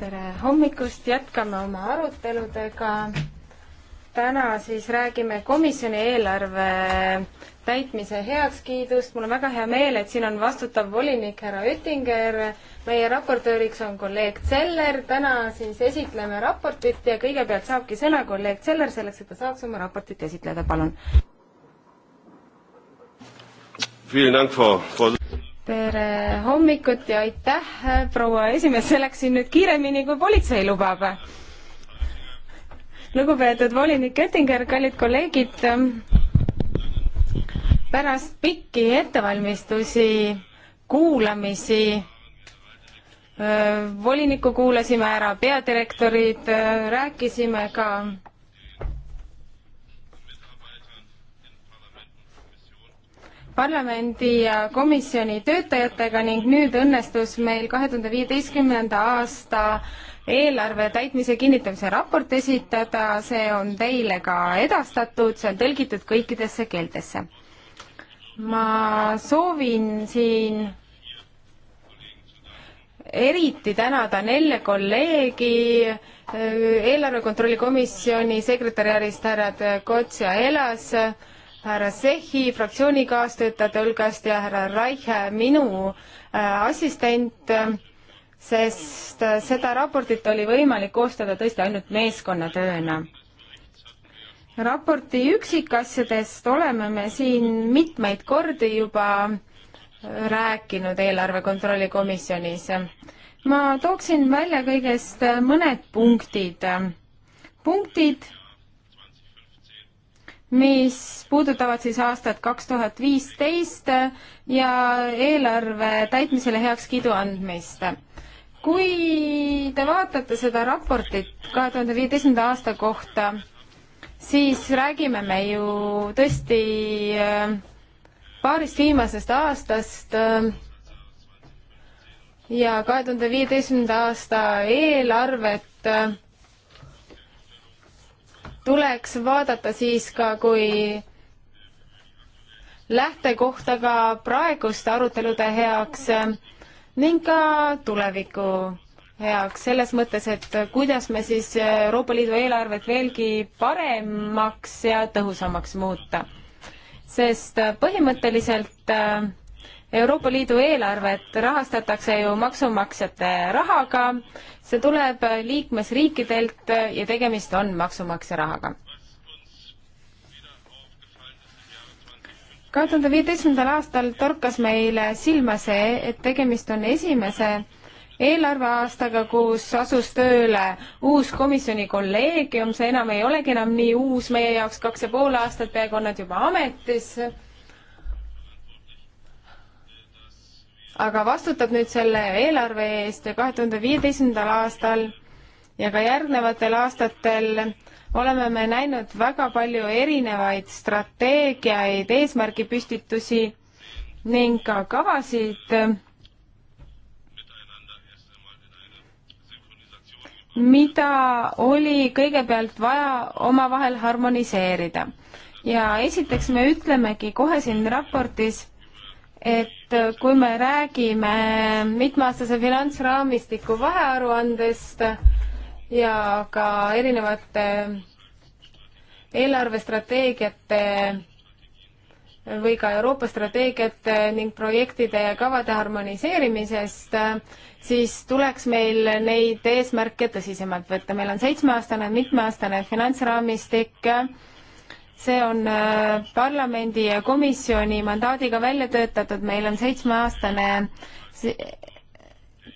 tere hommikust, jätkame oma aruteludega. täna siis räägime komisjoni eelarve täitmise heakskiidust. mul on väga hea meel, et siin on vastutav volinik härra Oettinger. meie raportööriks on kolleeg Zeller. täna siis esitleme raportit ja kõigepealt saabki sõna kolleeg Zeller selleks, et ta saaks oma raportit esitleda. palun tere hommikut ja aitäh, proua esimees, see läks siin nüüd kiiremini, kui politsei lubab. lugupeetud volinik Oettinger, kallid kolleegid, pärast pikki ettevalmistusi, kuulamisi, volinikku kuulasime ära, peadirektorid, rääkisime ka parlamendi ja komisjoni töötajatega ning nüüd õnnestus meil kahe tuhande viieteistkümnenda aasta eelarve täitmise kinnitamise raport esitada, see on teile ka edastatud, see on tõlgitud kõikidesse keeltesse. ma soovin siin eriti tänada nelja kolleegi äh, eelarve kontrolli komisjoni sekretäriarist härrad Kots ja Elas, härra Sehi fraktsiooni kaastöötajate hulgast ja härra Raihe, minu äh, assistent, sest äh, seda raportit oli võimalik koostada tõesti ainult meeskonnatööna. raporti üksikasjadest oleme me siin mitmeid kordi juba rääkinud eelarve kontrolli komisjonis. ma tooksin välja kõigest mõned punktid. punktid mis puudutavad siis aastat kaks tuhat viisteist ja eelarve täitmisele heakskiidu andmist. kui te vaatate seda raportit kahe tuhande viieteistkümnenda aasta kohta, siis räägime me ju tõesti äh, paarist viimasest aastast äh, ja kahe tuhande viieteistkümnenda aasta eelarvet äh, tuleks vaadata siis ka kui lähtekohta ka praeguste arutelude heaks ning ka tuleviku heaks, selles mõttes, et kuidas me siis Euroopa Liidu eelarvet veelgi paremaks ja tõhusamaks muuta. sest põhimõtteliselt Euroopa Liidu eelarvet rahastatakse ju maksumaksjate rahaga, see tuleb liikmesriikidelt ja tegemist on maksumaksja rahaga. kahe tuhande viieteistkümnendal aastal torkas meile silma see, et tegemist on esimese eelarveaastaga, kus asus tööle uus komisjoni kolleegium, see enam ei olegi enam nii uus meie jaoks, kaks ja pool aastat peaaegu on nad juba ametis aga vastutab nüüd selle eelarve eest ja kahe tuhande viieteistkümnendal aastal ja ka järgnevatel aastatel oleme me näinud väga palju erinevaid strateegiaid, eesmärgipüstitusi ning ka kavasid, mida oli kõigepealt vaja omavahel harmoniseerida. ja esiteks me ütlemegi kohe siin raportis, et kui me räägime mitmeaastase finantsraamistiku vahearuandest ja ka erinevate eelarvestrateegiate või ka Euroopa strateegiate ning projektide ja kavade harmoniseerimisest, siis tuleks meil neid eesmärke tõsisemalt võtta. meil on seitsmeaastane, mitmeaastane finantsraamistik see on äh, parlamendi ja komisjoni mandaadiga välja töötatud, meil on seitsmeaastane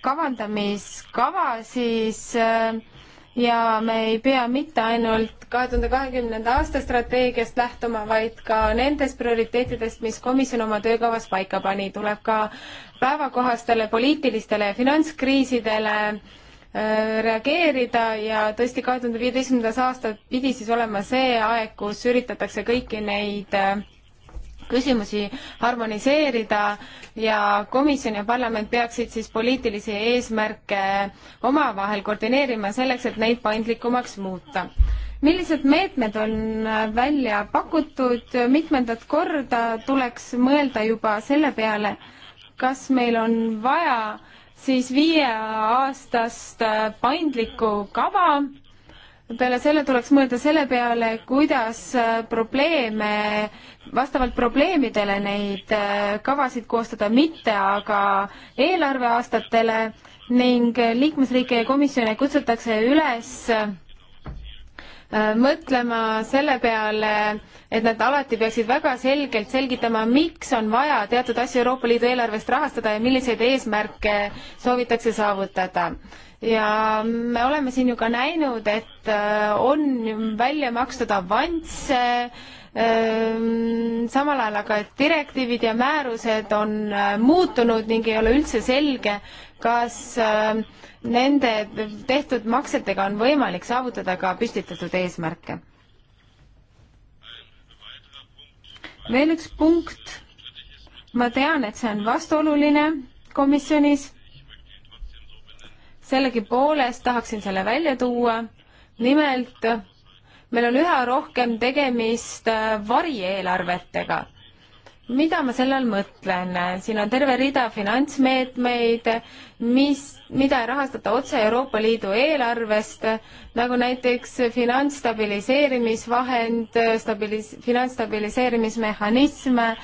kavandamiskava siis äh, ja me ei pea mitte ainult kahe tuhande kahekümnenda aasta strateegiast lähtuma, vaid ka nendest prioriteetidest, mis komisjon oma töökavas paika pani, tuleb ka päevakohastele poliitilistele ja finantskriisidele äh, Äh, reageerida ja tõesti kahe tuhande viieteistkümnendas aastas pidi siis olema see aeg, kus üritatakse kõiki neid äh, küsimusi harmoniseerida ja komisjon ja parlament peaksid siis poliitilisi eesmärke omavahel koordineerima selleks, et neid paindlikumaks muuta. millised meetmed on äh, välja pakutud, mitmendat korda tuleks mõelda juba selle peale, kas meil on vaja äh, siis viieaastast äh, paindlikku kava. peale selle tuleks mõelda selle peale, kuidas äh, probleeme, vastavalt probleemidele neid äh, kavasid koostada, mitte aga eelarveaastatele ning liikmesriike ja komisjone kutsutakse üles Äh, mõtlema selle peale, et nad alati peaksid väga selgelt selgitama, miks on vaja teatud asju Euroopa Liidu eelarvest rahastada ja milliseid eesmärke soovitakse saavutada. ja me oleme siin ju ka näinud, et äh, on välja makstud avansse äh, Ehm, samal ajal aga direktiivid ja määrused on äh, muutunud ning ei ole üldse selge, kas äh, nende tehtud maksetega on võimalik saavutada ka püstitatud eesmärke. veel üks punkt. ma tean, et see on vastuoluline komisjonis. sellegipoolest tahaksin selle välja tuua. nimelt meil on üha rohkem tegemist äh, varieelarvetega. mida ma selle all mõtlen? siin on terve rida finantsmeetmeid, mis, mida ei rahastata otse Euroopa Liidu eelarvest, nagu näiteks finantsstabiliseerimisvahend, stabilis-, finantsstabiliseerimismehhanism, äh,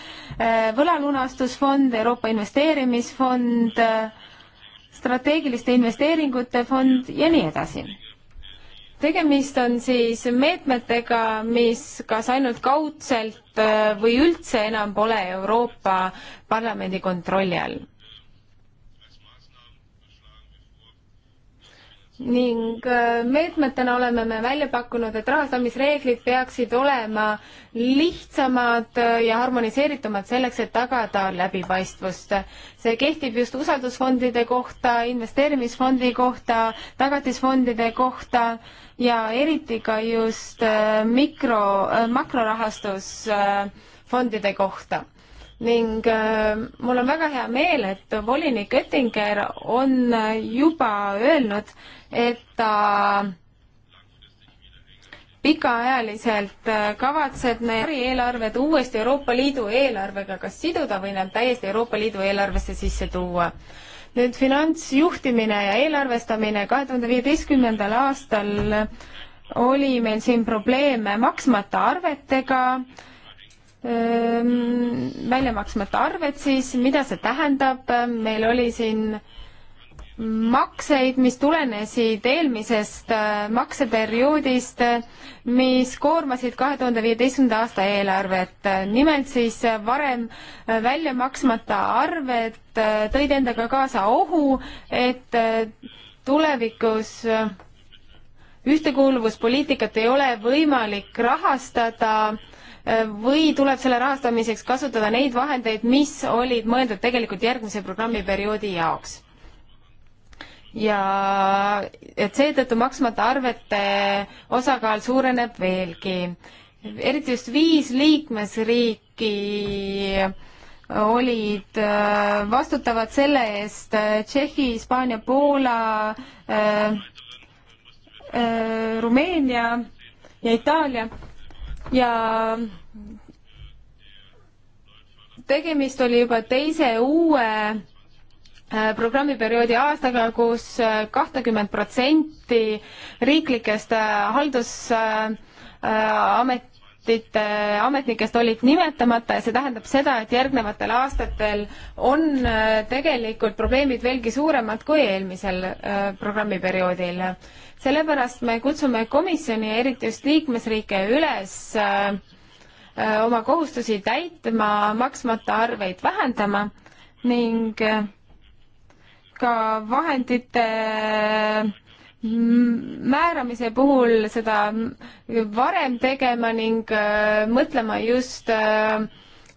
võlalunastusfond, Euroopa Investeerimisfond, äh, strateegiliste investeeringute fond ja nii edasi tegemist on siis meetmetega, mis kas ainult kaudselt äh, või üldse enam pole Euroopa Parlamendi kontrolli all. ning äh, meetmetena oleme me välja pakkunud, et rahastamisreeglid peaksid olema lihtsamad äh, ja harmoniseeritumad selleks, et tagada läbipaistvust. see kehtib just usaldusfondide kohta, investeerimisfondi kohta, tagatisfondide kohta ja eriti ka just äh, mikro, makrorahastusfondide kohta ning äh, mul on väga hea meel, et volinik Oettinger on äh, juba öelnud, et ta pikaajaliselt äh, kavatseb need eelarved uuesti Euroopa Liidu eelarvega kas siduda või nad täiesti Euroopa Liidu eelarvesse sisse tuua. nüüd finantsjuhtimine ja eelarvestamine kahe tuhande viieteistkümnendal aastal oli meil siin probleeme maksmata arvetega äh,, Ehm, välja maksmata arved siis, mida see tähendab, meil oli siin makseid, mis tulenesid eelmisest äh, makseperioodist, mis koormasid kahe tuhande viieteistkümnenda aasta eelarvet. nimelt siis varem äh, välja maksmata arved äh, tõid endaga kaasa ohu, et tulevikus ühtekuuluvuspoliitikat ei ole võimalik rahastada äh, või tuleb selle rahastamiseks kasutada neid vahendeid, mis olid mõeldud tegelikult järgmise programmiperioodi jaoks? ja et seetõttu maksmata arvete osakaal suureneb veelgi. eriti just viis liikmesriiki olid äh, vastutavad selle eest äh, Tšehhi, Hispaania, Poola äh,, äh, Rumeenia ja Itaalia ja tegemist oli juba teise uue äh, programmiperioodi aastaga kus, kus äh, kakskümmend protsenti riiklikest äh, haldus äh, amet, ametite ametnikest olid nimetamata ja see tähendab seda, et järgnevatel aastatel on äh, tegelikult probleemid veelgi suuremad kui eelmisel äh, programmiperioodil. sellepärast me kutsume komisjoni ja eriti just liikmesriike üles äh, oma kohustusi täitma, maksmata arveid vähendama ning ka vahendite määramise puhul seda varem tegema ning äh, mõtlema just äh,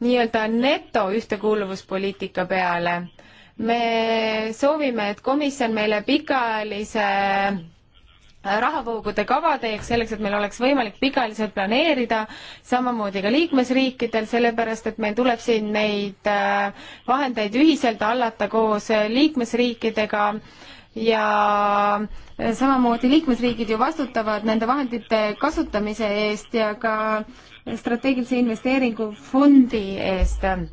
nii-öelda neto ühtekuuluvuspoliitika peale. me soovime, et komisjon meile pikaajalise äh, rahavoogude kava teeks, selleks et meil oleks võimalik pikaajaliselt planeerida, samamoodi ka liikmesriikidel, sellepärast et meil tuleb siin neid vahendeid ühiselt hallata koos liikmesriikidega ja Äh, samamoodi liikmesriigid ju vastutavad nende vahendite kasutamise eest ja ka strateegilise investeeringu fondi eest. Äh,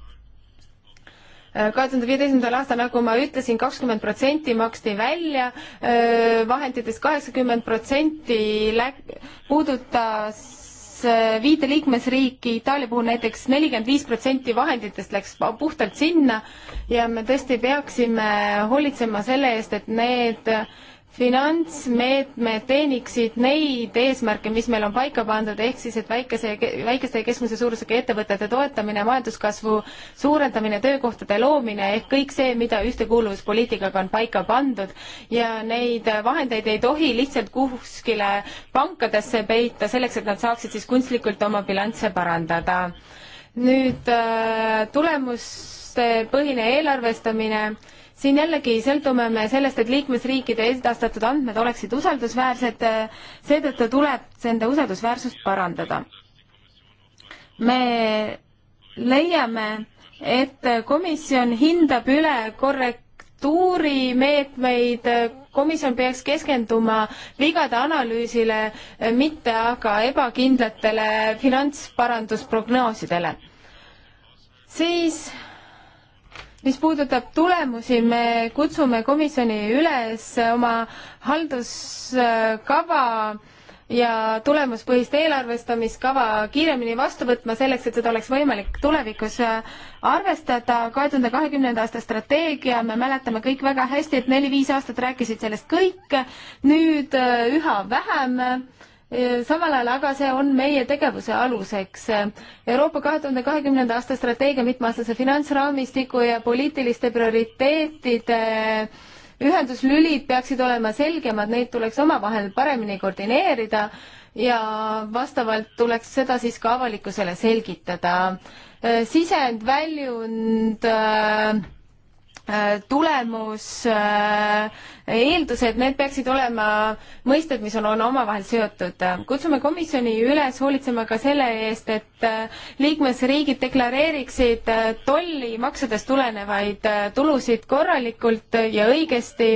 kahe tuhande viieteistkümnendal aastal, nagu ma ütlesin, kakskümmend protsenti maksti välja äh, vahenditest, kaheksakümmend protsenti puudutas viite liikmesriiki, Itaalia puhul näiteks nelikümmend viis protsenti vahenditest läks puhtalt sinna ja me tõesti peaksime hoolitsema selle eest, et need finantsmeetmed teeniksid neid eesmärke, mis meil on paika pandud, ehk siis et väikese, väikeste ja keskmise suurusega ettevõtete toetamine, majanduskasvu suurendamine, töökohtade loomine ehk kõik see, mida ühtekuuluvuspoliitikaga on paika pandud ja neid vahendeid ei tohi lihtsalt kuskile pankadesse peita, selleks et nad saaksid siis kunstlikult oma bilansse parandada. nüüd äh, tulemuste põhine eelarvestamine siin jällegi sõltume me sellest, et liikmesriikide edastatud andmed oleksid usaldusväärsed, seetõttu tuleb nende usaldusväärsust parandada. me leiame, et komisjon hindab üle korrektuurimeetmeid, komisjon peaks keskenduma vigade analüüsile, mitte aga ebakindlatele finantsparandusprognoosidele. siis mis puudutab tulemusi, me kutsume komisjoni üles oma halduskava ja tulemuspõhist eelarvestamiskava kiiremini vastu võtma, selleks et seda oleks võimalik tulevikus arvestada. kahe tuhande kahekümnenda aasta strateegia, me mäletame kõik väga hästi, et neli-viis aastat rääkisid sellest kõik, nüüd üha vähem samal ajal aga see on meie tegevuse aluseks. Euroopa kahe tuhande kahekümnenda aasta strateegia mitmeaastase finantsraamistiku ja poliitiliste prioriteetide ühenduslülid peaksid olema selgemad, neid tuleks omavahel paremini koordineerida ja vastavalt tuleks seda siis ka avalikkusele selgitada. sisend, väljund äh, tulemus, eeldused, need peaksid olema mõisted, mis on, on omavahel seotud. kutsume komisjoni üles hoolitsema ka selle eest, et äh, liikmesriigid deklareeriksid äh, tollimaksudest tulenevaid äh, tulusid korralikult ja õigesti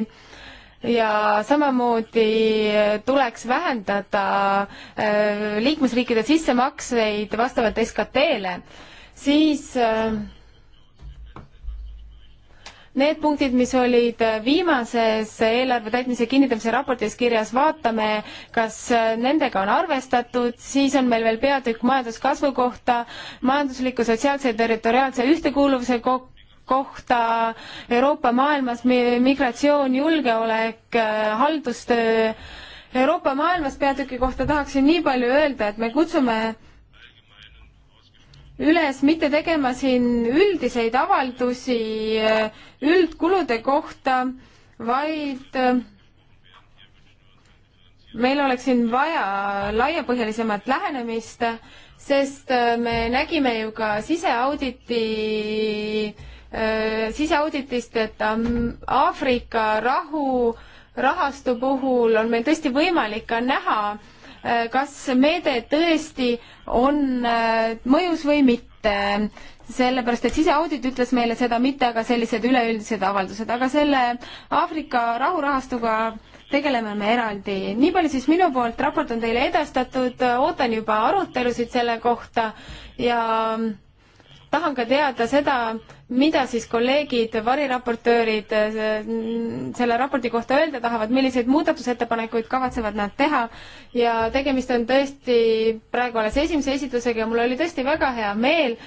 ja samamoodi tuleks vähendada liikmesriikide sissemakseid vastavalt SKT-le, siis äh, Need punktid, mis olid viimases eelarve täitmise kinnitamise raportis kirjas, vaatame, kas nendega on arvestatud, siis on meil veel peatükk majanduskasvu kohta, majandusliku, sotsiaalse ja territoriaalse ühtekuuluvuse kokku, kohta Euroopa maailmas migratsioon, julgeolek, haldustöö. Euroopa maailmas peatüki kohta tahaksin nii palju öelda, et me kutsume üles mitte tegema siin üldiseid avaldusi äh, üldkulude kohta, vaid äh, meil oleks siin vaja laiapõhjalisemat lähenemist, sest äh, me nägime ju ka siseauditi, siseauditist, et ähm, Aafrika rahu rahastu puhul on meil tõesti võimalik ka näha, kas meede tõesti on äh, mõjus või mitte, sellepärast et siseaudit ütles meile seda mitte, aga sellised üleüldised avaldused, aga selle Aafrika rahurahastuga tegeleme me eraldi. nii palju siis minu poolt, raport on teile edastatud, ootan juba arutelusid selle kohta ja tahan ka teada seda, mida siis kolleegid, variraportöörid eh, selle raporti kohta öelda tahavad, milliseid muudatusettepanekuid kavatsevad nad teha ja tegemist on tõesti praegu alles esimese esitlusega ja mul oli tõesti väga hea meel,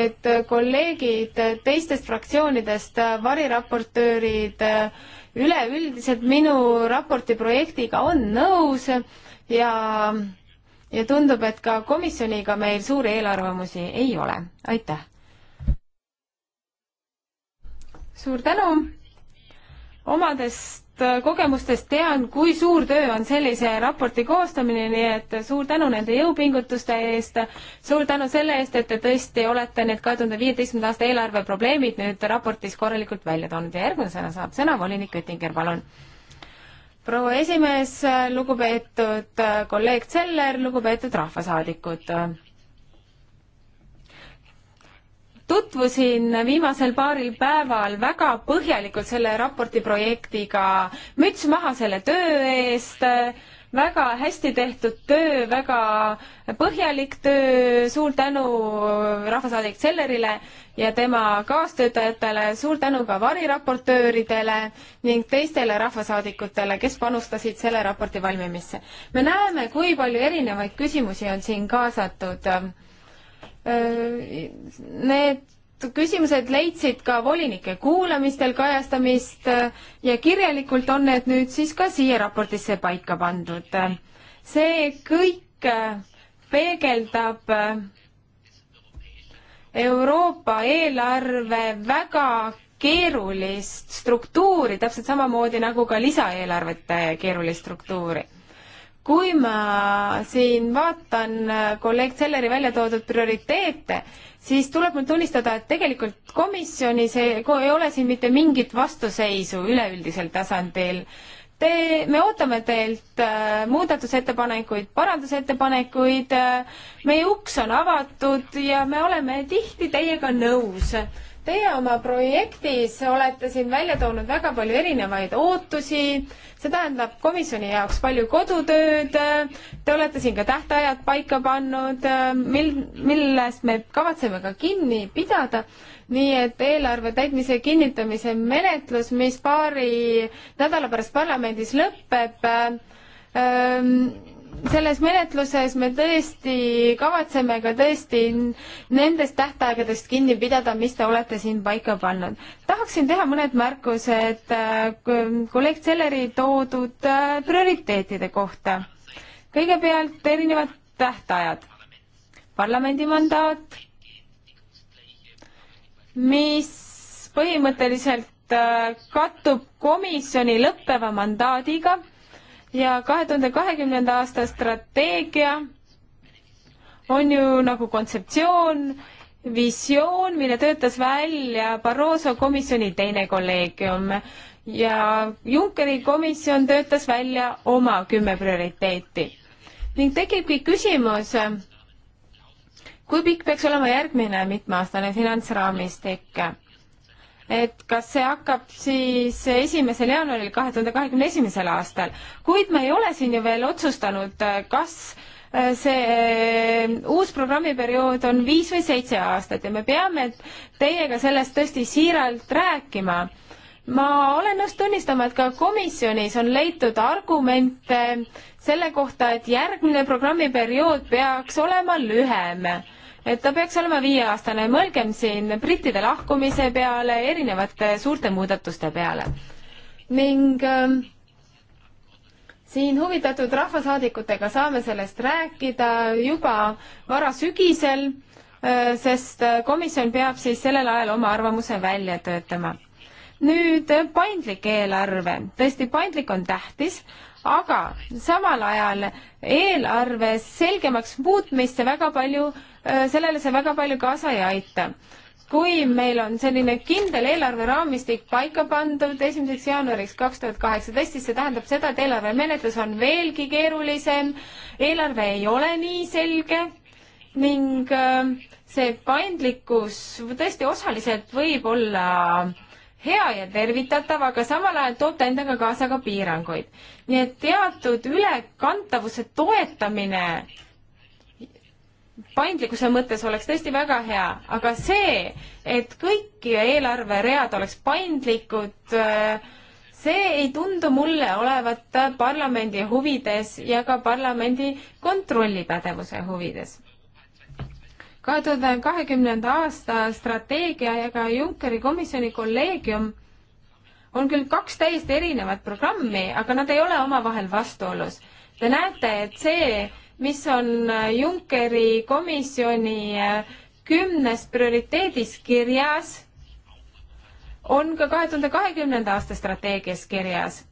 et kolleegid teistest fraktsioonidest, variraportöörid eh, üleüldiselt minu raporti projektiga on nõus ja ja tundub, et ka komisjoniga meil suuri eelarvamusi ei ole. aitäh! suur tänu. omadest äh, kogemustest tean, kui suur töö on sellise raporti koostamine, nii et suur tänu nende jõupingutuste eest, suur tänu selle eest, et te tõesti olete need kahe tuhande viieteistkümnenda aasta eelarve probleemid nüüd raportis korralikult välja toonud ja järgmisena saab sõna volinik Oettinger, palun. proua esimees, lugupeetud äh, kolleeg Zeller, lugupeetud rahvasaadikud tutvusin viimasel paaril päeval väga põhjalikult selle raporti projektiga, müts maha selle töö eest, väga hästi tehtud töö, väga põhjalik töö, suur tänu rahvasaadik Sellerile ja tema kaastöötajatele, suur tänu ka variraportööridele ning teistele rahvasaadikutele, kes panustasid selle raporti valmimisse. me näeme, kui palju erinevaid küsimusi on siin kaasatud Äh, need küsimused leidsid ka volinike kuulamistel kajastamist ja kirjalikult on need nüüd siis ka siia raportisse paika pandud. see kõik äh, peegeldab äh, Euroopa eelarve väga keerulist struktuuri, täpselt samamoodi nagu ka lisaeelarvete keerulist struktuuri kui ma siin vaatan äh, kolleeg Selleri välja toodud prioriteete, siis tuleb mul tunnistada, et tegelikult komisjonis ei, ei ole siin mitte mingit vastuseisu üleüldisel tasandil. Te, me ootame teilt äh, muudatusettepanekuid, parandusettepanekuid äh,, meie uks on avatud ja me oleme tihti teiega nõus Teie oma projektis olete siin välja toonud väga palju erinevaid ootusi, see tähendab komisjoni jaoks palju kodutööd, te olete siin ka tähtajad paika pannud, mil, millest me kavatseme ka kinni pidada, nii et eelarve täitmise kinnitamise menetlus, mis paari nädala pärast parlamendis lõpeb ähm,, selles menetluses me tõesti kavatseme ka tõesti nendest tähtaegadest kinni pidada, mis te olete siin paika pannud. tahaksin teha mõned märkused äh, kolleeg Selleri toodud äh, prioriteetide kohta. kõigepealt erinevad tähtajad, parlamendi mandaat, mis põhimõtteliselt äh, kattub komisjoni lõppeva mandaadiga ja kahe tuhande kahekümnenda aasta strateegia on ju nagu kontseptsioon, visioon, mille töötas välja Barroso komisjoni teine kolleegium ja Junckeri komisjon töötas välja oma kümme prioriteeti. ning tekibki küsimus, kui pikk peaks olema järgmine mitmeaastane finantsraamistik et kas see hakkab siis esimesel jaanuaril kahe tuhande kahekümne esimesel aastal, kuid me ei ole siin ju veel otsustanud, äh, kas äh, see äh, uus programmiperiood on viis või seitse aastat ja me peame teiega sellest tõesti siiralt rääkima. ma olen nõus tunnistama, et ka komisjonis on leitud argumente selle kohta, et järgmine programmiperiood peaks olema lühem et ta peaks olema viieaastane, mõelgem siin brittide lahkumise peale, erinevate suurte muudatuste peale. ning äh, siin huvitatud rahvasaadikutega saame sellest rääkida juba varasügisel, äh, sest äh, komisjon peab siis sellel ajal oma arvamuse välja töötama. nüüd äh, paindlik eelarve, tõesti, paindlik on tähtis, aga samal ajal eelarve selgemaks muutmisse väga palju Äh, sellele see väga palju kaasa ei aita kui meil on selline kindel eelarveraamistik paika pandud esimeseks jaanuariks kaks tuhat kaheksateist, siis see tähendab seda, et eelarvemenetlus on veelgi keerulisem, eelarve ei ole nii selge ning äh, see paindlikkus tõesti osaliselt võib olla hea ja tervitatav, aga samal ajal toob ta endaga kaasa ka piiranguid. nii et teatud ülekantavuse toetamine paindlikkuse mõttes oleks tõesti väga hea, aga see, et kõik eelarveread oleks paindlikud, see ei tundu mulle olevat parlamendi huvides ja ka parlamendi kontrollipädevuse huvides. kahe tuhande kahekümnenda aasta strateegia ja ka Junckeri komisjoni kolleegium on küll kaks täiesti erinevat programmi, aga nad ei ole omavahel vastuolus. Te näete, et see mis on äh, Junckeri komisjoni äh, kümnes prioriteedis kirjas, on ka kahe tuhande kahekümnenda aasta strateegias kirjas.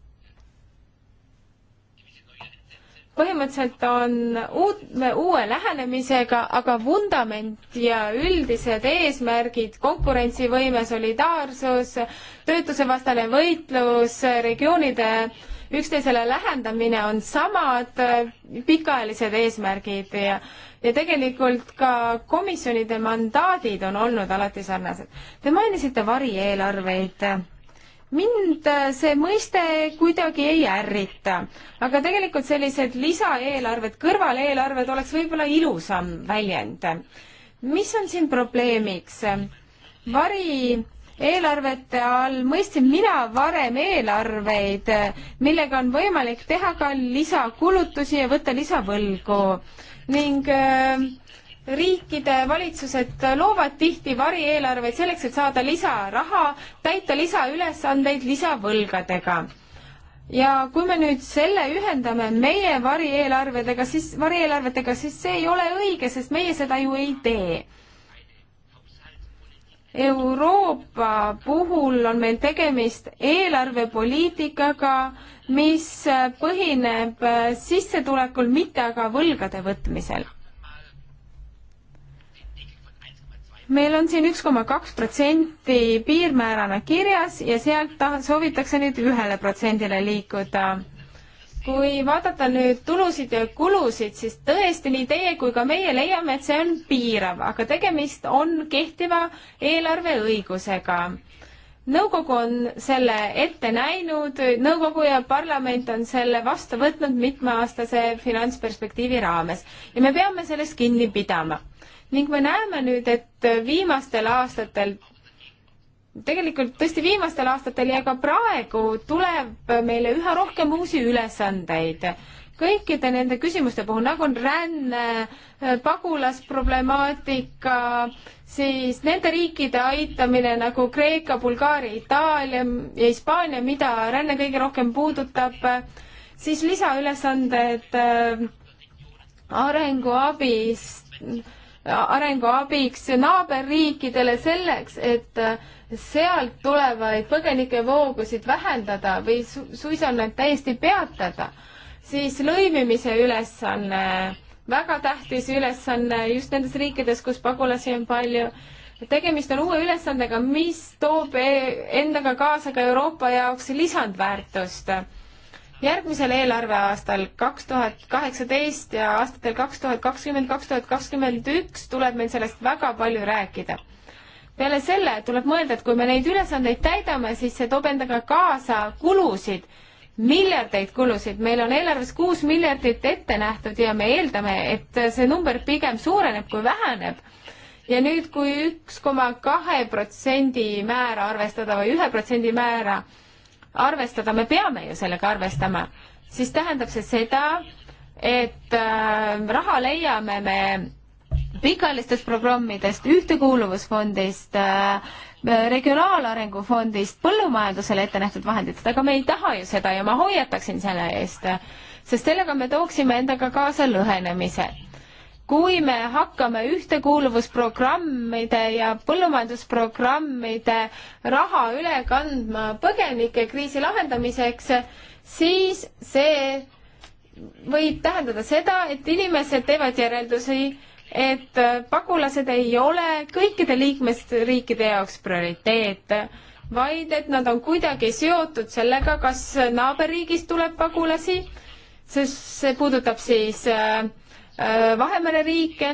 põhimõtteliselt on uut, uue lähenemisega, aga vundament ja üldised eesmärgid, konkurentsivõime, solidaarsus, töötusevastane võitlus, regioonide äh, üksteisele lähendamine on samad äh, pikaajalised eesmärgid ja ja tegelikult ka komisjonide mandaadid on olnud alati sarnased. Te mainisite varieelarveid. mind äh, see mõiste kuidagi ei ärrita, aga tegelikult sellised lisaeelarved, kõrvaleelarved oleks võib-olla ilusam väljend. mis on siin probleemiks? vari eelarvete all mõistsin mina varem eelarveid, millega on võimalik teha ka lisakulutusi ja võtta lisavõlgu ning äh, riikide valitsused loovad tihti varieelarveid selleks, et saada lisaraha, täita lisaülesandeid lisavõlgadega ja kui me nüüd selle ühendame meie varieelarvedega, siis varieelarvetega, siis see ei ole õige, sest meie seda ju ei tee Euroopa puhul on meil tegemist eelarvepoliitikaga, mis põhineb sissetulekul, mitte aga võlgade võtmisel. meil on siin üks koma kaks protsenti piirmäärana kirjas ja sealt soovitakse nüüd ühele protsendile liikuda kui vaadata nüüd tulusid ja kulusid, siis tõesti nii teie kui ka meie leiame, et see on piirav, aga tegemist on kehtiva eelarveõigusega. nõukogu on selle ette näinud, nõukogu ja parlament on selle vastu võtnud mitmeaastase finantsperspektiivi raames ja me peame sellest kinni pidama ning me näeme nüüd, et viimastel aastatel tegelikult tõesti viimastel aastatel ja ka praegu tuleb meile üha rohkem uusi ülesandeid. kõikide nende küsimuste puhul, nagu on ränne, pagulasproblemaatika, siis nende riikide aitamine nagu Kreeka, Bulgaaria, Itaalia ja Hispaania, mida ränne kõige rohkem puudutab, siis lisaülesanded äh, arenguabist arenguabiks naaberriikidele selleks, et äh, sealt tulevaid põgenikevoogusid vähendada või su suisa nad täiesti peatada, siis lõimimise ülesanne, väga tähtis ülesanne just nendes riikides, kus pagulasi on palju tegemist on uue ülesandega, mis toob e-, endaga kaasa ka Euroopa jaoks lisandväärtust järgmisel eelarveaastal kaks tuhat kaheksateist ja aastatel kaks tuhat kakskümmend, kaks tuhat kakskümmend üks tuleb meil sellest väga palju rääkida. peale selle tuleb mõelda, et kui me neid ülesandeid täidame, siis see toob endaga kaasa kulusid, miljardeid kulusid, meil on eelarves kuus miljardit ette nähtud ja me eeldame, et see number pigem suureneb kui väheneb ja nüüd kui, kui üks koma kahe protsendi määra arvestada või ühe protsendi määra arvestada, me peame ju sellega arvestama, siis tähendab see seda, et äh, raha leiame me pikaajalistest programmidest, ühtekuuluvusfondist äh,, regionaalarengu fondist, põllumajandusele ette nähtud vahenditest, aga me ei taha ju seda ja ma hoiataksin selle eest, sest sellega me tooksime endaga kaasa lõhenemise kui me hakkame ühtekuuluvusprogrammide ja põllumajandusprogrammide raha üle kandma põgenikekriisi lahendamiseks, siis see võib tähendada seda, et inimesed teevad järeldusi, et pagulased ei ole kõikide liikmesriikide jaoks prioriteet, vaid et nad on kuidagi seotud sellega, kas naaberriigist tuleb pagulasi, sest see puudutab siis äh, Äh, Vahemere riike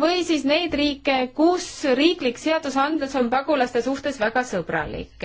või siis neid riike, kus riiklik seadusandlus on pagulaste suhtes väga sõbralik.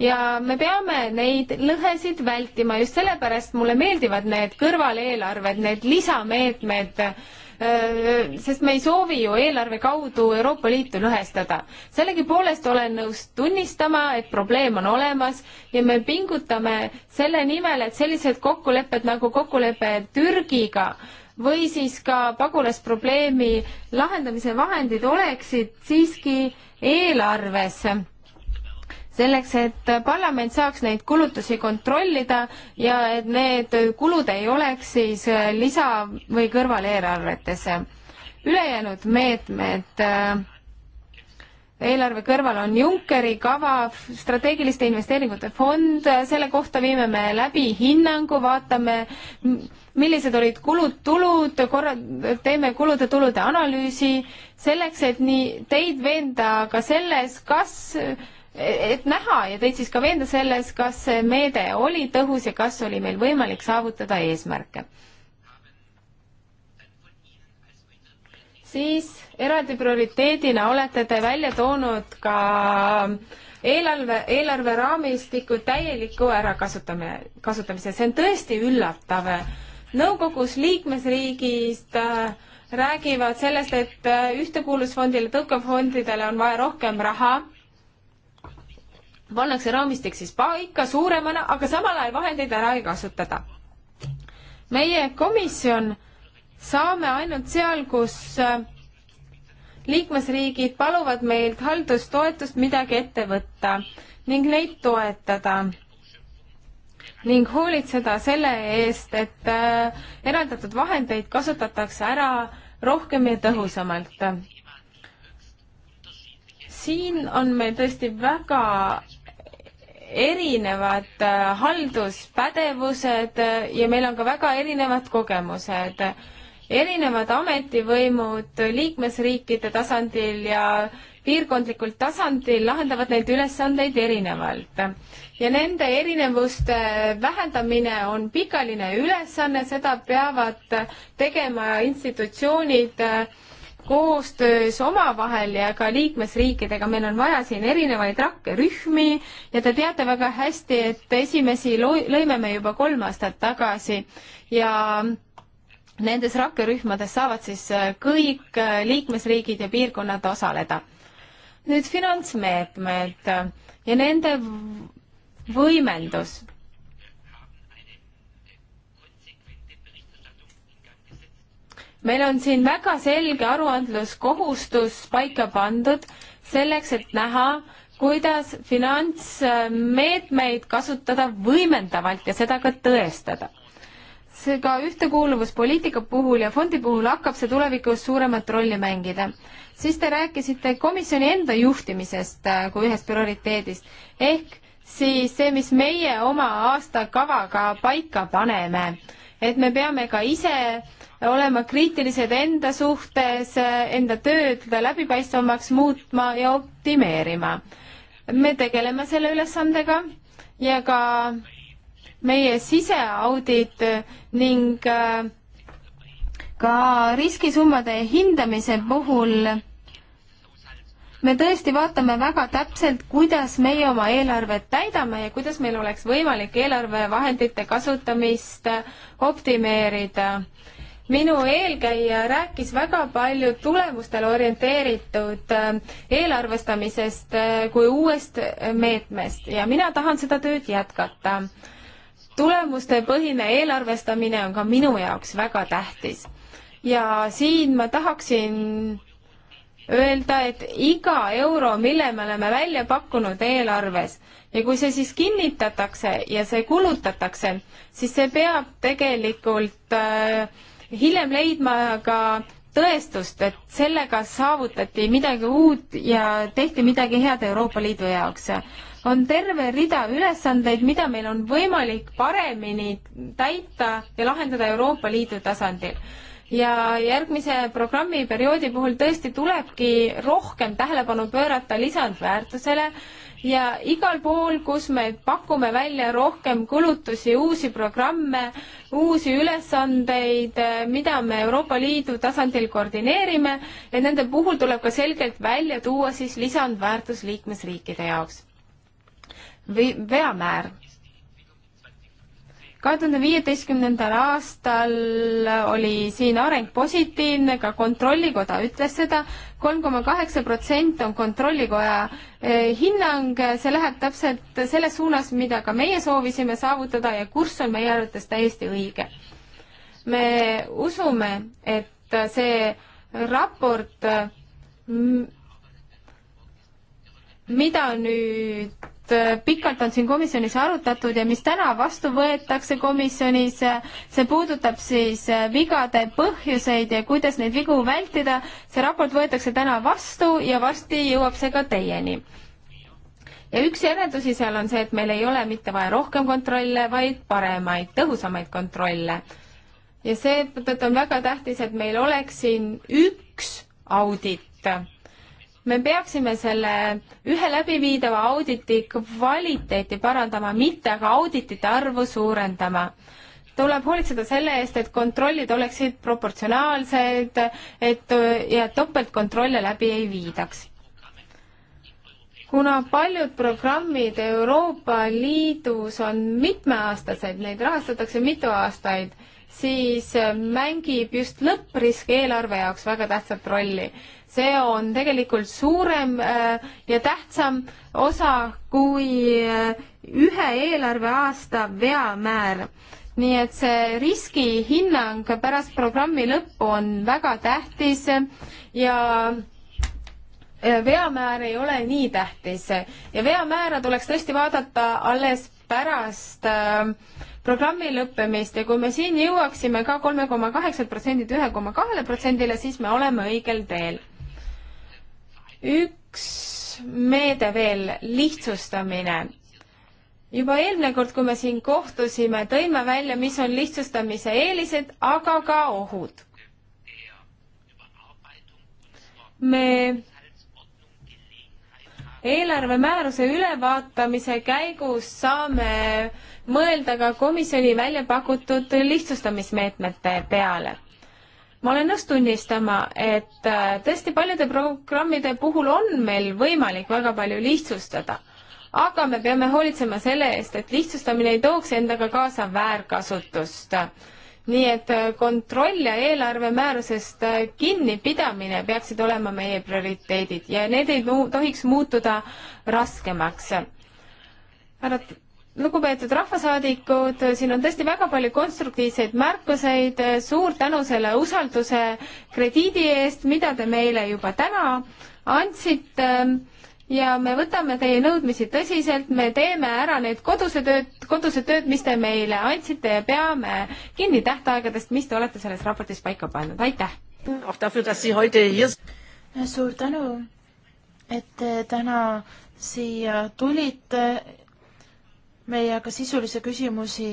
ja me peame neid lõhesid vältima, just sellepärast mulle meeldivad need kõrvaleelarved, need lisameetmed, äh, sest me ei soovi ju eelarve kaudu Euroopa Liitu lõhestada. sellegipoolest olen nõus tunnistama, et probleem on olemas ja me pingutame selle nimel, et sellised kokkulepped nagu kokkulepe Türgiga äh, või siis ka pagulasprobleemi lahendamise vahendid oleksid siiski eelarves selleks, et parlament saaks neid kulutusi kontrollida ja et need kulud ei oleks siis lisa- või kõrvaleelarvetes. ülejäänud meetmed äh, eelarve kõrval on Junckeri kava, strateegiliste investeeringute fond, selle kohta viime me läbi hinnangu, vaatame, millised olid kulud-tulud, korra-, teeme kulude-tulude analüüsi, selleks, et nii teid veenda ka selles, kas, et näha ja teid siis ka veenda selles, kas see meede oli tõhus ja kas oli meil võimalik saavutada eesmärke. siis eraldi prioriteedina olete te välja toonud ka eelarve, eelarveraamistiku täieliku ärakasutamine, kasutamise, see on tõesti üllatav. nõukogus liikmesriigist äh, räägivad sellest, et äh, ühtekuuluvusfondile, tõukefondidele on vaja rohkem raha pannakse raamistik siis paika suuremana, aga samal ajal vahendeid ära ei kasutada. meie komisjon saame ainult seal, kus äh, liikmesriigid paluvad meilt haldustoetust midagi ette võtta ning neid toetada ning hoolitseda selle eest, et äh, eraldatud vahendeid kasutatakse ära rohkem ja tõhusamalt. siin on meil tõesti väga erinevad äh, halduspädevused äh, ja meil on ka väga erinevad kogemused erinevad ametivõimud liikmesriikide tasandil ja piirkondlikul tasandil lahendavad neid ülesandeid erinevalt. ja nende erinevuste vähendamine on pikaline ülesanne, seda peavad tegema institutsioonid koostöös omavahel ja ka liikmesriikidega, meil on vaja siin erinevaid rakkerühmi ja te teate väga hästi, et esimesi lõime me juba kolm aastat tagasi ja Nendes rakkerühmades saavad siis äh, kõik äh, liikmesriigid ja piirkonnad osaleda. nüüd finantsmeetmed äh, ja nende võimendus meil on siin väga selge aruandluskohustus paika pandud selleks, et näha, kuidas finantsmeetmeid kasutada võimendavalt ja seda ka tõestada ka ühtekuuluvuspoliitika puhul ja fondi puhul hakkab see tulevikus suuremat rolli mängida. siis te rääkisite komisjoni enda juhtimisest äh, kui ühest prioriteedist, ehk siis see, mis meie oma aastakavaga paika paneme, et me peame ka ise olema kriitilised enda suhtes, enda tööd läbipaistvamaks muutma ja optimeerima. me tegeleme selle ülesandega ja ka meie siseaudit ning äh, ka riskisummade hindamise puhul me tõesti vaatame väga täpselt, kuidas meie oma eelarvet täidame ja kuidas meil oleks võimalik eelarvevahendite kasutamist äh, optimeerida. minu eelkäija rääkis väga palju tulemustele orienteeritud äh, eelarvestamisest kui uuest meetmest ja mina tahan seda tööd jätkata tulemustepõhine eelarvestamine on ka minu jaoks väga tähtis. ja siin ma tahaksin öelda, et iga euro, mille me oleme välja pakkunud eelarves ja kui see siis kinnitatakse ja see kulutatakse, siis see peab tegelikult äh, hiljem leidma ka tõestust, et sellega saavutati midagi uut ja tehti midagi head Euroopa Liidu jaoks on terve rida ülesandeid, mida meil on võimalik paremini täita ja lahendada Euroopa Liidu tasandil ja järgmise programmiperioodi puhul tõesti tulebki rohkem tähelepanu pöörata lisandväärtusele ja igal pool, kus me pakume välja rohkem kulutusi, uusi programme, uusi ülesandeid, mida me Euroopa Liidu tasandil koordineerime, et nende puhul tuleb ka selgelt välja tuua siis lisandväärtus liikmesriikide jaoks või veamäär. kahe tuhande viieteistkümnendal aastal oli siin areng positiivne, ka Kontrollikoda ütles seda, kolm koma kaheksa protsenti on Kontrollikoja eh, hinnang, see läheb täpselt selles suunas, mida ka meie soovisime saavutada ja kurss on meie arvates täiesti õige. me usume, et see raport mida nüüd Äh, pikalt on siin komisjonis arutatud ja mis täna vastu võetakse komisjonis, äh, see puudutab siis äh, vigade põhjuseid ja kuidas neid vigu vältida. see raport võetakse täna vastu ja varsti jõuab see ka teieni. ja üks järeldusi seal on see, et meil ei ole mitte vaja rohkem kontrolle, vaid paremaid, tõhusamaid kontrolle. ja seetõttu on väga tähtis, et meil oleks siin üks audit me peaksime selle ühe läbiviidava auditi kvaliteeti parandama, mitte aga auditite arvu suurendama. tuleb hoolitseda selle eest, et kontrollid oleksid proportsionaalsed, et ja topeltkontrolle läbi ei viidaks. kuna paljud programmid Euroopa Liidus on mitmeaastased, neid rahastatakse mitu aastaid siis äh, mängib just lõpprisk eelarve jaoks väga tähtsat rolli. see on tegelikult suurem äh, ja tähtsam osa kui äh, ühe eelarveaasta veamäär. nii et see riskihinnang pärast programmi lõppu on väga tähtis ja veamäär ei ole nii tähtis ja veamäära tuleks tõesti vaadata alles pärast äh, programmi lõppemist ja kui me siin jõuaksime ka kolme koma kaheksalt protsendilt ühe koma kahele protsendile, siis me oleme õigel teel. üks meede veel, lihtsustamine. juba eelmine kord, kui me siin kohtusime, tõime välja, mis on lihtsustamise eelised, aga ka ohud. me eelarvemääruse ülevaatamise käigus saame mõelda ka komisjoni välja pakutud lihtsustamismeetmete peale ma olen nõus tunnistama, et äh, tõesti paljude programmide puhul on meil võimalik väga palju lihtsustada, aga me peame hoolitsema selle eest, et lihtsustamine ei tooks endaga kaasa väärkasutust nii et äh, kontroll ja eelarvemäärusest äh, kinnipidamine peaksid olema meie prioriteedid ja need ei tohiks muutuda raskemaks. härra, lugupeetud rahvasaadikud, siin on tõesti väga palju konstruktiivseid märkuseid, suur tänu selle usalduse krediidi eest, mida te meile juba täna andsite ja me võtame teie nõudmisi tõsiselt, me teeme ära need koduse tööd, koduse tööd, mis te meile andsite ja peame kinni tähtaegadest, mis te olete selles raportis paika pannud, aitäh! suur tänu, et te täna siia tulite, meiega sisulisi küsimusi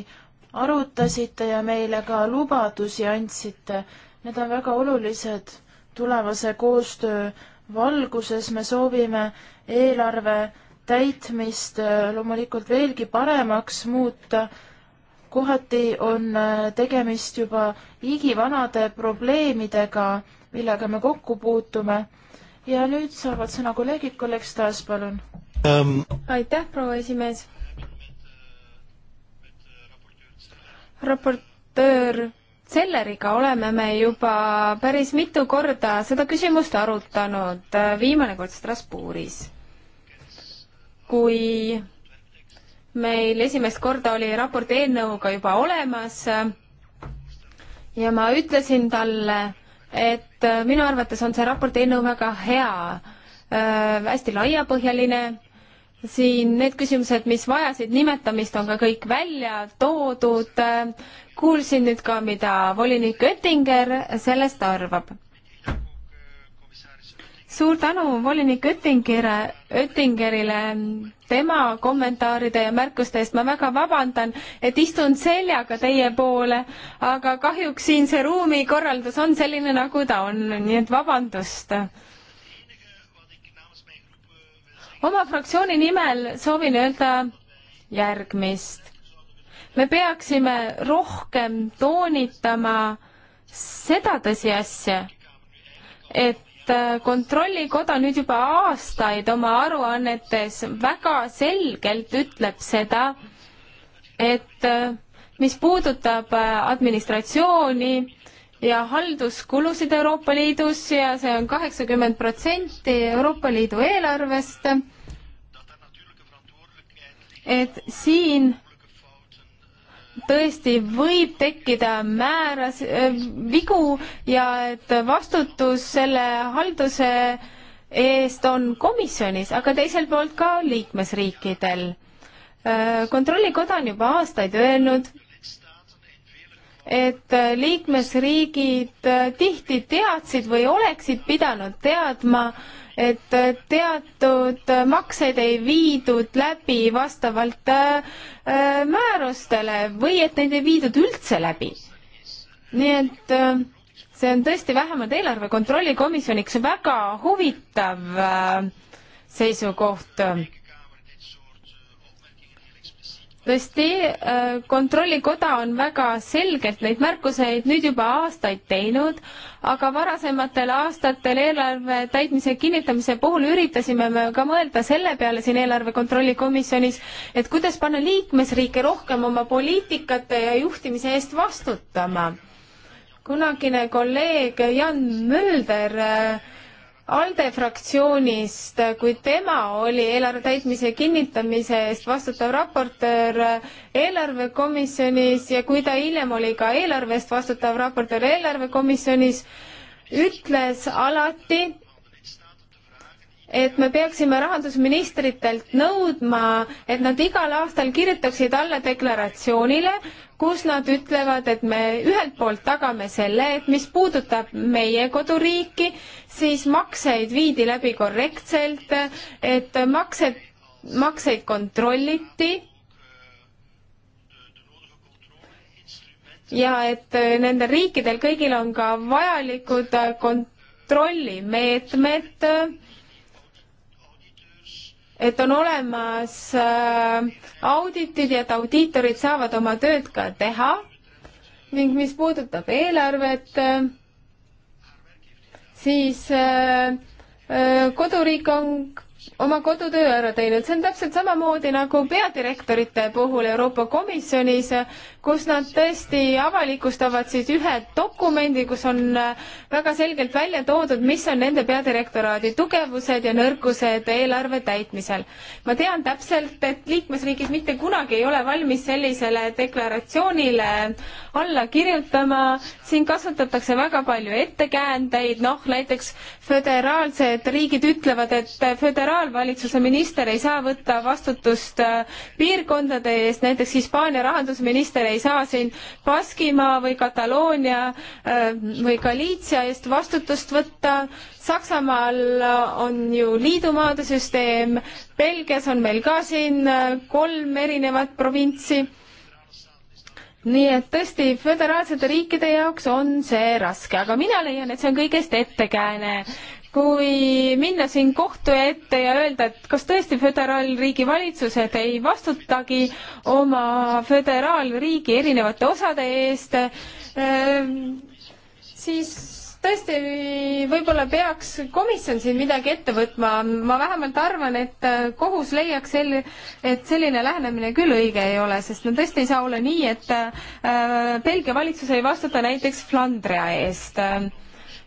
arutasite ja meile ka lubadusi andsite. Need on väga olulised tulevase koostöö valguses me soovime eelarve täitmist äh, loomulikult veelgi paremaks muuta. kohati on äh, tegemist juba igivanade probleemidega, millega me kokku puutume. ja nüüd saavad sõna kolleegid, kolleeg Stas, palun um.... aitäh, proua esimees. raportöör Selleriga oleme me juba päris mitu korda seda küsimust arutanud, viimane kord Strasbourgis, kui meil esimest korda oli raporti eelnõuga juba olemas ja ma ütlesin talle, et minu arvates on see raporti eelnõu väga hea äh,, hästi laiapõhjaline siin need küsimused, mis vajasid nimetamist, on ka kõik välja toodud. kuulsin nüüd ka, mida volinik Oettinger sellest arvab. suur tänu volinik Oettingile, Oettingerile tema kommentaaride ja märkuste eest. ma väga vabandan, et istun seljaga teie poole, aga kahjuks siin see ruumikorraldus on selline, nagu ta on, nii et vabandust oma fraktsiooni nimel soovin öelda järgmist. me peaksime rohkem toonitama seda tõsiasja, et kontrollikoda nüüd juba aastaid oma aruannetes väga selgelt ütleb seda, et mis puudutab administratsiooni ja halduskulusid Euroopa Liidus ja see on kaheksakümmend protsenti Euroopa Liidu eelarvest et siin tõesti võib tekkida määras äh,, vigu ja et vastutus selle halduse eest on komisjonis, aga teiselt poolt ka liikmesriikidel äh,. kontrollikoda on juba aastaid öelnud, et äh, liikmesriigid äh, tihti teadsid või oleksid pidanud teadma äh,, et äh, teatud äh, makseid ei viidud läbi vastavalt äh, määrustele või et neid ei viidud üldse läbi. nii et see on tõesti vähemalt eelarve kontrolli komisjoniks väga huvitav seisukoht tõesti, äh, Kontrollikoda on väga selgelt neid märkuseid nüüd juba aastaid teinud, aga varasematel aastatel eelarve täitmise kinnitamise puhul üritasime me ka mõelda selle peale siin eelarve kontrolli komisjonis, et kuidas panna liikmesriike rohkem oma poliitikate ja juhtimise eest vastutama. kunagine kolleeg Jan Mölder äh, ALDE fraktsioonist, kui tema oli eelarve täitmise kinnitamise eest vastutav raportöör eelarvekomisjonis ja kui ta hiljem oli ka eelarve eest vastutav raportöör eelarvekomisjonis, ütles alati, et me peaksime rahandusministritelt nõudma, et nad igal aastal kirjutaksid alla deklaratsioonile, kus nad ütlevad, et me ühelt poolt tagame selle, et mis puudutab meie koduriiki, siis makseid viidi läbi korrektselt, et maksed, makseid kontrolliti ja et nendel riikidel kõigil on ka vajalikud kontrollimeetmed et on olemas äh, auditid ja et audiitorid saavad oma tööd ka teha ning mis puudutab eelarvet, äh, siis äh, koduriik on oma kodutöö ära teinud, see on täpselt samamoodi nagu peadirektorite puhul Euroopa Komisjonis, kus nad tõesti avalikustavad siis ühe dokumendi, kus on äh, väga selgelt välja toodud, mis on nende peadirektoraadi tugevused ja nõrkused eelarve täitmisel. ma tean täpselt, et liikmesriigid mitte kunagi ei ole valmis sellisele deklaratsioonile alla kirjutama, siin kasutatakse väga palju ettekäändeid, noh näiteks föderaalsed riigid ütlevad, et föderaalsed föderaalvalitsuse minister ei saa võtta vastutust äh, piirkondade eest, näiteks Hispaania rahandusminister ei saa siin Baskimaa või Kataloonia äh, või Galiitsia eest vastutust võtta, Saksamaal äh, on ju liidumaade süsteem, Belgias on meil ka siin kolm erinevat provintsi nii et tõesti, föderaalsete riikide jaoks on see raske, aga mina leian, et see on kõigest ettekääne kui minna siin kohtu ette ja öelda, et kas tõesti föderaalriigi valitsused ei vastutagi oma föderaalriigi erinevate osade eest, ehm, siis tõesti, võib-olla peaks komisjon siin midagi ette võtma, ma vähemalt arvan, et äh, kohus leiaks sel-, et selline lähenemine küll õige ei ole, sest no tõesti ei saa olla nii, et äh, Belgia valitsus ei vastuta näiteks Flandria eest äh,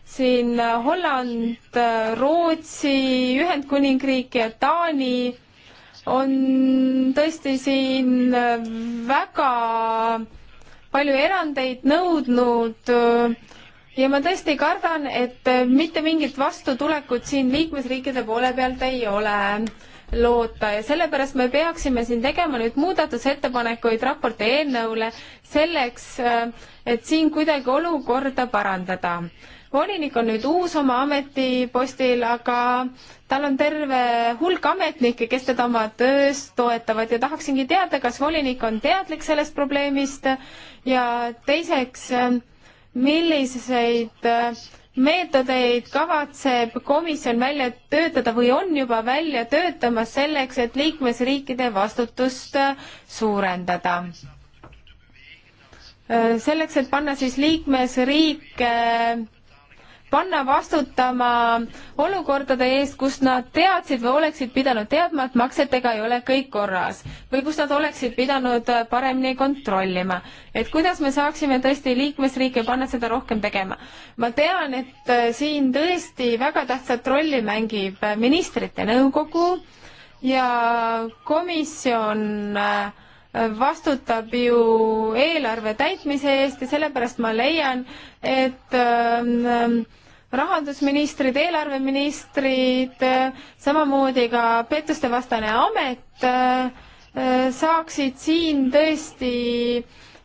siin Holland, Rootsi, Ühendkuningriik ja Taani on tõesti siin väga palju erandeid nõudnud ja ma tõesti kardan, et mitte mingit vastutulekut siin liikmesriikide poole pealt ei ole loota ja sellepärast me peaksime siin tegema nüüd muudatusettepanekuid raporti eelnõule selleks, et siin kuidagi olukorda parandada volinik on nüüd uus oma ametipostil, aga tal on terve hulk ametnikke, kes teda oma töös toetavad ja tahaksingi teada, kas volinik on teadlik sellest probleemist ja teiseks, milliseid meetodeid kavatseb komisjon välja töötada või on juba välja töötamas selleks, et liikmesriikide vastutust suurendada? selleks, et panna siis liikmesriike panna vastutama olukordade eest, kus nad teadsid või oleksid pidanud teadma, et maksetega ei ole kõik korras või kus nad oleksid pidanud paremini kontrollima. et kuidas me saaksime tõesti liikmesriike panna seda rohkem tegema. ma tean, et äh, siin tõesti väga tähtsat rolli mängib äh, ministrite nõukogu ja komisjon äh, vastutab ju eelarve täitmise eest ja sellepärast ma leian, et ähm, rahandusministrid, eelarveministrid, samamoodi ka pettustevastane amet äh, saaksid siin tõesti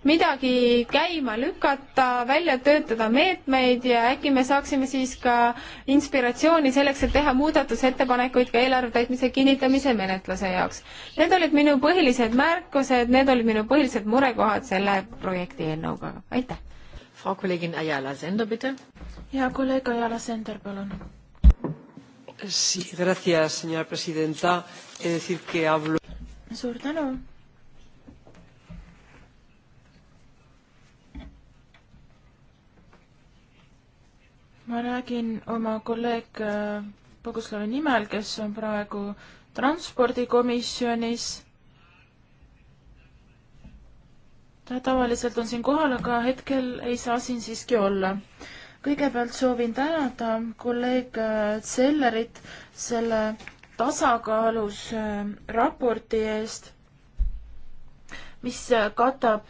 midagi käima lükata, välja töötada meetmeid ja äkki me saaksime siis ka inspiratsiooni selleks, et teha muudatusettepanekuid ka eelarve täitmise kinnitamise menetluse jaoks. Need olid minu põhilised märkused, need olid minu põhilised murekohad selle projekti eelnõuga, aitäh. Frau Kollegin Ayala Sender, bitte. Ja, kolleeg Ayala Sender, palun. Sí, gracias, señora presidenta. Es decir, que hablo... Suur tänu ma räägin oma kolleeg äh, Boguslavi nimel, kes on praegu transpordikomisjonis ta tavaliselt on siin kohal, aga hetkel ei saa siin siiski olla. kõigepealt soovin tänada kolleeg äh, Zellerit selle tasakaalus äh, raporti eest, mis katab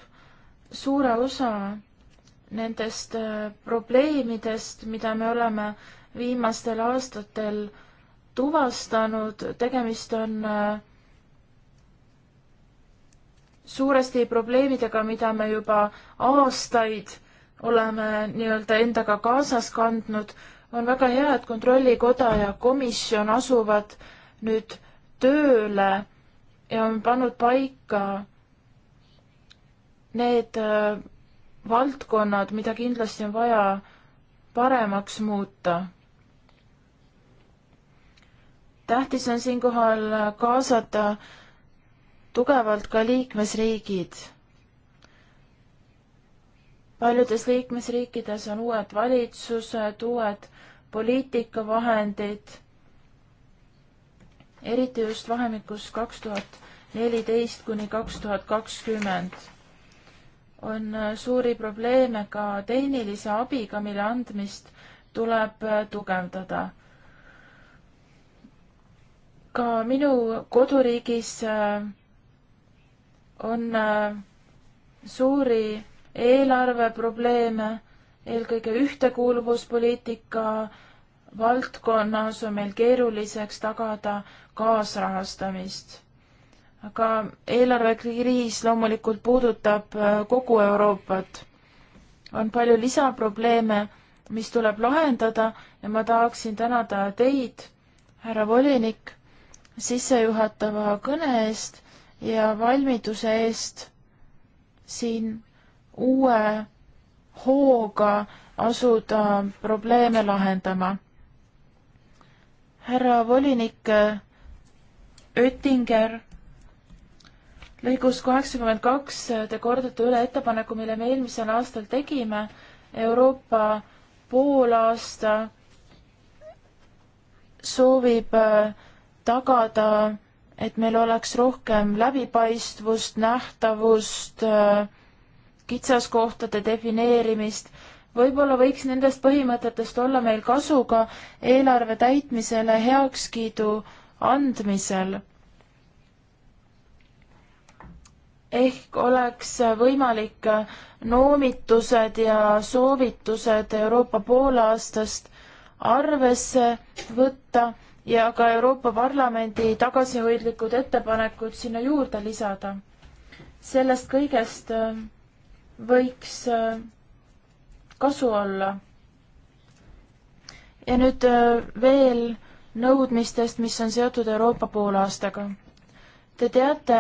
suure osa nendest äh, probleemidest, mida me oleme viimastel aastatel tuvastanud, tegemist on äh, suuresti probleemidega, mida me juba aastaid oleme nii-öelda endaga kaasas kandnud, on väga hea, et Kontrollikoda ja komisjon asuvad nüüd tööle ja on pannud paika need äh, valdkonnad, mida kindlasti on vaja paremaks muuta. tähtis on siinkohal kaasata tugevalt ka liikmesriigid. paljudes liikmesriikides on uued valitsused, uued poliitikavahendid, eriti just vahemikus kaks tuhat neliteist kuni kaks tuhat kakskümmend on äh, suuri probleeme ka tehnilise abiga, mille andmist tuleb äh, tugevdada. ka minu koduriigis äh, on suuri eelarveprobleeme, eelkõige ühtekuuluvuspoliitika valdkonnas on meil keeruliseks tagada kaasrahastamist aga eelarvekriis loomulikult puudutab äh, kogu Euroopat. on palju lisaprobleeme, mis tuleb lahendada ja ma tahaksin tänada teid, härra volinik, sissejuhatava kõne eest ja valmiduse eest siin uue hooga asuda probleeme lahendama. härra volinik äh, Oettinger lõigus kaheksakümmend kaks te kordate üle ettepaneku, mille me eelmisel aastal tegime Euroopa poolaasta soovib äh, tagada, et meil oleks rohkem läbipaistvust, nähtavust, äh, kitsaskohtade defineerimist. võib-olla võiks nendest põhimõtetest olla meil kasu ka eelarve täitmisele heakskiidu andmisel. ehk oleks võimalik noomitused ja soovitused Euroopa poolaastast arvesse võtta ja ka Euroopa Parlamendi tagasihoidlikud ettepanekud sinna juurde lisada. sellest kõigest äh, võiks äh, kasu olla. ja nüüd äh, veel nõudmistest, mis on seotud Euroopa poolaastaga. Te teate,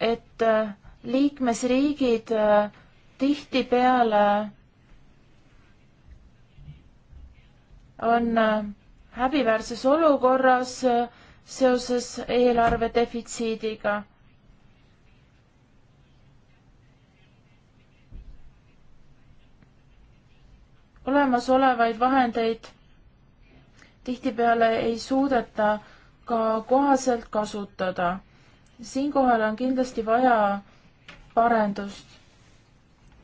et äh, liikmesriigid äh, tihtipeale on äh, häbiväärses olukorras seoses eelarve defitsiidiga. olemasolevaid vahendeid tihtipeale ei suudeta ka kohaselt kasutada siinkohal on kindlasti vaja parendust.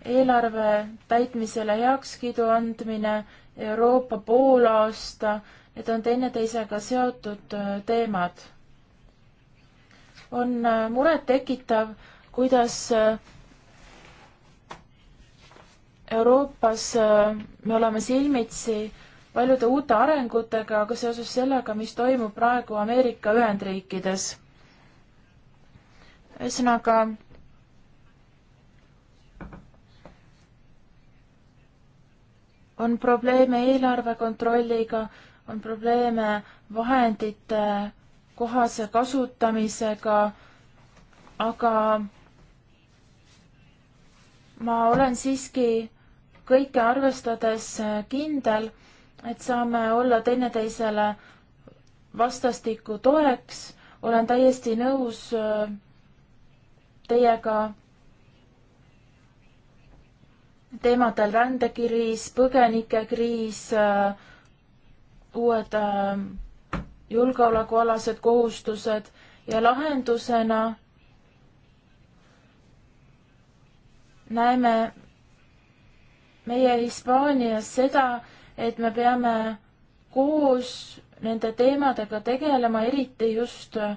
eelarve täitmisele heakskiidu andmine, Euroopa poolaasta, need on teineteisega seotud äh, teemad. on äh, murettekitav, kuidas äh, Euroopas me oleme silmitsi paljude uute arengutega, aga seoses sellega, mis toimub praegu Ameerika Ühendriikides ühesõnaga on probleeme eelarve kontrolliga, on probleeme vahendite kohase kasutamisega, aga ma olen siiski kõike arvestades kindel, et saame olla teineteisele vastastikku toeks, olen täiesti nõus äh, teiega teemadel rändekriis, põgenikekriis, äh, uued äh, julgeolekualased kohustused ja lahendusena näeme meie Hispaanias seda, et me peame koos nende teemadega tegelema, eriti just äh,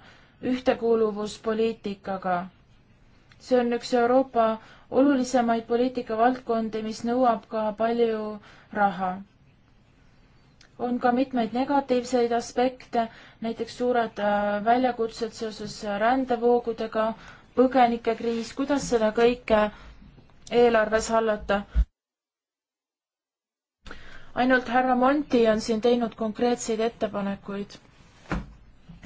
ühtekuuluvuspoliitikaga see on üks Euroopa olulisemaid poliitikavaldkondi, mis nõuab ka palju raha. on ka mitmeid negatiivseid aspekte, näiteks suured äh, väljakutsed seoses rändevoogudega, põgenikekriis, kuidas seda kõike eelarves hallata? ainult härra Monti on siin teinud konkreetseid ettepanekuid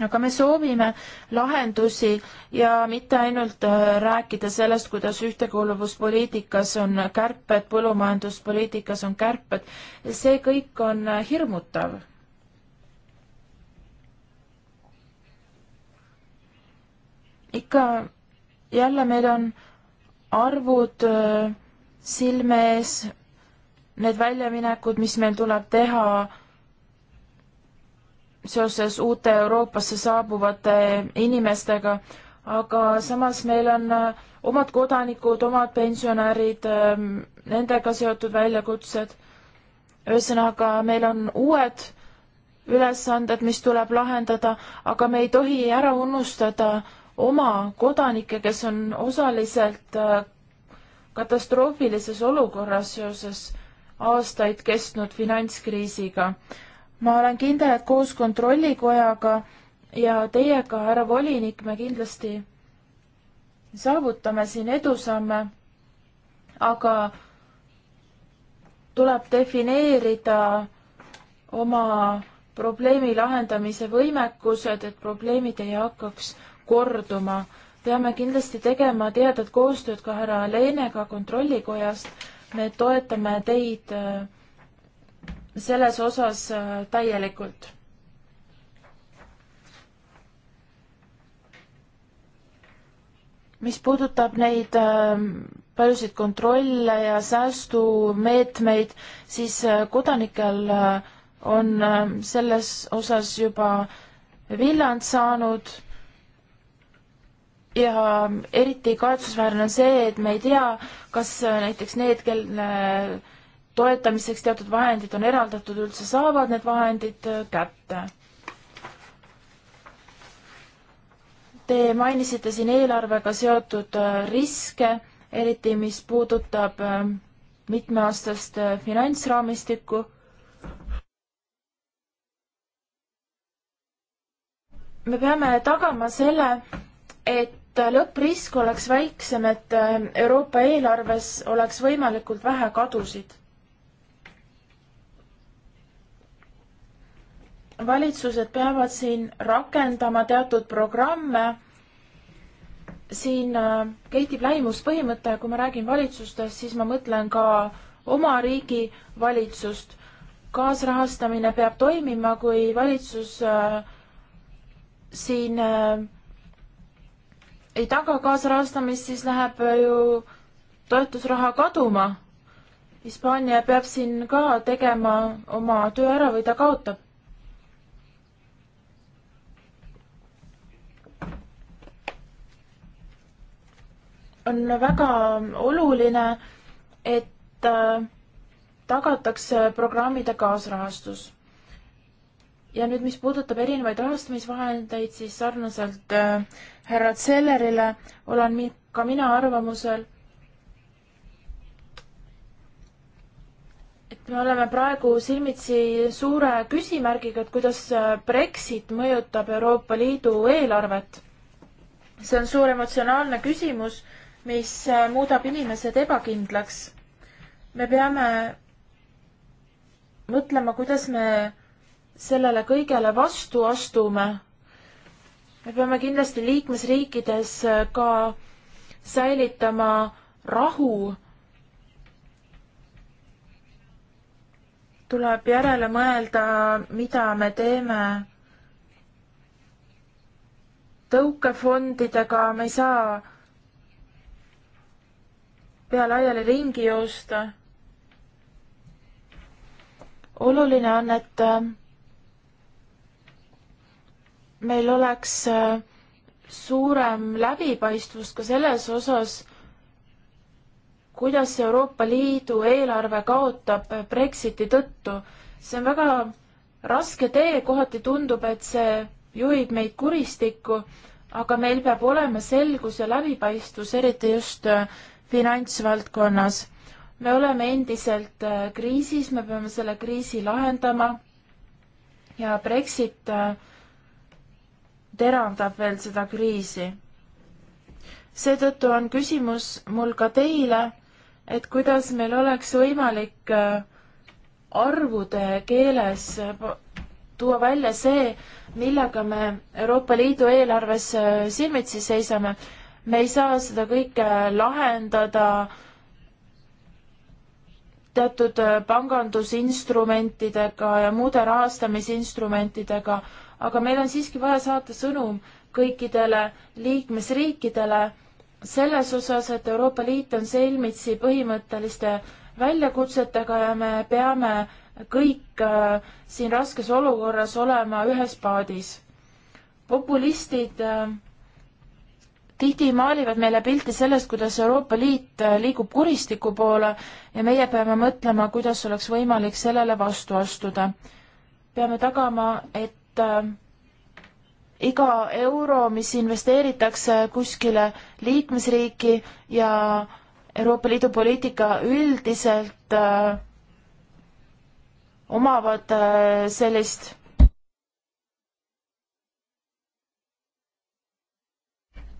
aga me soovime lahendusi ja mitte ainult äh, rääkida sellest, kuidas ühtekuuluvuspoliitikas on kärped, põllumajanduspoliitikas on kärped, see kõik on äh, hirmutav. ikka jälle meil on arvud äh, silme ees, need väljaminekud, mis meil tuleb teha seoses uute Euroopasse saabuvate inimestega, aga samas meil on äh, omad kodanikud, omad pensionärid, ähm, nendega seotud väljakutsed. ühesõnaga, meil on uued ülesanded, mis tuleb lahendada, aga me ei tohi ära unustada oma kodanikke, kes on osaliselt äh, katastroofilises olukorras seoses aastaid kestnud finantskriisiga ma olen kindel, et koos Kontrollikojaga ja teiega, härra volinik, me kindlasti saavutame siin edusamme, aga tuleb defineerida oma probleemi lahendamise võimekused, et probleemid ei hakkaks korduma. peame kindlasti tegema tihedat koostööd ka härra Leenega Kontrollikojast. me toetame teid äh, selles osas äh, täielikult. mis puudutab neid ähm, paljusid kontrolle ja säästumeetmeid, siis äh, kodanikel äh, on ähm, selles osas juba villand saanud ja ähm, eriti kahetsusväärne on see, et me ei tea, kas näiteks need, kelle toetamiseks teatud vahendid on eraldatud, üldse saavad need vahendid äh, kätte. Te mainisite siin eelarvega seotud äh, riske, eriti mis puudutab äh, mitmeaastast finantsraamistikku. me peame tagama selle, et lõpprisk oleks väiksem, et Euroopa eelarves oleks võimalikult vähe kadusid valitsused peavad siin rakendama teatud programme. siin äh, kehtib lähimuspõhimõte, kui ma räägin valitsustest, siis ma mõtlen ka oma riigi valitsust. kaasrahastamine peab toimima, kui valitsus äh, siin äh, ei taga kaasrahastamist, siis läheb äh, ju toetusraha kaduma. Hispaania peab siin ka tegema oma töö ära või ta kaotab on väga oluline, et äh, tagatakse programmide kaasrahastus. ja nüüd, mis puudutab erinevaid rahastamisvahendeid, siis sarnaselt äh, härra Zellerile olen mi-, ka mina arvamusel, et me oleme praegu silmitsi suure küsimärgiga, et kuidas äh, Brexit mõjutab Euroopa Liidu eelarvet. see on suur emotsionaalne küsimus mis äh, muudab inimesed ebakindlaks. me peame mõtlema, kuidas me sellele kõigele vastu astume. me peame kindlasti liikmesriikides äh, ka säilitama rahu. tuleb järele mõelda, mida me teeme tõukefondidega, me ei saa pea laiali ringi joosta. oluline on, et äh, meil oleks äh, suurem läbipaistvus ka selles osas, kuidas Euroopa Liidu eelarve kaotab äh, Brexiti tõttu. see on väga raske tee, kohati tundub, et see juhib meid kuristikku, aga meil peab olema selgus ja läbipaistvus, eriti just finantsvaldkonnas. me oleme endiselt äh, kriisis, me peame selle kriisi lahendama ja Brexit äh, teravdab veel seda kriisi. seetõttu on küsimus mul ka teile, et kuidas meil oleks võimalik äh, arvude keeles tuua välja see, millega me Euroopa Liidu eelarves silmitsi seisame me ei saa seda kõike lahendada teatud äh, pangandusinstrumentidega ja muude rahastamisinstrumentidega, aga meil on siiski vaja saata sõnum kõikidele liikmesriikidele selles osas, et Euroopa Liit on silmitsi põhimõtteliste väljakutsetega ja me peame kõik äh, siin raskes olukorras olema ühes paadis. populistid äh, tihti maalivad meile pilti sellest, kuidas Euroopa Liit äh, liigub kuristiku poole ja meie peame mõtlema, kuidas oleks võimalik sellele vastu astuda. peame tagama, et äh, iga euro, mis investeeritakse kuskile liikmesriiki ja Euroopa Liidu poliitika üldiselt äh, omavad äh, sellist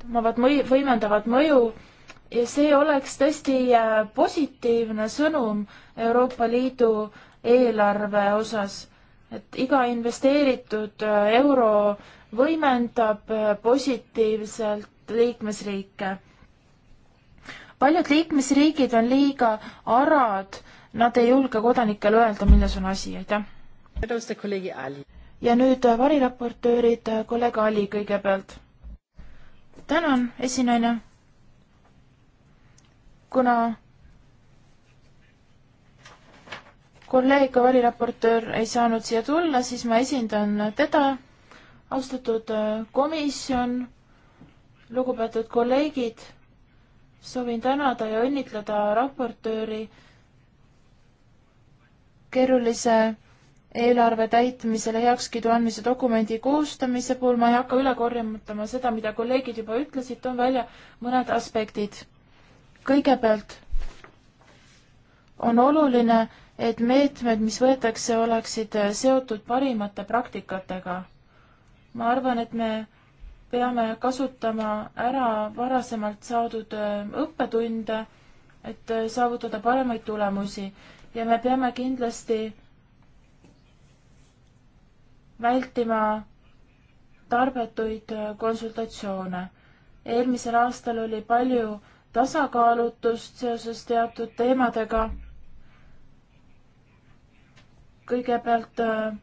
omavad mõju, võimendavad mõju ja see oleks tõesti äh, positiivne sõnum Euroopa Liidu eelarve osas, et iga investeeritud äh, euro võimendab äh, positiivselt liikmesriike. paljud liikmesriigid on liiga arad, nad ei julge kodanikele öelda, milles on asi, aitäh. ja nüüd variraportöörid, kolleeg Ali kõigepealt tänan, esinaine. kuna kolleeg valiraportöör ei saanud siia tulla, siis ma esindan teda. austatud äh, komisjon, lugupeetud kolleegid, soovin tänada ja õnnitleda raportööri keerulise eelarve täitmisele heakskiidu andmise dokumendi koostamise puhul ma ei hakka üle korjama seda, mida kolleegid juba ütlesid, toon välja mõned aspektid. kõigepealt on oluline, et meetmed, mis võetakse, oleksid seotud parimate praktikatega. ma arvan, et me peame kasutama ära varasemalt saadud äh, õppetunde, et äh, saavutada paremaid tulemusi ja me peame kindlasti vältima tarbetuid konsultatsioone. eelmisel aastal oli palju tasakaalutust seoses teatud teemadega. kõigepealt äh,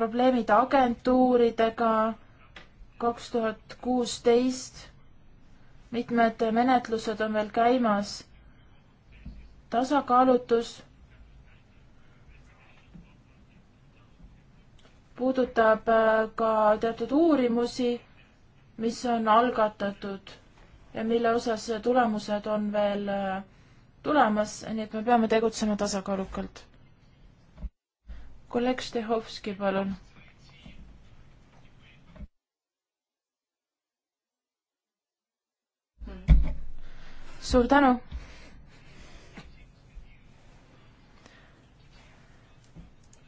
probleemid agentuuridega kaks tuhat kuusteist. mitmed menetlused on veel käimas. tasakaalutus puudutab äh, ka teatud uurimusi, mis on algatatud ja mille osas tulemused on veel äh, tulemas, nii et me peame tegutsema tasakaalukalt. kolleeg Štehovski, palun. suur tänu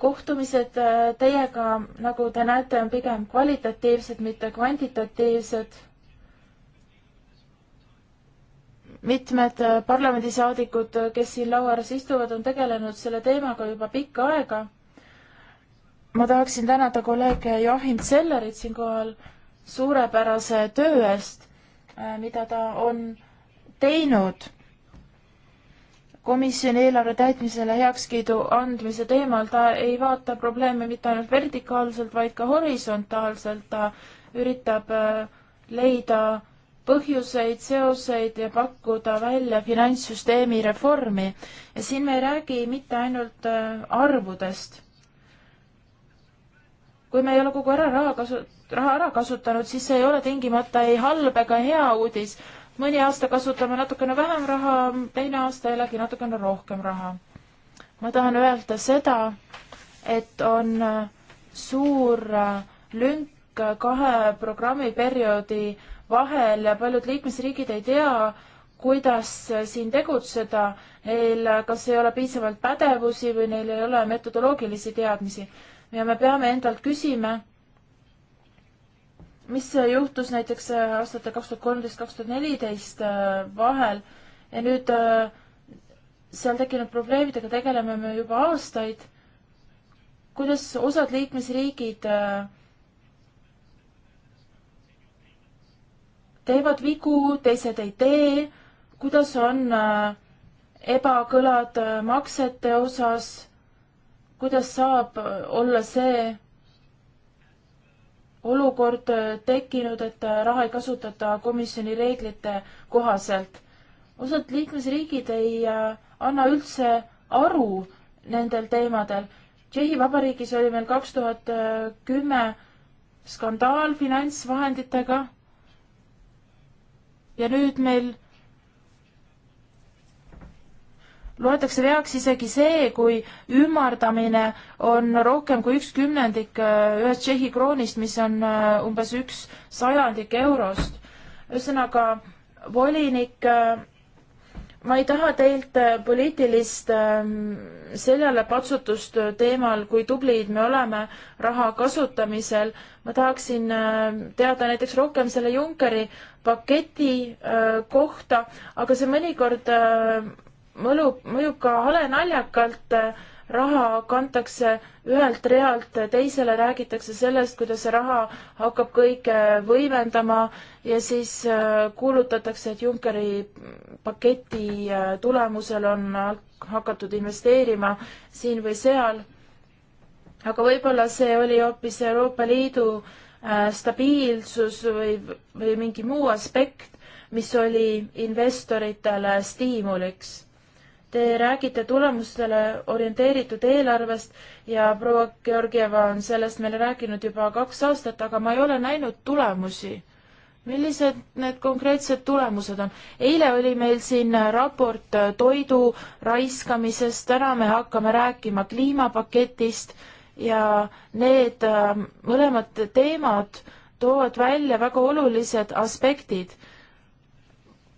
kohtumised äh, teiega, nagu te näete, on pigem kvalitatiivsed, mitte kvantitatiivsed. mitmed äh, parlamendisaadikud, äh, kes siin laua ääres istuvad, on tegelenud selle teemaga juba pikka aega. ma tahaksin tänada kolleeg Joachim Zellerit siinkohal suurepärase töö eest, mida ta on teinud komisjoni eelarve täitmisele heakskiidu andmise teemal, ta ei vaata probleeme mitte ainult vertikaalselt, vaid ka horisontaalselt, ta üritab äh, leida põhjuseid, seoseid ja pakkuda välja finantssüsteemi reformi. ja siin me ei räägi mitte ainult äh, arvudest. kui me ei ole kogu ära raha kasu-, raha ära kasutanud, siis see ei ole tingimata ei halb ega hea uudis mõni aasta kasutame natukene vähem raha, teine aasta jällegi natukene rohkem raha. ma tahan öelda seda, et on äh, suur äh, lünk äh, kahe programmiperioodi vahel ja paljud liikmesriigid ei tea, kuidas siin tegutseda, neil kas ei ole piisavalt pädevusi või neil ei ole metodoloogilisi teadmisi ja me peame endalt küsima mis juhtus näiteks äh, aastate kaks tuhat kolmteist, kaks tuhat neliteist äh, vahel ja nüüd äh, seal tekkinud probleemidega tegeleme me juba aastaid. kuidas osad liikmesriigid teevad vigu, teised ei tee, kuidas on ebakõlad maksete osas, kuidas saab olla see olukord äh, tekkinud, et äh, raha ei kasutata komisjoni reeglite kohaselt. osad liikmesriigid ei äh, anna üldse aru nendel teemadel. Tšehhi Vabariigis oli meil kaks tuhat kümme skandaal finantsvahenditega. ja nüüd meil loetakse veaks isegi see, kui ümardamine on rohkem kui üks kümnendik äh, ühest Tšehhi kroonist, mis on äh, umbes üks sajandik eurost. ühesõnaga, volinik, äh, ma ei taha teilt poliitilist ähm, seljale patsutust teemal, kui tublid me oleme raha kasutamisel. ma tahaksin teada näiteks rohkem selle Junckeri paketi kohta, aga see mõnikord mõju, mõjub ka hale naljakalt, raha kantakse ühelt realt teisele, räägitakse sellest, kuidas see raha hakkab kõike võimendama ja siis äh, kuulutatakse, et Junckeri paketi äh, tulemusel on hakatud investeerima siin või seal. aga võib-olla see oli hoopis Euroopa Liidu äh, stabiilsus või, või mingi muu aspekt, mis oli investoritele stiimuliks Te räägite tulemustele orienteeritud eelarvest ja proua Georgieva on sellest meile rääkinud juba kaks aastat, aga ma ei ole näinud tulemusi. millised need konkreetsed tulemused on? eile oli meil siin raport toidu raiskamisest, täna me hakkame rääkima kliimapaketist ja need äh, mõlemad teemad toovad välja väga olulised aspektid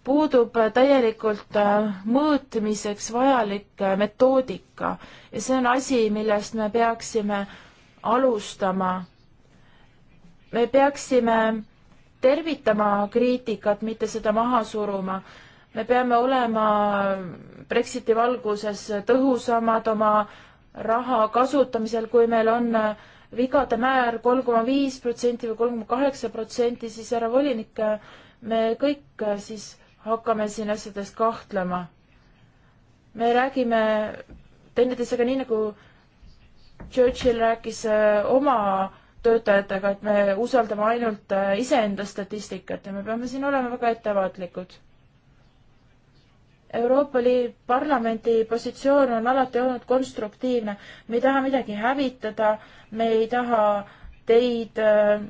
puudub täielikult äh, mõõtmiseks vajalik äh, metoodika ja see on asi, millest me peaksime alustama. me peaksime tervitama kriitikat, mitte seda maha suruma. me peame olema Brexiti valguses tõhusamad oma raha kasutamisel, kui meil on äh, vigade määr kolm koma viis protsenti või kolm koma kaheksa protsenti, siis härra volinik, me kõik siis hakkame siin asjades kahtlema. me räägime teineteisega nii, nagu Churchill rääkis äh, oma töötajatega, et me usaldame ainult äh, iseenda statistikat ja me peame siin olema väga ettevaatlikud. Euroopa Liidu parlamendi positsioon on alati olnud konstruktiivne, me ei taha midagi hävitada, me ei taha teid äh,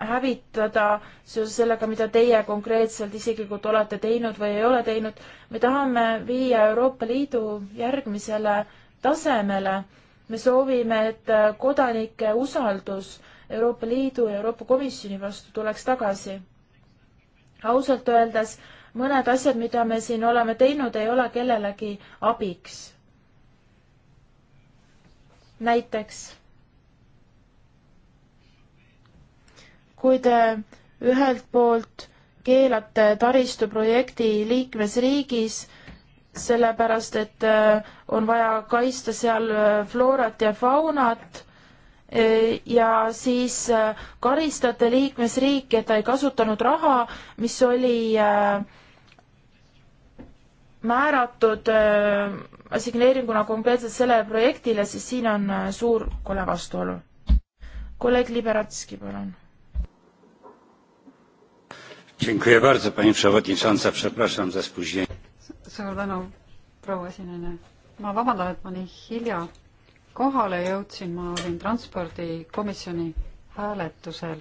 hävitada seoses sellega, mida teie konkreetselt isiklikult olete teinud või ei ole teinud. me tahame viia Euroopa Liidu järgmisele tasemele. me soovime, et kodanike usaldus Euroopa Liidu ja Euroopa Komisjoni vastu tuleks tagasi. ausalt öeldes mõned asjad, mida me siin oleme teinud, ei ole kellelegi abiks. näiteks kui te ühelt poolt keelate taristuprojekti liikmesriigis, sellepärast et äh, on vaja kaitsta seal äh, floorat ja faunat äh, ja siis karistate liikmesriiki, et ta ei kasutanud raha, mis oli määratud assigneeringuna konkreetselt sellele projektile, siis siin on suur kole vastuolu. kolleeg Liberatski, palun suur tänu, proua esineja. ma vabandan, et ma nii hilja kohale jõudsin, ma olin transpordikomisjoni hääletusel,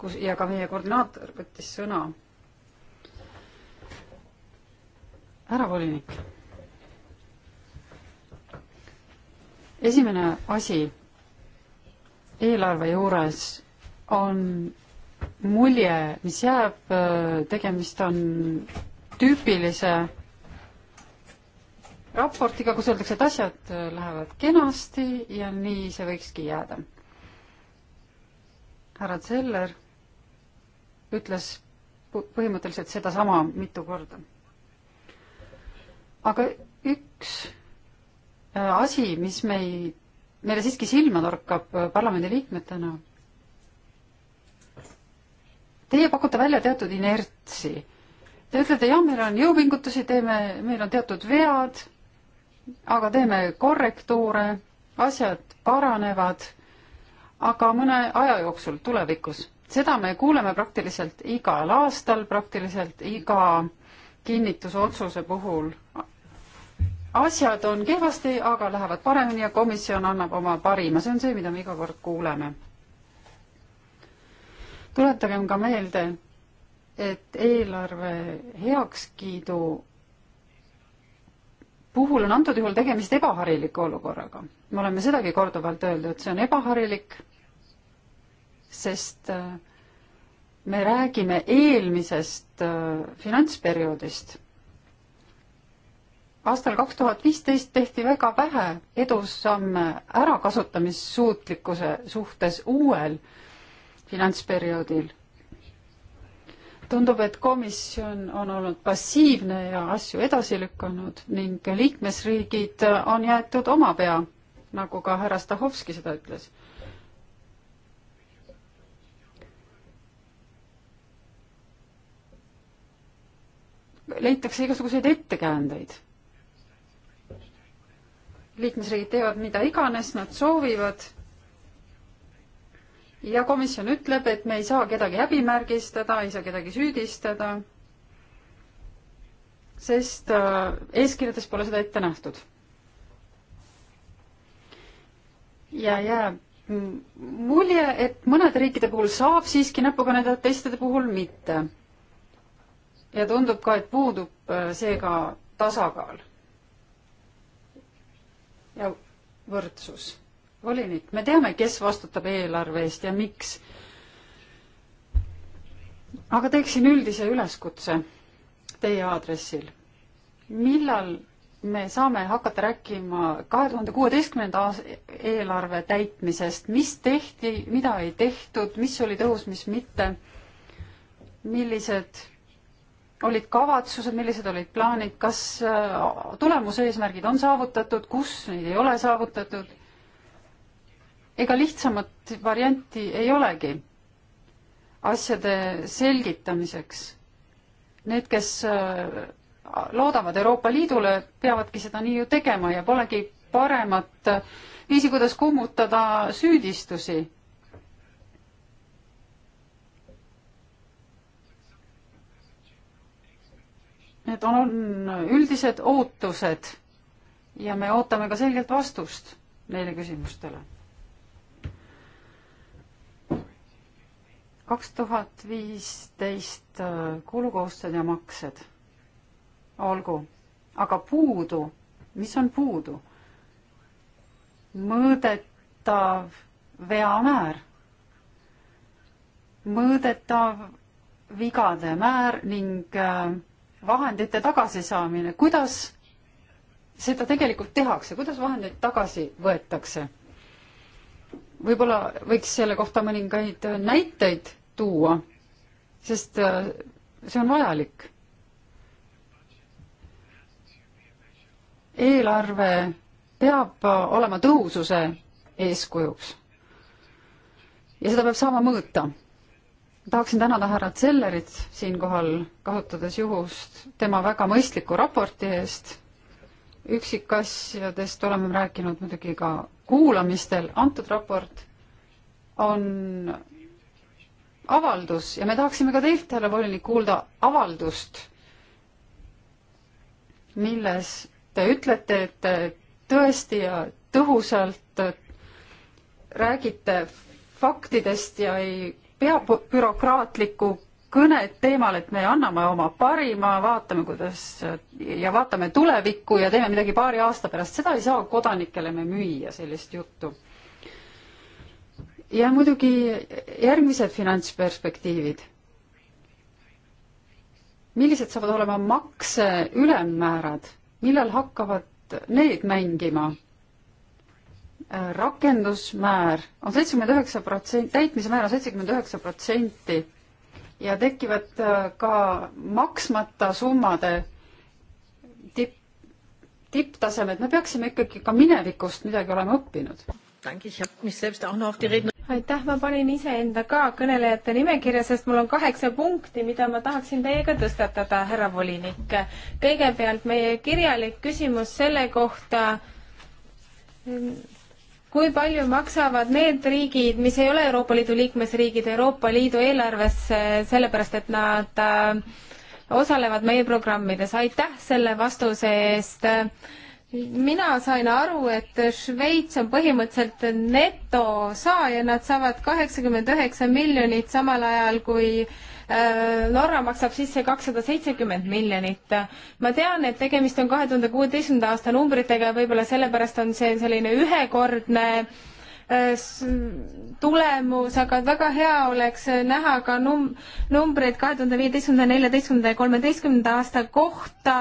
kus ja ka meie koordinaator võttis sõna. härra volinik. esimene asi eelarve juures on mulje, mis jääb, äh, tegemist on tüüpilise raportiga, kus öeldakse, et asjad äh, lähevad kenasti ja nii see võikski jääda. härra Zeller ütles põhimõtteliselt sedasama mitu korda. aga üks äh, asi, mis meid, meile siiski silma torkab parlamendiliikmetena no,, Teie pakute välja teatud inertsi. Te ütlete, jah, meil on jõupingutusi, teeme, meil on teatud vead, aga teeme korrektuure, asjad paranevad, aga mõne aja jooksul, tulevikus. seda me kuuleme praktiliselt igal aastal, praktiliselt iga kinnitusotsuse puhul asjad on kehvasti, aga lähevad paremini ja komisjon annab oma parima, see on see, mida me iga kord kuuleme tuletagem ka meelde, et eelarve heakskiidu puhul on antud juhul tegemist ebahariliku olukorraga. me oleme sedagi korduvalt öelnud, see on ebaharilik, sest äh, me räägime eelmisest äh, finantsperioodist. aastal kaks tuhat viisteist tehti väga vähe edusamme ärakasutamissuutlikkuse suhtes uuel äh, finantsperioodil. tundub, et komisjon on olnud passiivne ja asju edasi lükanud ning liikmesriigid on jäetud oma pea, nagu ka härra Stahovski seda ütles leitakse igasuguseid ettekäändeid. liikmesriigid teevad mida iganes nad soovivad ja komisjon ütleb, et me ei saa kedagi häbimärgistada, ei saa kedagi süüdistada, sest äh, eeskirjades pole seda ette nähtud. ja jääb mulje, et mõnede riikide puhul saab siiski näpuga näidata, teistede puhul mitte. ja tundub ka, et puudub äh, seega tasakaal ja võrdsus volinik, me teame, kes vastutab eelarve eest ja miks. aga teeksin üldise üleskutse teie aadressil. millal me saame hakata rääkima kahe tuhande kuueteistkümnenda aasta eelarve täitmisest, mis tehti, mida ei tehtud, mis oli tõhus, mis mitte, millised olid kavatsused, millised olid plaanid, kas äh, tulemuse eesmärgid on saavutatud, kus neid ei ole saavutatud ega lihtsamat varianti ei olegi asjade selgitamiseks. Need, kes äh, loodavad Euroopa Liidule, peavadki seda nii ju tegema ja polegi paremat viisi, kuidas kummutada süüdistusi need on, on üldised ootused ja me ootame ka selgelt vastust neile küsimustele kaks tuhat viisteist äh, kulukohustused ja maksed. olgu, aga puudu, mis on puudu? mõõdetav veamäär, mõõdetav vigade määr ning äh, vahendite tagasisaamine, kuidas seda tegelikult tehakse, kuidas vahendeid tagasi võetakse? võib-olla võiks selle kohta mõningaid näiteid tuua, sest äh, see on vajalik. eelarve peab äh, olema tõhususe eeskujuks. ja seda peab saama mõõta. tahaksin tänada härra Zellerit siinkohal, kasutades juhust tema väga mõistliku raporti eest. üksikasjadest oleme rääkinud muidugi ka kuulamistel, antud raport on avaldus ja me tahaksime ka teilt, härra volinik, kuulda avaldust, milles te ütlete, et te tõesti ja tõhusalt räägite faktidest ja ei pea bürokraatlikku kõnet teemal, et me anname oma parima, vaatame, kuidas ja vaatame tulevikku ja teeme midagi paari aasta pärast, seda ei saa kodanikele me müüa, sellist juttu. ja muidugi järgmised finantsperspektiivid. millised saavad olema makse ülemmäärad, millal hakkavad need mängima? rakendusmäär on seitsekümmend üheksa protsenti, täitmise määr on seitsekümmend üheksa protsenti ja tekivad äh, ka maksmata summade tipp, tipptasemed, me peaksime ikkagi ka minevikust midagi olema õppinud. aitäh, ma panin iseenda ka kõnelejate nimekirja, sest mul on kaheksa punkti, mida ma tahaksin teiega tõstatada, härra volinik. kõigepealt meie kirjalik küsimus selle kohta, kui palju maksavad need riigid, mis ei ole Euroopa Liidu liikmesriigid, Euroopa Liidu eelarvesse, sellepärast et nad äh, osalevad meie programmides. aitäh selle vastuse eest. mina sain aru, et Šveits on põhimõtteliselt netosaaja, nad saavad kaheksakümmend üheksa miljonit, samal ajal kui Norra äh, maksab sisse kakssada seitsekümmend miljonit. ma tean, et tegemist on kahe tuhande kuueteistkümnenda aasta numbritega ja võib-olla sellepärast on see selline ühekordne äh, tulemus, aga väga hea oleks näha ka num-, numbreid kahe tuhande viieteistkümnenda, neljateistkümnenda ja kolmeteistkümnenda aasta kohta,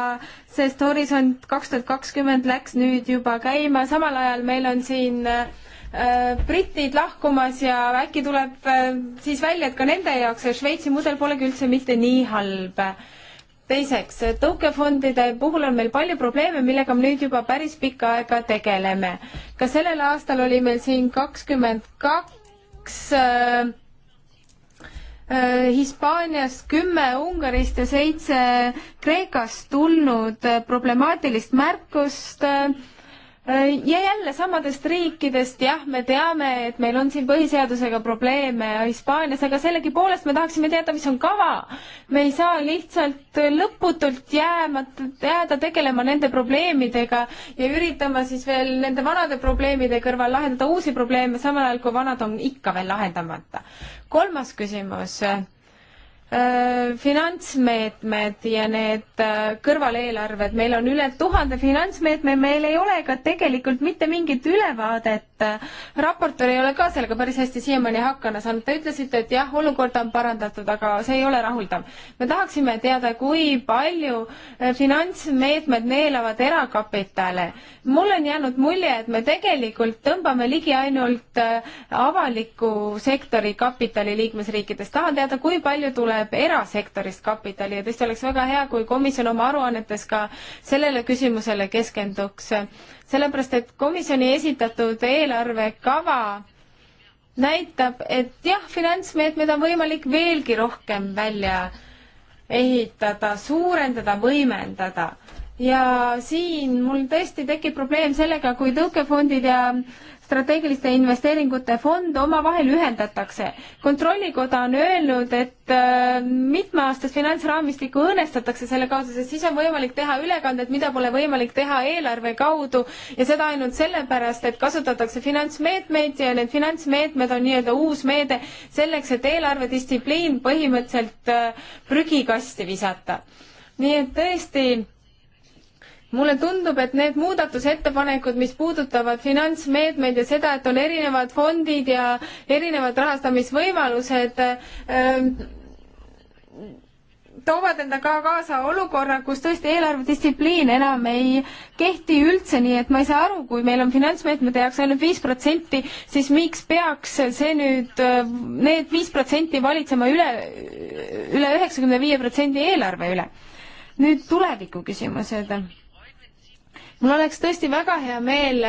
sest Horisont kaks tuhat kakskümmend läks nüüd juba käima, samal ajal meil on siin äh, Äh, britid lahkumas ja äkki tuleb äh, siis välja, et ka nende jaoks see Šveitsi mudel polegi üldse mitte nii halb. teiseks, tõukefondide puhul on meil palju probleeme, millega me nüüd juba päris pikka aega tegeleme. ka sellel aastal oli meil siin kakskümmend kaks äh, Hispaaniast kümme, Ungarist ja seitse Kreekast tulnud problemaatilist märkust äh, ja jälle samadest riikidest, jah, me teame, et meil on siin põhiseadusega probleeme Hispaanias, aga sellegipoolest me tahaksime teada, mis on kava. me ei saa lihtsalt lõputult jääma, jääda tegelema nende probleemidega ja üritama siis veel nende vanade probleemide kõrval lahendada uusi probleeme, samal ajal kui vanad on ikka veel lahendamata. kolmas küsimus Äh, finantsmeetmed ja need äh, kõrvaleelarved, meil on üle tuhande finantsmeetme, meil ei ole ka tegelikult mitte mingit ülevaadet et äh, raportöör ei ole ka sellega päris hästi siiamaani hakkama saanud. Te ütlesite, et jah, olukord on parandatud, aga see ei ole rahuldav. me tahaksime teada, kui palju äh, finantsmeetmed neelavad erakapitale. mul on jäänud mulje, et me tegelikult tõmbame ligi ainult äh, avaliku sektori kapitali liikmesriikides. tahan teada, kui palju tuleb erasektorist kapitali ja tõesti oleks väga hea, kui komisjon oma aruannetes ka sellele küsimusele keskenduks sellepärast et komisjoni esitatud eelarvekava näitab, et jah, finantsmeetmed on võimalik veelgi rohkem välja ehitada, suurendada, võimendada. ja siin mul tõesti tekib probleem sellega, kui tõukefondid ja strateegiliste investeeringute fond omavahel ühendatakse. kontrollikoda on öelnud, et äh, mitmeaastast finantsraamistikku õõnestatakse selle kaudu, sest siis on võimalik teha ülekanded, mida pole võimalik teha eelarve kaudu ja seda ainult sellepärast, et kasutatakse finantsmeetmeid ja need finantsmeetmed on nii-öelda uus meede selleks, et eelarvedistsipliin põhimõtteliselt äh, prügikasti visata. nii et tõesti mulle tundub, et need muudatusettepanekud, mis puudutavad finantsmeetmeid ja seda, et on erinevad fondid ja erinevad rahastamisvõimalused äh,, toovad endaga ka kaasa olukorra, kus tõesti eelarvedistsipliin enam ei kehti üldse, nii et ma ei saa aru, kui meil on finantsmeetmete jaoks ainult viis protsenti, siis miks peaks see nüüd need, äh, need viis protsenti valitsema üle, üle üheksakümne viie protsendi eelarve üle? nüüd tuleviku küsimused mul oleks tõesti väga hea meel,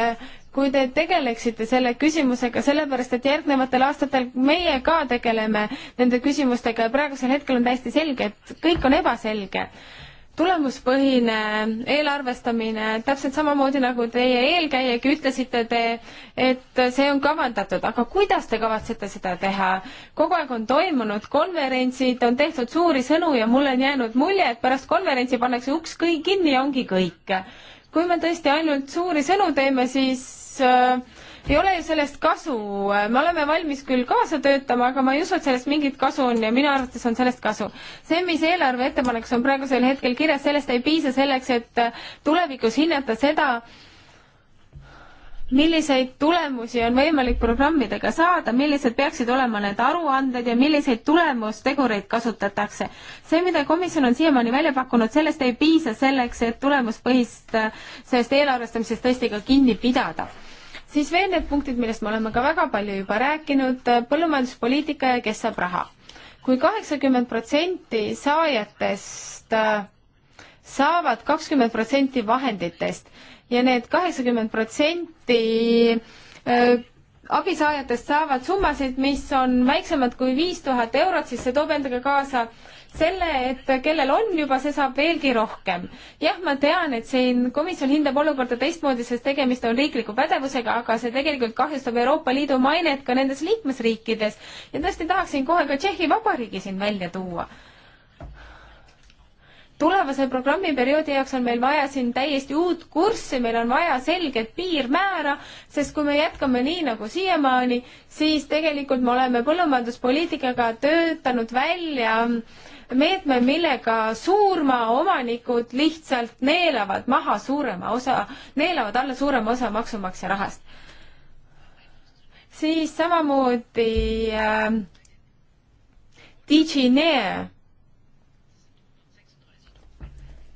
kui te tegeleksite selle küsimusega, sellepärast et järgnevatel aastatel meie ka tegeleme nende küsimustega ja praegusel hetkel on täiesti selge, et kõik on ebaselge tulemuspõhine eelarvestamine, täpselt samamoodi nagu teie eelkäijagi ütlesite te, et see on kavandatud, aga kuidas te kavatsete seda teha? kogu aeg on toimunud konverentsid, on tehtud suuri sõnu ja mulle on jäänud mulje, et pärast konverentsi pannakse uks kõi-, kinni ja ongi kõik kui me tõesti ainult suuri sõnu teeme, siis äh, ei ole ju sellest kasu, me oleme valmis küll kaasa töötama, aga ma ei usu, et sellest mingit kasu on ja minu arvates on sellest kasu. see, mis eelarve ettepanekus on praegusel hetkel kirjas, sellest ei piisa selleks, et äh, tulevikus hinnata seda äh,, milliseid tulemusi on võimalik programmidega saada, millised peaksid olema need aruanded ja milliseid tulemustegureid kasutatakse. see, mida komisjon on siiamaani välja pakkunud, sellest ei piisa selleks, et tulemuspõhist sellest eelarvestamisest tõesti ka kinni pidada siis veel need punktid, millest me oleme ka väga palju juba rääkinud, põllumajanduspoliitika ja kes saab raha kui. kui kaheksakümmend protsenti saajatest äh, saavad kakskümmend protsenti vahenditest, ja need kaheksakümmend protsenti äh, abisaajatest saavad summasid, mis on väiksemad kui viis tuhat eurot, siis see toob endaga kaasa selle, et kellel on juba, see saab veelgi rohkem. jah, ma tean, et siin komisjon hindab olukorda teistmoodi, sest tegemist on riikliku pädevusega, aga see tegelikult kahjustab Euroopa Liidu mainet ka nendes liikmesriikides ja tõesti tahaksin kohe ka Tšehhi Vabariigi siin välja tuua tulevase programmiperioodi jaoks on meil vaja siin täiesti uut kurssi, meil on vaja selget piirmäära, sest kui me jätkame nii nagu siiamaani, siis tegelikult me oleme põllumajanduspoliitikaga töötanud välja meetme, millega suurmaaomanikud lihtsalt neelavad maha suurema osa, neelavad alla suurema osa maksumaksja rahast. siis samamoodi äh, DigiNear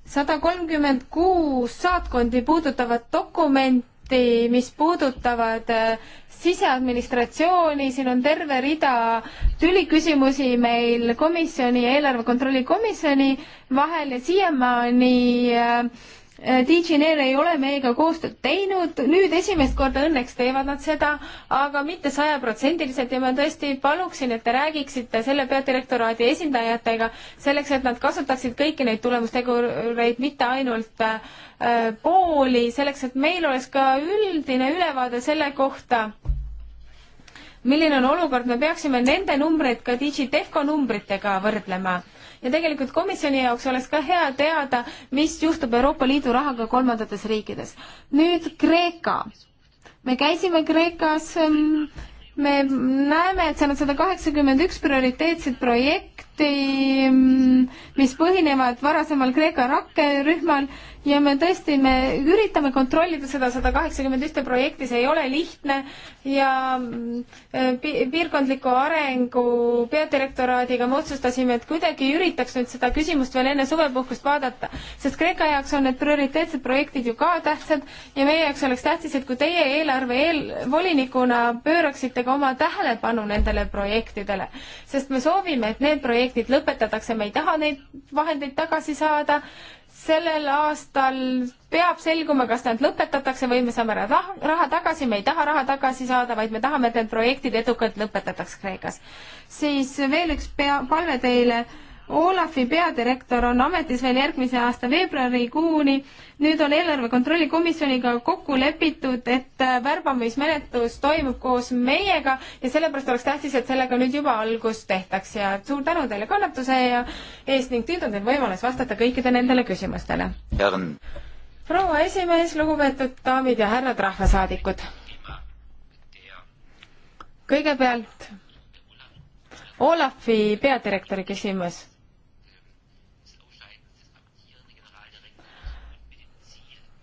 sada kolmkümmend kuus saatkondi puudutavat dokumenti, mis puudutavad äh, siseadministratsiooni, siin on terve rida tüliküsimusi meil komisjoni ja eelarve kontrolli komisjoni vahel ja siiamaani äh, Äh, DigiNeer ei ole meiega koostööd teinud, nüüd esimest korda õnneks teevad nad seda, aga mitte sajaprotsendiliselt ja ma tõesti paluksin, et te räägiksite selle peadirektoraadi esindajatega selleks, et nad kasutaksid kõiki neid tulemustegureid, mitte ainult äh, pooli, selleks et meil oleks ka üldine ülevaade selle kohta, milline on olukord, me peaksime nende numbreid ka DigiTehco numbritega võrdlema ja tegelikult komisjoni jaoks oleks ka hea teada, mis juhtub Euroopa Liidu rahaga kolmandates riikides. nüüd Kreeka. me käisime Kreekas, ähm, me näeme, et seal on sada kaheksakümmend üks prioriteetset projekti, mm, mis põhinevad varasemal Kreeka rakkerühmal ja me tõesti, me üritame kontrollida seda sada kaheksakümmend ühte projekti, see ei ole lihtne ja mm, piirkondliku arengu peadirektoraadiga me otsustasime, et kuidagi üritaks nüüd seda küsimust veel enne suvepuhkust vaadata, sest Kreeka jaoks on need prioriteetsed projektid ju ka tähtsad ja meie jaoks oleks tähtis, et kui teie eelarve eel, volinikuna pööraksite ka oma tähelepanu nendele projektidele, sest me soovime, et need projektid lõpetatakse, me ei taha neid vahendeid tagasi saada sellel aastal peab selguma, kas nad lõpetatakse või me saame raha, raha tagasi, me ei taha raha tagasi saada, vaid me tahame, et need projektid edukalt lõpetataks Kreekas. siis veel üks pea, palve teile Olafi peadirektor on ametis veel järgmise aasta veebruarikuuni. nüüd on eelarve kontrolli komisjoniga kokku lepitud, et värbamismenetlus toimub koos meiega ja sellepärast oleks tähtis, et sellega nüüd juba algus tehtaks ja suur tänu teile kannatuse ja eest ning nüüd on teil võimalus vastata kõikide nendele küsimustele. proua esimees, lugupeetud daamid ja härrad rahvasaadikud. kõigepealt Olafi peadirektori küsimus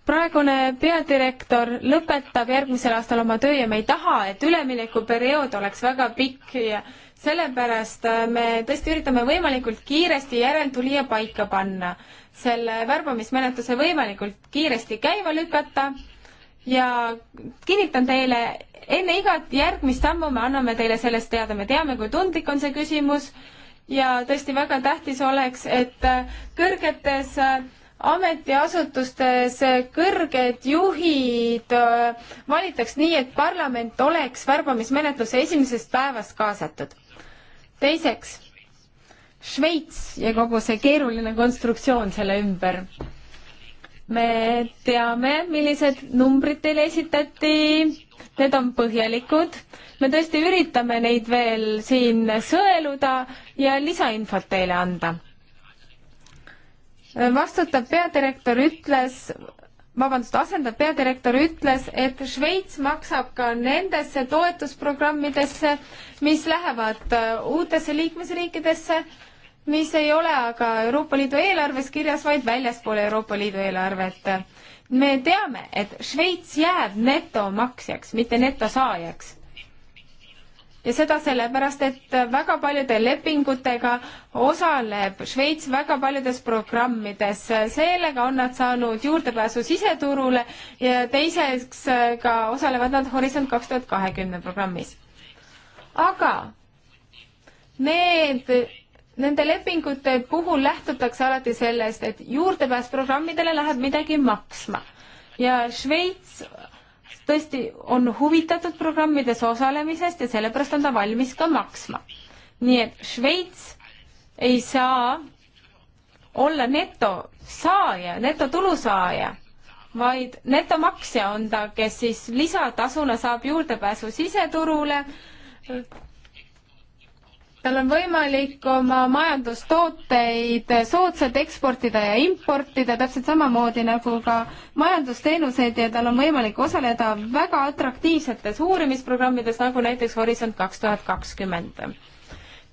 praegune peadirektor lõpetab järgmisel aastal oma töö ja me ei taha, et üleminekuperiood oleks väga pikk ja sellepärast äh, me tõesti üritame võimalikult kiiresti järeltulija paika panna, selle värbamismenetluse võimalikult kiiresti käima lükata ja kinnitan teile, enne igat järgmist sammu me anname teile sellest teada, me teame, kui tundlik on see küsimus ja tõesti väga tähtis oleks, et äh, kõrgetes äh, ametiasutustes kõrged juhid äh, valitaks nii, et parlament oleks värbamismenetluse esimesest päevast kaasatud. teiseks, Šveits ja kogu see keeruline konstruktsioon selle ümber. me teame, millised numbrid teile esitati, need on põhjalikud, me tõesti üritame neid veel siin sõeluda ja lisainfot teile anda vastutav peadirektor ütles, vabandust, asendav peadirektor ütles, et Šveits maksab ka nendesse toetusprogrammidesse, mis lähevad äh, uutesse liikmesriikidesse, mis ei ole aga Euroopa Liidu eelarves kirjas, vaid väljaspool Euroopa Liidu eelarvet. me teame, et Šveits jääb netomaksjaks, mitte netosaajaks ja seda sellepärast, et väga paljude lepingutega osaleb Šveits väga paljudes programmides, sellega on nad saanud juurdepääsu siseturule ja teiseks äh, ka osalevad nad Horisont kaks tuhat kahekümne programmis. aga need Nende lepingute puhul lähtutakse alati sellest, et juurdepääs programmidele läheb midagi maksma ja Šveits tõesti on huvitatud programmides osalemisest ja sellepärast on ta valmis ka maksma. nii et Šveits ei saa olla netosaaja, netotulusaaja, vaid netomaksja on ta, kes siis lisatasuna saab juurdepääsu siseturule, tal on võimalik oma majandustooteid soodsalt eksportida ja importida, täpselt samamoodi nagu ka majandusteenuseid ja tal on võimalik osaleda väga atraktiivsetes uurimisprogrammides, nagu näiteks Horisont kaks tuhat kakskümmend.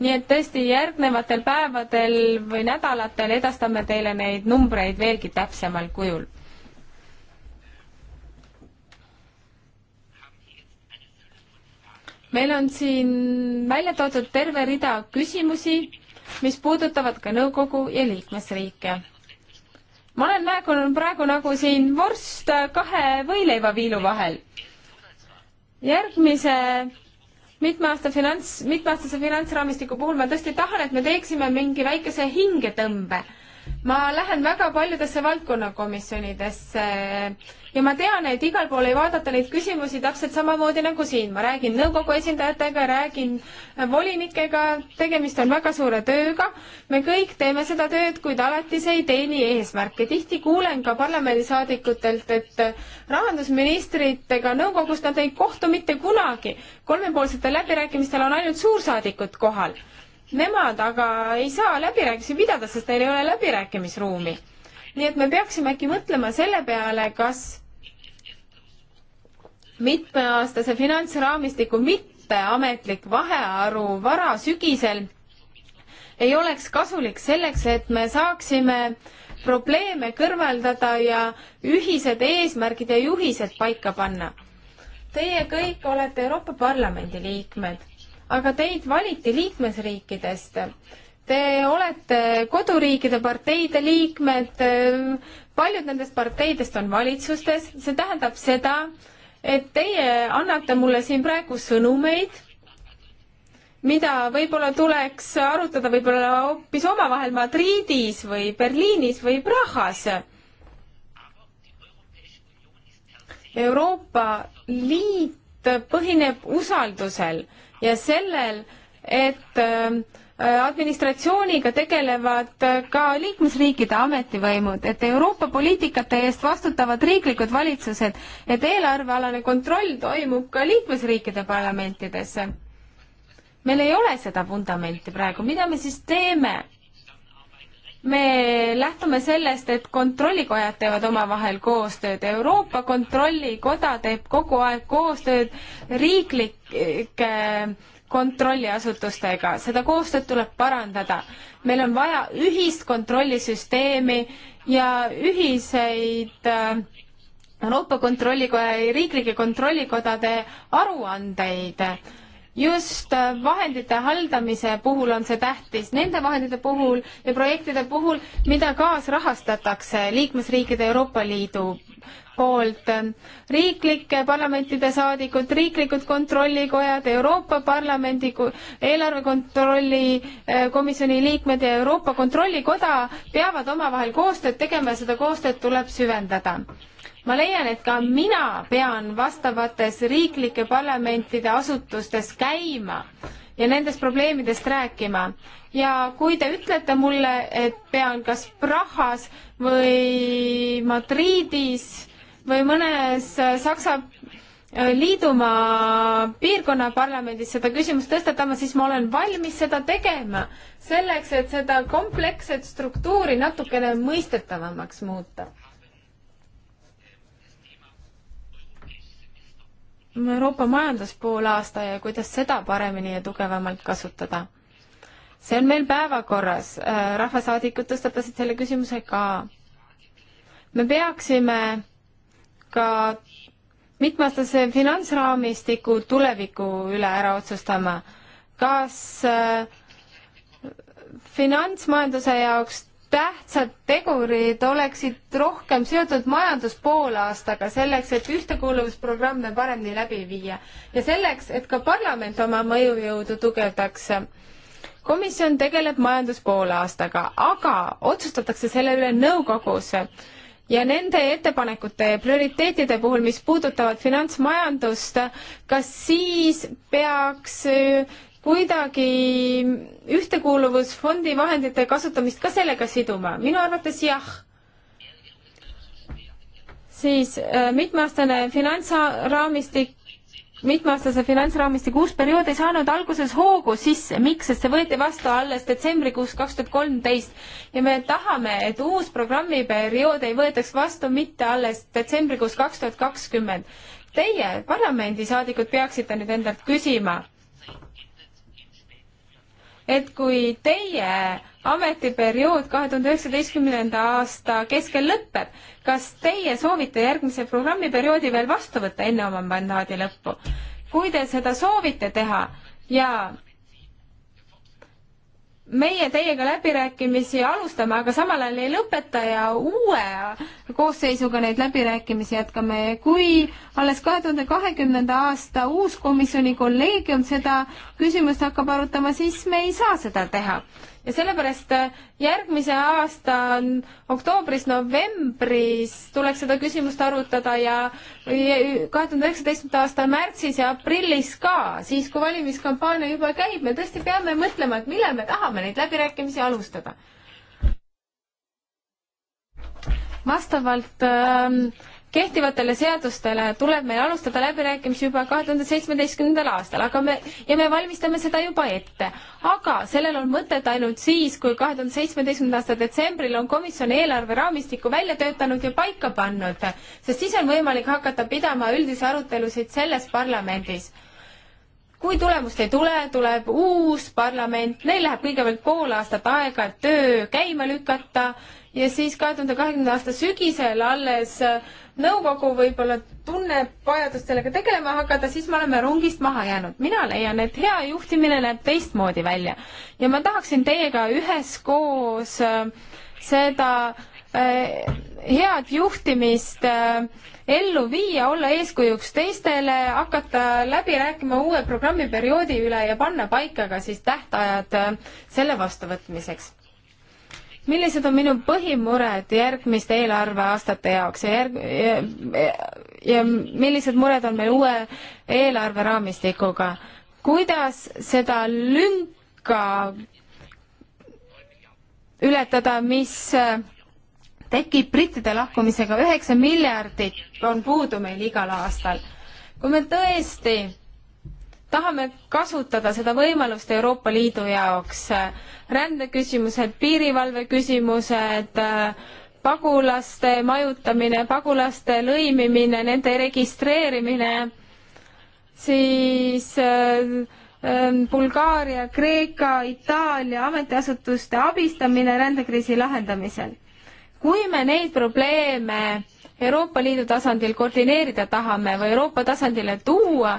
nii et tõesti järgnevatel päevadel või nädalatel edastame teile neid numbreid veelgi täpsemal kujul meil on siin välja toodud terve rida küsimusi, mis puudutavad ka nõukogu ja liikmesriike. ma olen nägunud praegu nagu siin vorst kahe võileivaviilu vahel. järgmise mitmeaasta finants, mitmeaastase finantsraamistiku puhul ma tõesti tahan, et me teeksime mingi väikese hingetõmbe ma lähen väga paljudesse valdkonnakomisjonidesse ja ma tean, et igal pool ei vaadata neid küsimusi täpselt samamoodi nagu siin. ma räägin nõukogu esindajatega, räägin volinikega, tegemist on väga suure tööga. me kõik teeme seda tööd, kuid alati see ei teeni eesmärke. tihti kuulen ka parlamendisaadikutelt, et rahandusministritega nõukogust nad ei kohtu mitte kunagi. kolmepoolsetel läbirääkimistel on ainult suursaadikud kohal nemad aga ei saa läbirääkimisi pidada, sest neil ei ole läbirääkimisruumi. nii et me peaksime äkki mõtlema selle peale, kas mitmeaastase finantsraamistiku mitteametlik vahearu varasügisel ei oleks kasulik selleks, et me saaksime probleeme kõrvaldada ja ühised eesmärgid ja juhised paika panna. Teie kõik olete Euroopa Parlamendi liikmed aga teid valiti liikmesriikidest. Te olete koduriikide parteide liikmed, paljud nendest parteidest on valitsustes, see tähendab seda, et teie annate mulle siin praegu sõnumeid, mida võib-olla tuleks arutada võib-olla hoopis omavahel Madridis või Berliinis või Prahas Euroopa Liit põhineb usaldusel ja sellel, et äh, administratsiooniga tegelevad äh, ka liikmesriikide ametivõimud, et Euroopa poliitikate eest vastutavad riiklikud valitsused, et eelarvealane kontroll toimub ka liikmesriikide parlamentides. meil ei ole seda vundamenti praegu, mida me siis teeme? me lähtume sellest, et kontrollikojad teevad omavahel koostööd, Euroopa Kontrollikoda teeb kogu aeg koostööd riiklike kontrolliasutustega, seda koostööd tuleb parandada. meil on vaja ühist kontrollisüsteemi ja ühiseid äh, Euroopa Kontrollikoja ja riiklike kontrollikodade aruandeid just äh, vahendite haldamise puhul on see tähtis, nende vahendite puhul ja projektide puhul, mida kaasrahastatakse liikmesriikide Euroopa Liidu poolt. riiklike parlamentide saadikud, riiklikud kontrollikojad, Euroopa Parlamendi eelarve kontrolli äh, komisjoni liikmed ja Euroopa Kontrollikoda peavad omavahel koostööd tegema ja seda koostööd tuleb süvendada ma leian, et ka mina pean vastavates riiklike parlamentide asutustes käima ja nendest probleemidest rääkima. ja kui te ütlete mulle, et pean kas Prahas või Madridis või mõnes Saksa liidumaa piirkonna parlamendis seda küsimust tõstatama, siis ma olen valmis seda tegema, selleks et seda kompleksset struktuuri natukene mõistetavamaks muuta Euroopa majanduspoolaasta ja kuidas seda paremini ja tugevamalt kasutada. see on meil päevakorras, äh, rahvasaadikud tõstatasid selle küsimuse ka. me peaksime ka mitmeaastase finantsraamistiku tuleviku üle ära otsustama. kas äh, finantsmajanduse jaoks tähtsad tegurid oleksid rohkem seotud majanduspoolaastaga, selleks et ühtekuuluvusprogramme paremini läbi viia ja selleks, et ka parlament oma mõjujõudu tugevdaks. komisjon tegeleb majanduspoolaastaga, aga otsustatakse selle üle nõukogus ja nende ettepanekute ja prioriteetide puhul, mis puudutavad finantsmajandust, kas siis peaks kuidagi ühtekuuluvusfondi vahendite kasutamist ka sellega siduma? minu arvates jah. siis äh, mitmeaastane finantsraamistik, mitmeaastase finantsraamistiku uus periood ei saanud alguses hoogu sisse, miks, sest see võeti vastu alles detsembrikuus kaks tuhat kolmteist ja me tahame, et uus programmiperiood ei võetaks vastu mitte alles detsembrikuus kaks tuhat kakskümmend. Teie, parlamendisaadikud, peaksite nüüd endalt küsima et kui teie ametiperiood kahe tuhande üheksateistkümnenda aasta keskel lõpeb, kas teie soovite järgmise programmiperioodi veel vastu võtta enne oma mandaadi lõppu? kui te seda soovite teha ja meie teiega läbirääkimisi alustame, aga samal ajal ei lõpeta ja uue koosseisuga neid läbirääkimisi jätkame. kui alles kahe tuhande kahekümnenda aasta uus komisjoni kolleegium seda küsimust hakkab arutama, siis me ei saa seda teha ja sellepärast äh, järgmise aasta oktoobris-novembris tuleks seda küsimust arutada ja kahe tuhande üheksateistkümnenda aasta märtsis ja aprillis ka, siis kui valimiskampaania juba käib, me tõesti peame mõtlema, et millal me tahame neid läbirääkimisi alustada. vastavalt äh, kehtivatele seadustele tuleb meil alustada läbirääkimisi juba kahe tuhande seitsmeteistkümnendal aastal, aga me ja me valmistame seda juba ette. aga sellel on mõtet ainult siis, kui kahe tuhande seitsmeteistkümnenda aasta detsembril on komisjon eelarveraamistiku välja töötanud ja paika pannud, sest siis on võimalik hakata pidama üldisi arutelusid selles parlamendis kui tulemust ei tule, tuleb uus parlament, neil läheb kõigepealt pool aastat aega, et töö käima lükata ja siis kahe tuhande kahekümnenda aasta sügisel alles äh, nõukogu võib-olla tunneb vajadust sellega tegelema hakata, siis me oleme rongist maha jäänud. mina leian, et hea juhtimine näeb teistmoodi välja ja ma tahaksin teiega üheskoos äh, seda äh, head juhtimist äh, ellu viia, olla eeskujuks teistele, hakata läbi rääkima uue programmiperioodi üle ja panna paika ka siis tähtajad selle vastuvõtmiseks millised on minu põhimured järgmiste eelarveaastate jaoks ja järg- ja, ja, ja millised mured on meil uue eelarveraamistikuga? kuidas seda lünka ületada, mis äh, tekib brittide lahkumisega, üheksa miljardit on puudu meil igal aastal. kui me tõesti tahame kasutada seda võimalust Euroopa Liidu jaoks. rändeküsimused, piirivalve küsimused, pagulaste majutamine, pagulaste lõimimine, nende registreerimine, siis ähm, Bulgaaria, Kreeka, Itaalia ametiasutuste abistamine rändekriisi lahendamisel. kui me neid probleeme Euroopa Liidu tasandil koordineerida tahame või Euroopa tasandile tuua,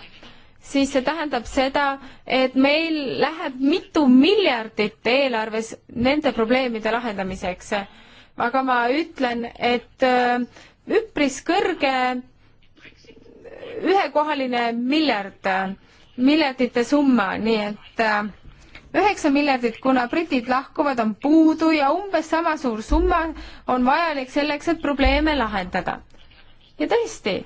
siis see tähendab seda, et meil läheb mitu miljardit eelarves nende probleemide lahendamiseks. aga ma ütlen, et äh, üpris kõrge ühekohaline miljard, miljardite summa, nii et äh, üheksa miljardit, kuna britid lahkuvad, on puudu ja umbes sama suur summa on vajalik selleks, et probleeme lahendada. ja tõesti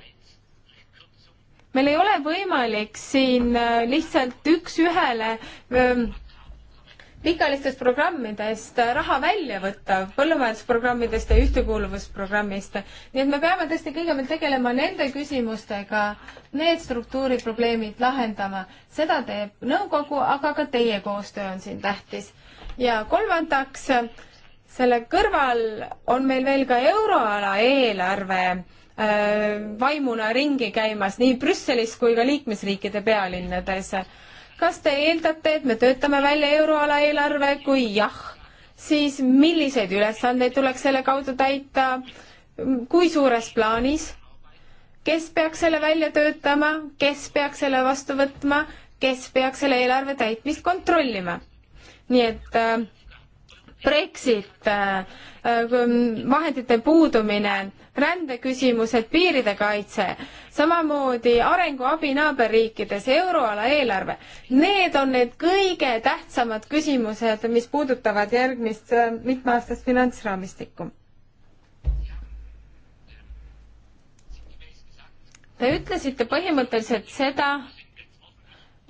meil ei ole võimalik siin äh, lihtsalt üks-ühele ähm, pikalistest programmidest äh, raha välja võtta, põllumajandusprogrammidest ja ühtekuuluvusprogrammist. nii et me peame tõesti kõigepealt tegelema nende küsimustega, need struktuuriprobleemid lahendama. seda teeb nõukogu, aga ka teie koostöö on siin tähtis. ja kolmandaks, selle kõrval on meil veel ka euroala eelarve Äh, vaimuna ringi käimas nii Brüsselis kui ka liikmesriikide pealinnades. kas te eeldate, et me töötame välja euroala eelarve, kui jah, siis milliseid ülesandeid tuleks selle kaudu täita, kui suures plaanis, kes peaks selle välja töötama, kes peaks selle vastu võtma, kes peaks selle eelarve täitmist kontrollima? nii et äh, Brexit äh,, äh vahendite puudumine rändeküsimused, piiride kaitse, samamoodi arenguabi naaberriikides, euroala eelarve. Need on need kõige tähtsamad küsimused, mis puudutavad järgmist äh, mitmeaastast finantsraamistikku. Te ütlesite põhimõtteliselt seda,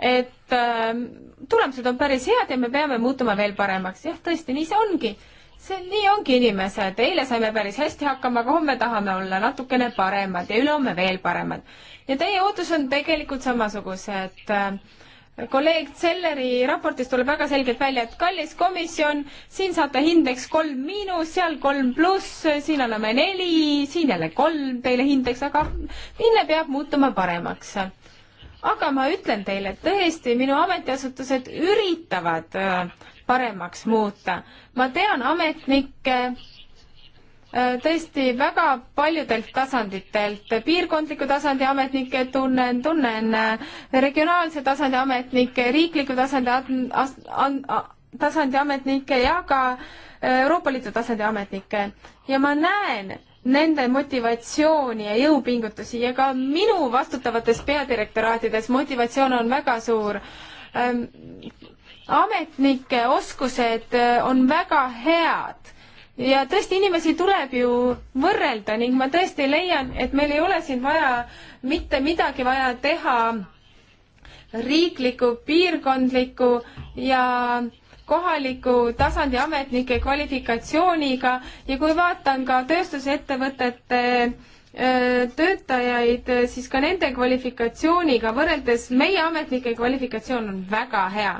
et äh, tulemused on päris head ja me peame muutuma veel paremaks. jah, tõesti, nii see ongi see nii ongi, inimesed, eile saime päris hästi hakkama, aga homme tahame olla natukene paremad ja ülehomme veel paremad. ja teie ootus on tegelikult samasugused. kolleeg Selleri raportis tuleb väga selgelt välja, et kallis komisjon, siin saate hindeks kolm miinus, seal kolm pluss, siin anname neli, siin jälle kolm teile hindeks, aga hinne peab muutuma paremaks aga ma ütlen teile, et tõesti minu ametiasutused üritavad paremaks muuta. ma tean ametnikke äh, tõesti väga paljudelt tasanditelt, piirkondliku tasandi ametnikke tunnen, tunnen äh, regionaalse tasandi ametnikke, riikliku tasandi, tasandi ametnikke ja ka äh, Euroopa Liidu tasandi ametnikke ja ma näen, nende motivatsiooni ja jõupingutusi ja ka minu vastutavates peadirektoraatides motivatsioon on väga suur. Ähm, ametnike oskused äh, on väga head ja tõesti, inimesi tuleb ju võrrelda ning ma tõesti leian, et meil ei ole siin vaja mitte midagi vaja teha riikliku, piirkondliku ja kohaliku tasandi ametnike kvalifikatsiooniga ja kui vaatan ka tööstusettevõtete äh, töötajaid, äh, siis ka nende kvalifikatsiooniga võrreldes meie ametnike kvalifikatsioon on väga hea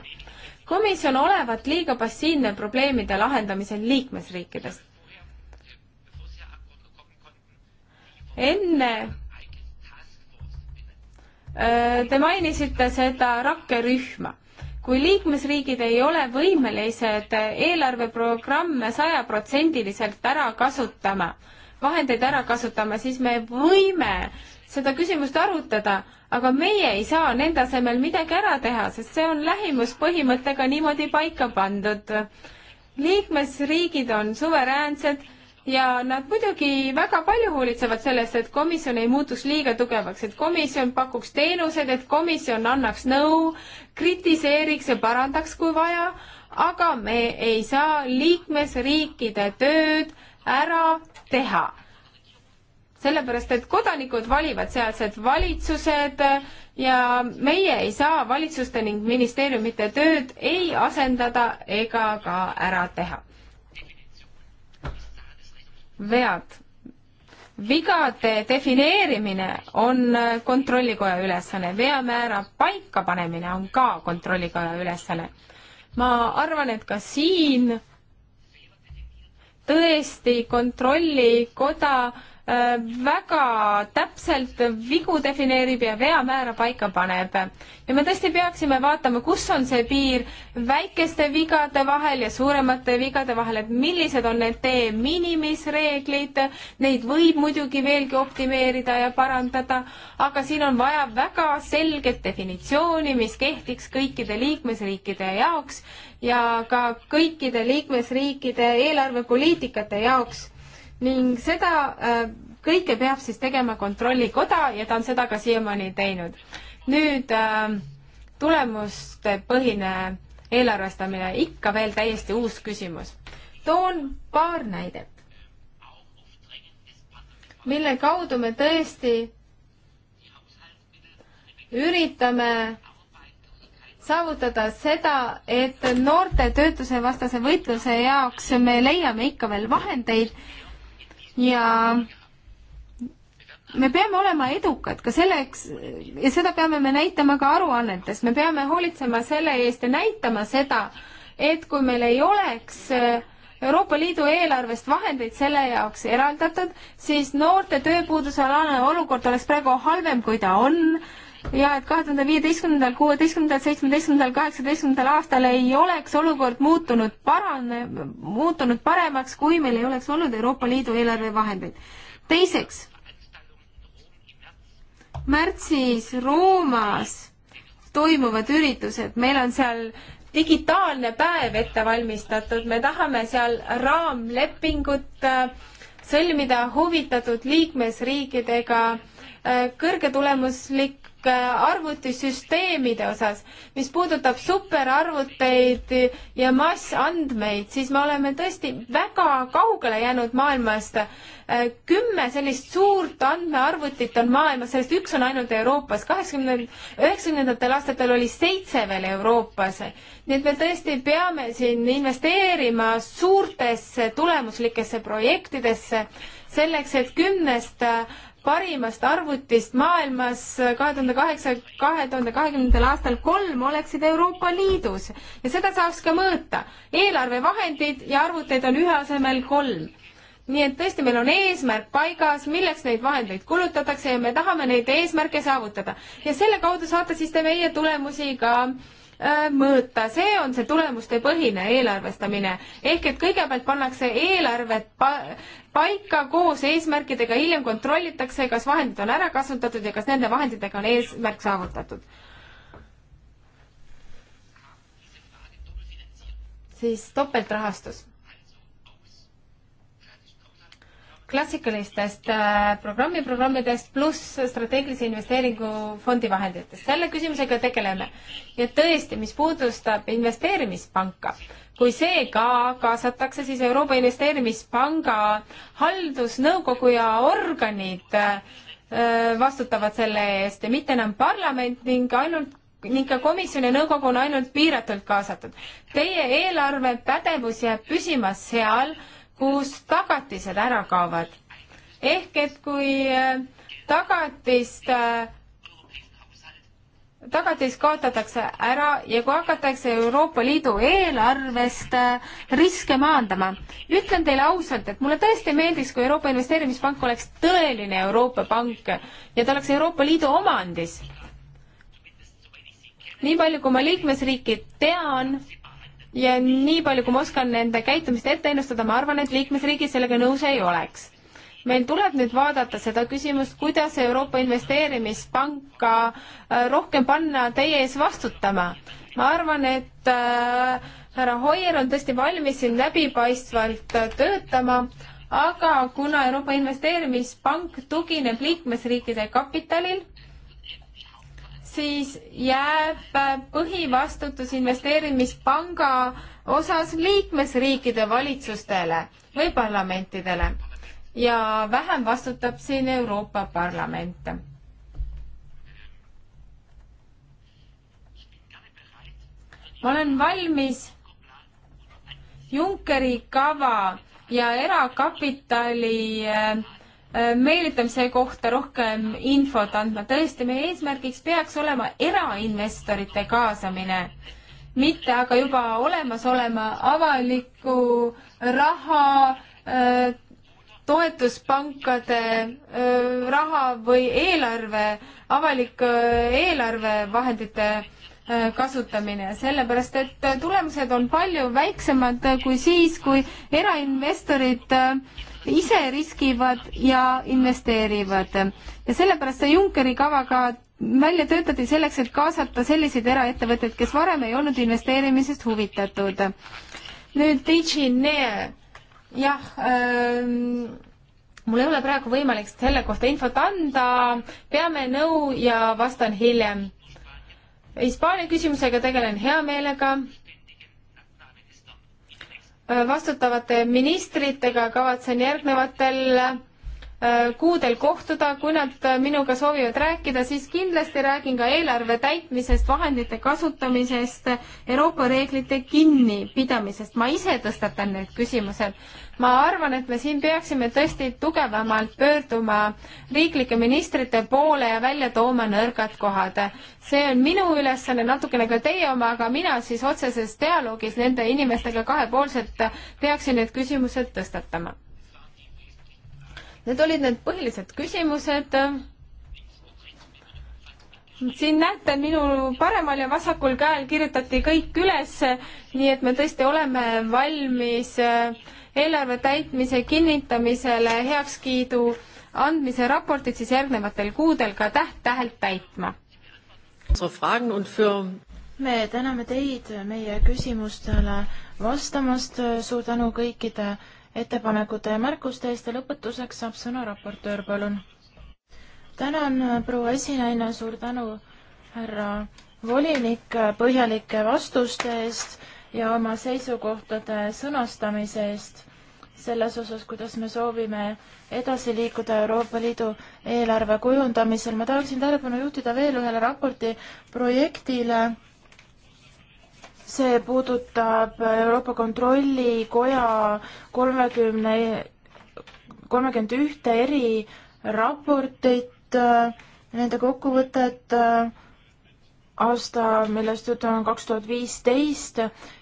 komisjon olevat liiga passiivne probleemide lahendamisel liikmesriikides. enne Te mainisite seda rakkerühma. kui liikmesriigid ei ole võimelised eelarveprogramme sajaprotsendiliselt ära kasutama, vahendeid ära kasutama, siis me võime seda küsimust arutada, aga meie ei saa nende asemel midagi ära teha, sest see on lähimuspõhimõttega niimoodi paika pandud. liikmesriigid on suveräänsed ja nad muidugi väga palju hoolitsevad sellest, et komisjon ei muutuks liiga tugevaks, et komisjon pakuks teenuseid, et komisjon annaks nõu, kritiseeriks ja parandaks, kui vaja, aga me ei saa liikmesriikide tööd ära teha sellepärast, et kodanikud valivad sealsed valitsused ja meie ei saa valitsuste ning ministeeriumite tööd ei asendada ega ka ära teha. vead. vigade defineerimine on kontrollikoja ülesanne, veamäära paikapanemine on ka kontrollikoja ülesanne. ma arvan, et ka siin tõesti kontrollikoda väga täpselt vigu defineerib ja veamäära paika paneb. ja me tõesti peaksime vaatama, kus on see piir väikeste vigade vahel ja suuremate vigade vahel, et millised on need tee minimisreeglid, neid võib muidugi veelgi optimeerida ja parandada, aga siin on vaja väga selget definitsiooni, mis kehtiks kõikide liikmesriikide jaoks ja ka kõikide liikmesriikide eelarvepoliitikate jaoks ning seda äh, kõike peab siis tegema Kontrollikoda ja ta on seda ka siiamaani teinud. nüüd äh, tulemustepõhine eelarvestamine, ikka veel täiesti uus küsimus. toon paar näidet, mille kaudu me tõesti üritame saavutada seda, et noorte töötuse vastase võitluse jaoks me leiame ikka veel vahendeid ja me peame olema edukad ka selleks ja seda peame me näitama ka aruannetes, me peame hoolitsema selle eest ja näitama seda, et kui meil ei oleks äh, Euroopa Liidu eelarvest vahendeid selle jaoks eraldatud, siis noorte tööpuuduse alane olukord oleks praegu halvem, kui ta on ja et kahe tuhande viieteistkümnendal, kuueteistkümnendal, seitsmeteistkümnendal, kaheksateistkümnendal aastal ei oleks olukord muutunud parane, muutunud paremaks, kui meil ei oleks olnud Euroopa Liidu eelarvevahendeid. teiseks, märtsis Roomas toimuvad üritused, meil on seal digitaalne päev ette valmistatud, me tahame seal raamlepingut äh, sõlmida huvitatud liikmesriikidega äh, kõrgetulemuslik Äh, arvutisüsteemide osas. mis puudutab superarvuteid ja massandmeid, siis me oleme tõesti väga kaugele jäänud maailmast. Äh, kümme sellist suurt andmearvutit on maailmas, sellest üks on ainult Euroopas. kaheksakümnendatel, üheksakümnendatel aastatel oli seitse veel Euroopas. nii et me tõesti peame siin investeerima suurtesse tulemuslikesse projektidesse selleks, et kümnest äh, parimast arvutist maailmas kahe tuhande kaheksa, kahe tuhande kahekümnendal aastal kolm oleksid Euroopa Liidus ja seda saaks ka mõõta. eelarvevahendid ja arvuteid on ühe asemel kolm. nii et tõesti, meil on eesmärk paigas, milleks neid vahendeid kulutatakse ja me tahame neid eesmärke saavutada. ja selle kaudu saate siis te meie tulemusi ka äh, Äh, mõõta, see on see tulemustepõhine eelarvestamine. ehk et kõigepealt pannakse eelarved pa paika koos eesmärkidega, hiljem kontrollitakse, kas vahendid on ära kasutatud ja kas nende vahenditega on eesmärk saavutatud. siis topeltrahastus klassikalistest äh, programmi programmidest pluss strateegilise investeeringu fondi vahenditest. selle küsimusega tegeleme. ja tõesti, mis puudustab investeerimispanka, kui see ka kaasatakse, siis Euroopa Investeerimispanga haldusnõukogu ja organid äh, vastutavad selle eest ja mitte enam parlament ning ainult ning ka komisjon ja nõukogu on ainult piiratult kaasatud. Teie eelarvepädevus jääb püsima seal, kus tagatised ära kaovad. ehk et kui äh, tagatist äh, tagatis kaotatakse ära ja kui hakatakse Euroopa Liidu eelarvest äh, riske maandama. ütlen teile ausalt, et mulle tõesti meeldiks, kui Euroopa Investeerimispank oleks tõeline Euroopa pank ja ta oleks Euroopa Liidu omandis. nii palju, kui ma liikmesriiki tean, ja nii palju, kui ma oskan nende käitumist ette ennustada, ma arvan, et liikmesriigid sellega nõus ei oleks. meil tuleb nüüd vaadata seda küsimust, kuidas Euroopa Investeerimispanka äh, rohkem panna teie ees vastutama. ma arvan, et äh, härra Hoier on tõesti valmis siin läbipaistvalt äh, töötama, aga kuna Euroopa Investeerimispank tugineb liikmesriikide kapitalil, siis jääb põhivastutus investeerimispanga osas liikmesriikide valitsustele või parlamentidele ja vähem vastutab siin Euroopa Parlament. ma olen valmis Junckeri kava ja erakapitali äh, Äh, meelitamise kohta rohkem infot andma. tõesti, meie eesmärgiks peaks olema erainvestorite kaasamine, mitte aga juba olemas olema avaliku raha, äh, toetuspankade äh, raha või eelarve, avalik eelarvevahendite kasutamine, sellepärast et tulemused on palju väiksemad kui siis, kui erainvestorid äh, ise riskivad ja investeerivad. ja sellepärast see Junckeri kava ka välja töötati selleks, et kaasata selliseid eraettevõtteid, kes varem ei olnud investeerimisest huvitatud. nüüd DigiNear, jah ähm,, mul ei ole praegu võimalik selle kohta infot anda, peame nõu ja vastan hiljem. Hispaania küsimusega tegelen hea meelega Äh, vastutavate ministritega kavatsen järgnevatel äh, kuudel kohtuda, kui nad äh, minuga soovivad rääkida, siis kindlasti räägin ka eelarve täitmisest, vahendite kasutamisest, Euroopa reeglite kinnipidamisest. ma ise tõstatan need küsimused, ma arvan, et me siin peaksime tõesti tugevamalt pöörduma riiklike ministrite poole ja välja tooma nõrgad kohad. see on minu ülesanne, natukene ka teie oma, aga mina siis otseses dialoogis nende inimestega kahepoolselt peaksin need küsimused tõstatama. Need olid need põhilised küsimused siin näete, minu paremal ja vasakul käel kirjutati kõik üles, nii et me tõesti oleme valmis äh, eelarve täitmise kinnitamisele heakskiidu andmise raportit siis järgnevatel kuudel ka täht-tähelt täitma. me täname teid meie küsimustele vastamast, suur tänu kõikide ettepanekute ja märkuste eest ja lõpetuseks saab sõna raportöör, palun. tänan, proua esinaine, suur tänu, härra volinik, põhjalike vastuste eest ja oma seisukohtade sõnastamise eest selles osas, kuidas me soovime edasi liikuda Euroopa Liidu eelarve kujundamisel. ma tahaksin tähelepanu juhtida veel ühele raporti projektile. see puudutab Euroopa Kontrollikoja kolmekümne, kolmekümmend ühte eri raportit, nende kokkuvõtet aasta, millest jutt on kaks tuhat viisteist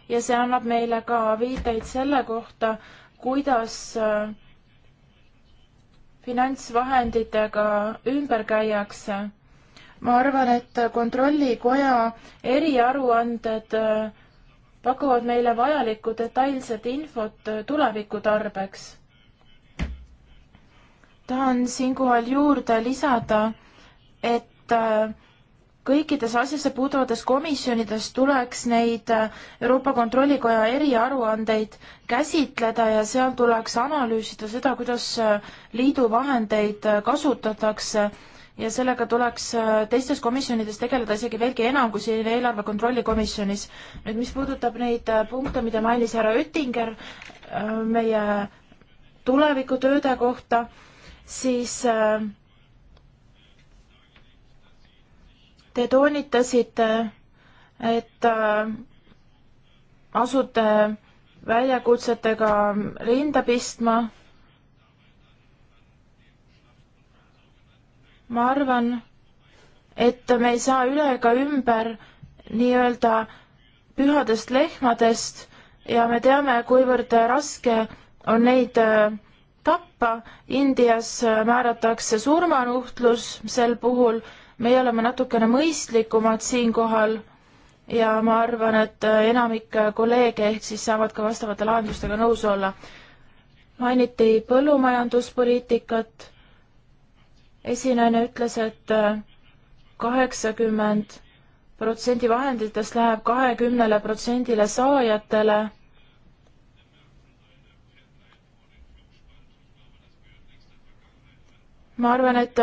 ja see annab meile ka viiteid selle kohta, kuidas äh, finantsvahenditega ümber käiakse. ma arvan, et Kontrollikoja eriaruanded äh, pakuvad meile vajalikku detailset infot äh, tuleviku tarbeks. tahan siinkohal juurde lisada, et et kõikides asjasse puutuvates komisjonides tuleks neid äh, Euroopa Kontrollikoja eriaruandeid käsitleda ja seal tuleks analüüsida seda, kuidas äh, liidu vahendeid äh, kasutatakse ja sellega tuleks teistes komisjonides tegeleda isegi veelgi enam kui siin eelarve kontrolli komisjonis. nüüd, mis puudutab neid punkte, mida mainis härra Oettinger meie tulevikutööde kohta, siis äh, Te toonitasite, et äh, asute väljakutsetega rinda pistma. ma arvan, et me ei saa üle ega ümber nii-öelda pühadest lehmadest ja me teame, kuivõrd raske on neid äh, tappa. Indias äh, määratakse surmanuhtlus sel puhul meie oleme natukene mõistlikumad siinkohal ja ma arvan, et äh, enamik äh, kolleege ehk siis saavad ka vastavate lahendustega nõus olla. mainiti põllumajanduspoliitikat, esinaine ütles, et äh, kaheksakümmend protsendi vahenditest läheb kahekümnele protsendile saajatele ma arvan, et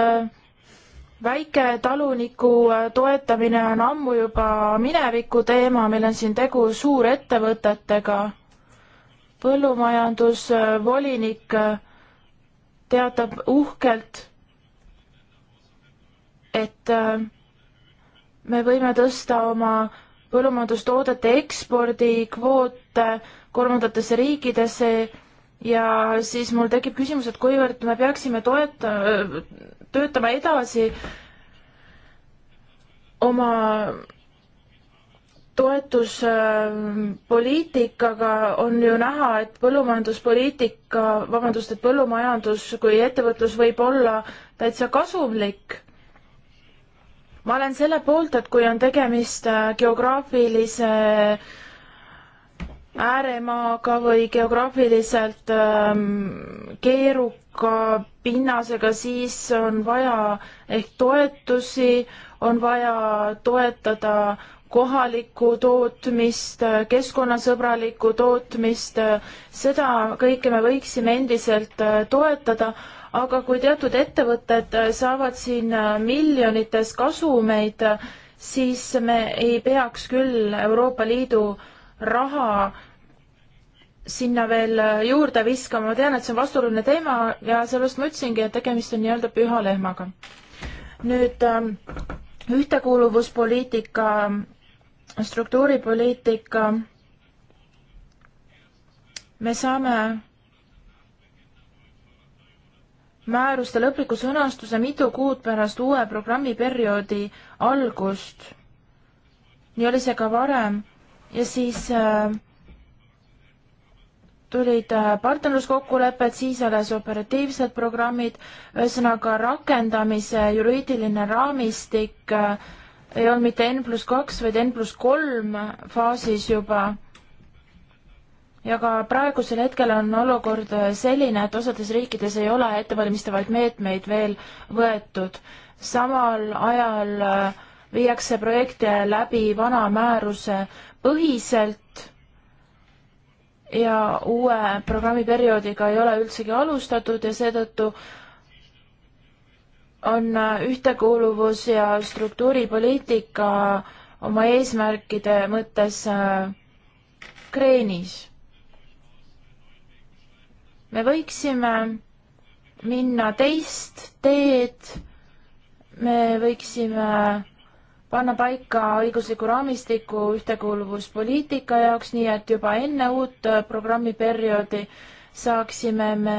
väiketaluniku äh, toetamine on ammu juba mineviku teema, meil on siin tegu suurettevõtetega. põllumajandusvolinik äh, äh, teatab uhkelt, et me võime tõsta oma põllumajandustoodete ekspordikvoote kolmandatesse riikidesse ja siis mul tekib küsimus, et kuivõrd me peaksime toeta-, töötama edasi oma toetuspoliitikaga on ju näha, et põllumajanduspoliitika, vabandust, et põllumajandus kui ettevõtlus võib olla täitsa kasumlik. ma olen selle poolt, et kui on tegemist geograafilise äh, ääremaaga või geograafiliselt ähm, keeruka pinnasega, siis on vaja ehk toetusi, on vaja toetada kohalikku tootmist, keskkonnasõbralikku tootmist, seda kõike me võiksime endiselt äh, toetada, aga kui teatud ettevõtted saavad siin äh, miljonites kasumeid, siis me ei peaks küll Euroopa Liidu äh, raha sinna veel juurde viskama, ma tean, et see on vastuoluline teema ja sellepärast ma ütlesingi, et tegemist on nii-öelda püha lehmaga. nüüd ähm, ühtekuuluvuspoliitika, struktuuripoliitika, me saame määruste lõpliku sõnastuse mitu kuud pärast uue programmiperioodi algust. nii oli see ka varem ja siis äh, tulid äh, partnerluskokkulepped, siis alles operatiivsed programmid, ühesõnaga rakendamise juriidiline raamistik äh, ei olnud mitte N pluss kaks, vaid N pluss kolm faasis juba. ja ka praegusel hetkel on olukord äh, selline, et osades riikides ei ole ettevalmistavaid meetmeid veel võetud. samal ajal äh, viiakse projekte läbi vana määruse põhiselt ja uue programmiperioodiga ei ole üldsegi alustatud ja seetõttu on äh, ühtekuuluvus ja struktuuripoliitika oma eesmärkide mõttes äh, kreenis. me võiksime minna teist teed, me võiksime panna paika õigusliku raamistiku ühtekuuluvuspoliitika jaoks, nii et juba enne uut äh, programmiperioodi saaksime me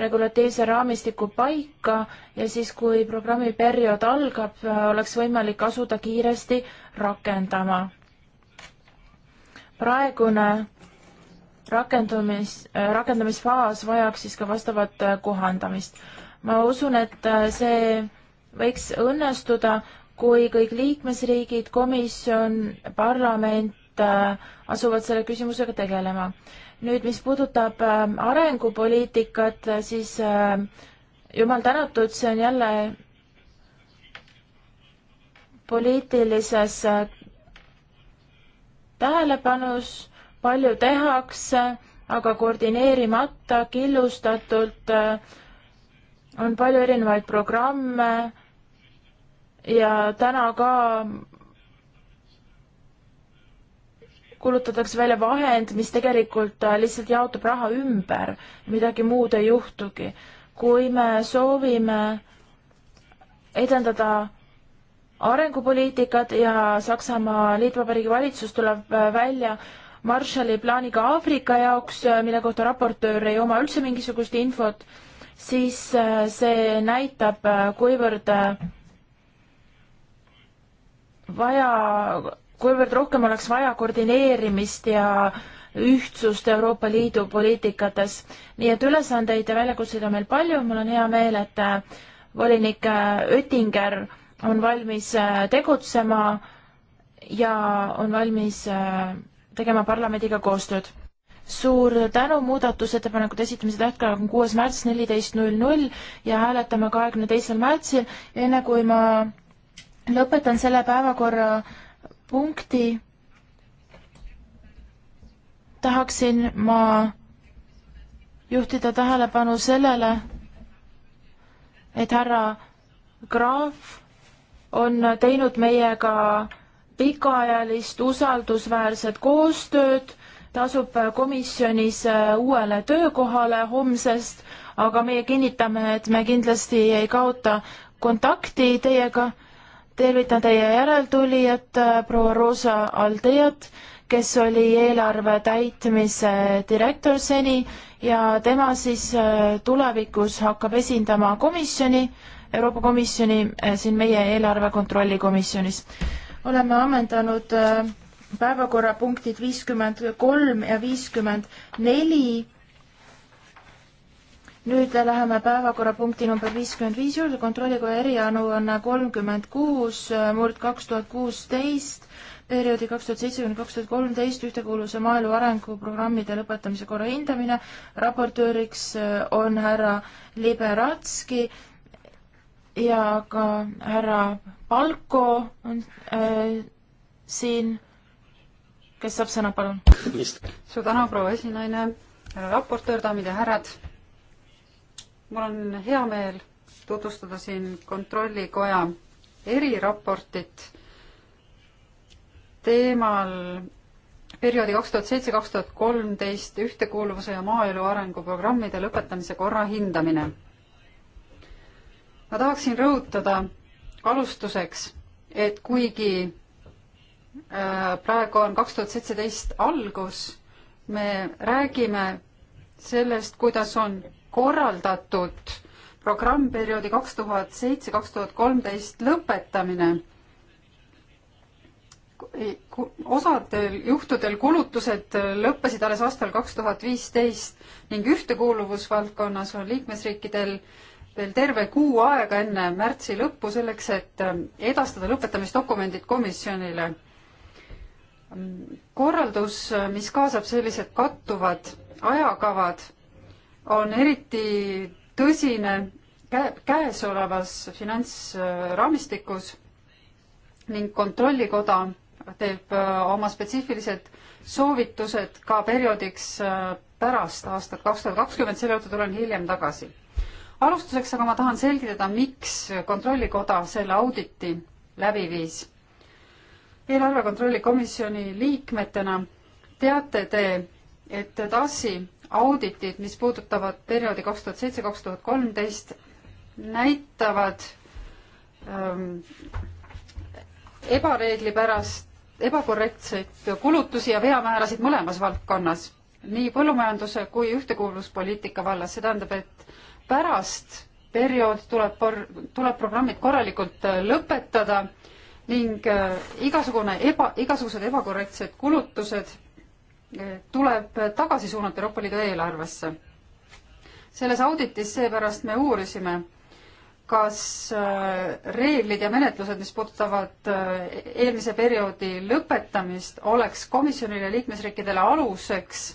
regulatiivse raamistiku paika ja siis, kui programmiperiood algab, äh, oleks võimalik asuda kiiresti rakendama. praegune rakendumis, äh, rakendamisfaas vajaks siis ka vastavat kohandamist. ma usun, et see võiks õnnestuda, kui kõik liikmesriigid, komisjon, parlament äh, asuvad selle küsimusega tegelema. nüüd, mis puudutab äh, arengupoliitikat, äh, siis jumal tänatud, see on jälle poliitilises tähelepanus, palju tehakse, aga koordineerimata, killustatult on palju erinevaid programme ja täna ka kulutatakse välja vahend, mis tegelikult äh, lihtsalt jaotab raha ümber, midagi muud ei juhtugi. kui me soovime edendada arengupoliitikat ja Saksamaa Liitvabariigi valitsus tuleb äh, välja Marshalli plaaniga Aafrika jaoks, äh, mille kohta raportöör ei oma üldse mingisugust infot, siis see näitab, kuivõrd vaja, kuivõrd rohkem oleks vaja koordineerimist ja ühtsust Euroopa Liidu poliitikates. nii et ülesandeid ja väljakutseid on meil palju, mul on hea meel, et äh, volinik äh, Oettinger on valmis äh, tegutsema ja on valmis tegema parlamendiga koostööd. suur tänu, muudatusettepanekute esitamise tähtpäev on kuues märts, neliteist null null ja hääletame kahekümne teisel märtsil, enne kui ma lõpetan selle päevakorrapunkti. tahaksin ma juhtida tähelepanu sellele, et härra Graaf on teinud meiega pikaajalist usaldusväärset koostööd, ta asub komisjonis äh, uuele töökohale homsest, aga meie kinnitame, et me kindlasti ei kaota kontakti teiega tervitan teie järeltulijat, äh, proua Rosa Aldeat, kes oli eelarve täitmise direktor seni ja tema siis äh, tulevikus hakkab esindama komisjoni, Euroopa Komisjoni äh, siin meie eelarve kontrolli komisjonis. oleme ammendanud päevakorrapunktid viiskümmend kolm ja viiskümmend neli nüüd läheme päevakorrapunkti number viiskümmend viis juurde, kontrollikoja erianuanne kolmkümmend kuus, murd kaks tuhat kuusteist, perioodi kaks tuhat seitse kuni kaks tuhat kolmteist ühtekuuluvuse maaelu arenguprogrammide lõpetamise korra hindamine. raportööriks äh, on härra Liberatski ja ka härra Palko on äh, siin, kes saab sõna, palun. suur tänu, proua esinaine, härra raportöör, daamid ja härrad mul on hea meel tutvustada siin Kontrollikoja eriraportit teemal perioodi kaks tuhat seitse, kaks tuhat kolmteist ühtekuuluvuse ja maaelu arenguprogrammide lõpetamise korra hindamine. ma tahaksin rõhutada alustuseks, et kuigi äh, praegu on kaks tuhat seitseteist algus, me räägime sellest, kuidas on korraldatud programmperioodi kaks tuhat seitse, kaks tuhat kolmteist lõpetamine. osadel juhtudel kulutused lõppesid alles aastal kaks tuhat viisteist ning ühtekuuluvusvaldkonnas on liikmesriikidel veel terve kuu aega enne märtsi lõppu selleks, et edastada lõpetamisdokumendid komisjonile. korraldus, mis kaasab sellised kattuvad ajakavad on eriti tõsine käesolevas finantsraamistikus ning Kontrollikoda teeb äh, oma spetsiifilised soovitused ka perioodiks äh, pärast aastat kaks tuhat kakskümmend, selle juurde tulen hiljem tagasi. alustuseks aga ma tahan selgitada, miks Kontrollikoda selle auditi läbi viis. eelarve kontrolli komisjoni liikmetena teate te, et DASi auditid, mis puudutavad perioodi kaks tuhat seitse, kaks tuhat kolmteist, näitavad ähm, ebareegli pärast ebakorrektseid kulutusi ja veamäärasid mõlemas valdkonnas, nii põllumajanduse kui ühtekuuluvuspoliitika vallas, see tähendab, et pärast periood tuleb, tuleb programmid korralikult äh, lõpetada ning äh, igasugune eba, igasugused ebakorrektsed kulutused tuleb tagasi suunata Euroopa Liidu eelarvesse. selles auditis seepärast me uurisime, kas äh, reeglid ja menetlused, mis puudutavad äh, eelmise perioodi lõpetamist, oleks komisjonile ja liikmesriikidele aluseks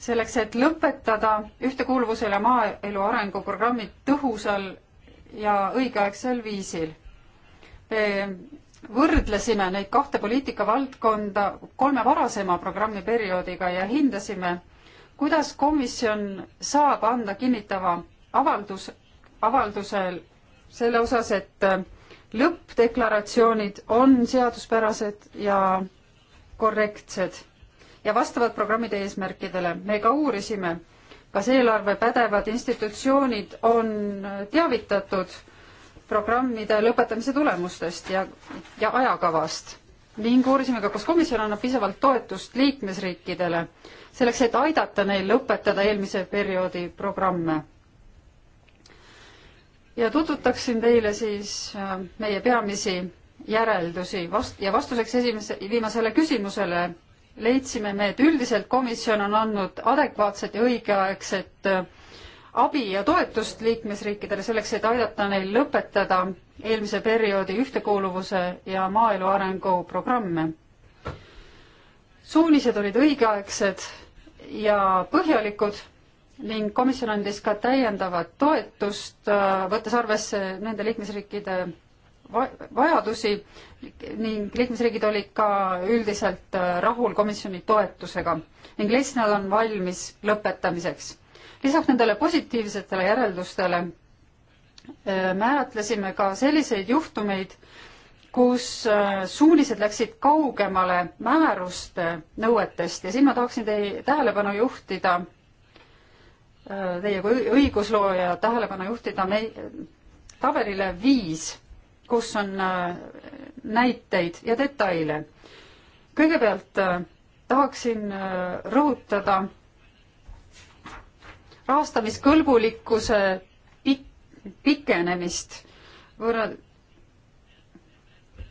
selleks, et lõpetada ühtekuuluvusele maaelu arenguprogrammid tõhusal ja õigeaegsel viisil võrdlesime neid kahte poliitikavaldkonda kolme varasema programmiperioodiga ja hindasime, kuidas komisjon saab anda kinnitava avaldus, avaldusel selle osas, et äh, lõppdeklaratsioonid on seaduspärased ja korrektsed ja vastavad programmide eesmärkidele. me ka uurisime, kas eelarve pädevad institutsioonid on äh, teavitatud programmide lõpetamise tulemustest ja, ja ajakavast ning uurisime ka, kas komisjon annab piisavalt toetust liikmesriikidele selleks, et aidata neil lõpetada eelmise perioodi programme. ja tutvutaksin teile siis äh, meie peamisi järeldusi vast- ja vastuseks esimese, viimasele küsimusele leidsime me, et üldiselt komisjon on andnud adekvaatset ja õigeaegset äh, abi ja toetust liikmesriikidele selleks, et aidata neil lõpetada eelmise perioodi ühtekuuluvuse ja maaelu arengu programme. suunised olid õigeaegsed ja põhjalikud ning komisjon andis ka täiendavat toetust, äh, võttes arvesse nende liikmesriikide vajadusi ning liikmesriigid olid ka üldiselt äh, rahul komisjoni toetusega ning Lesnal on valmis lõpetamiseks lisaks nendele positiivsetele järeldustele äh, määratlesime ka selliseid juhtumeid, kus äh, suunised läksid kaugemale määruste nõuetest ja siin ma tahaksin teie tähelepanu juhtida, äh, teie kui õiguslooja tähelepanu juhtida mei-, tabelile viis, kus on näiteid ja detaile. kõigepealt tahaksin rõhutada rahastamiskõlbulikkuse pik-, pikenemist võrra-,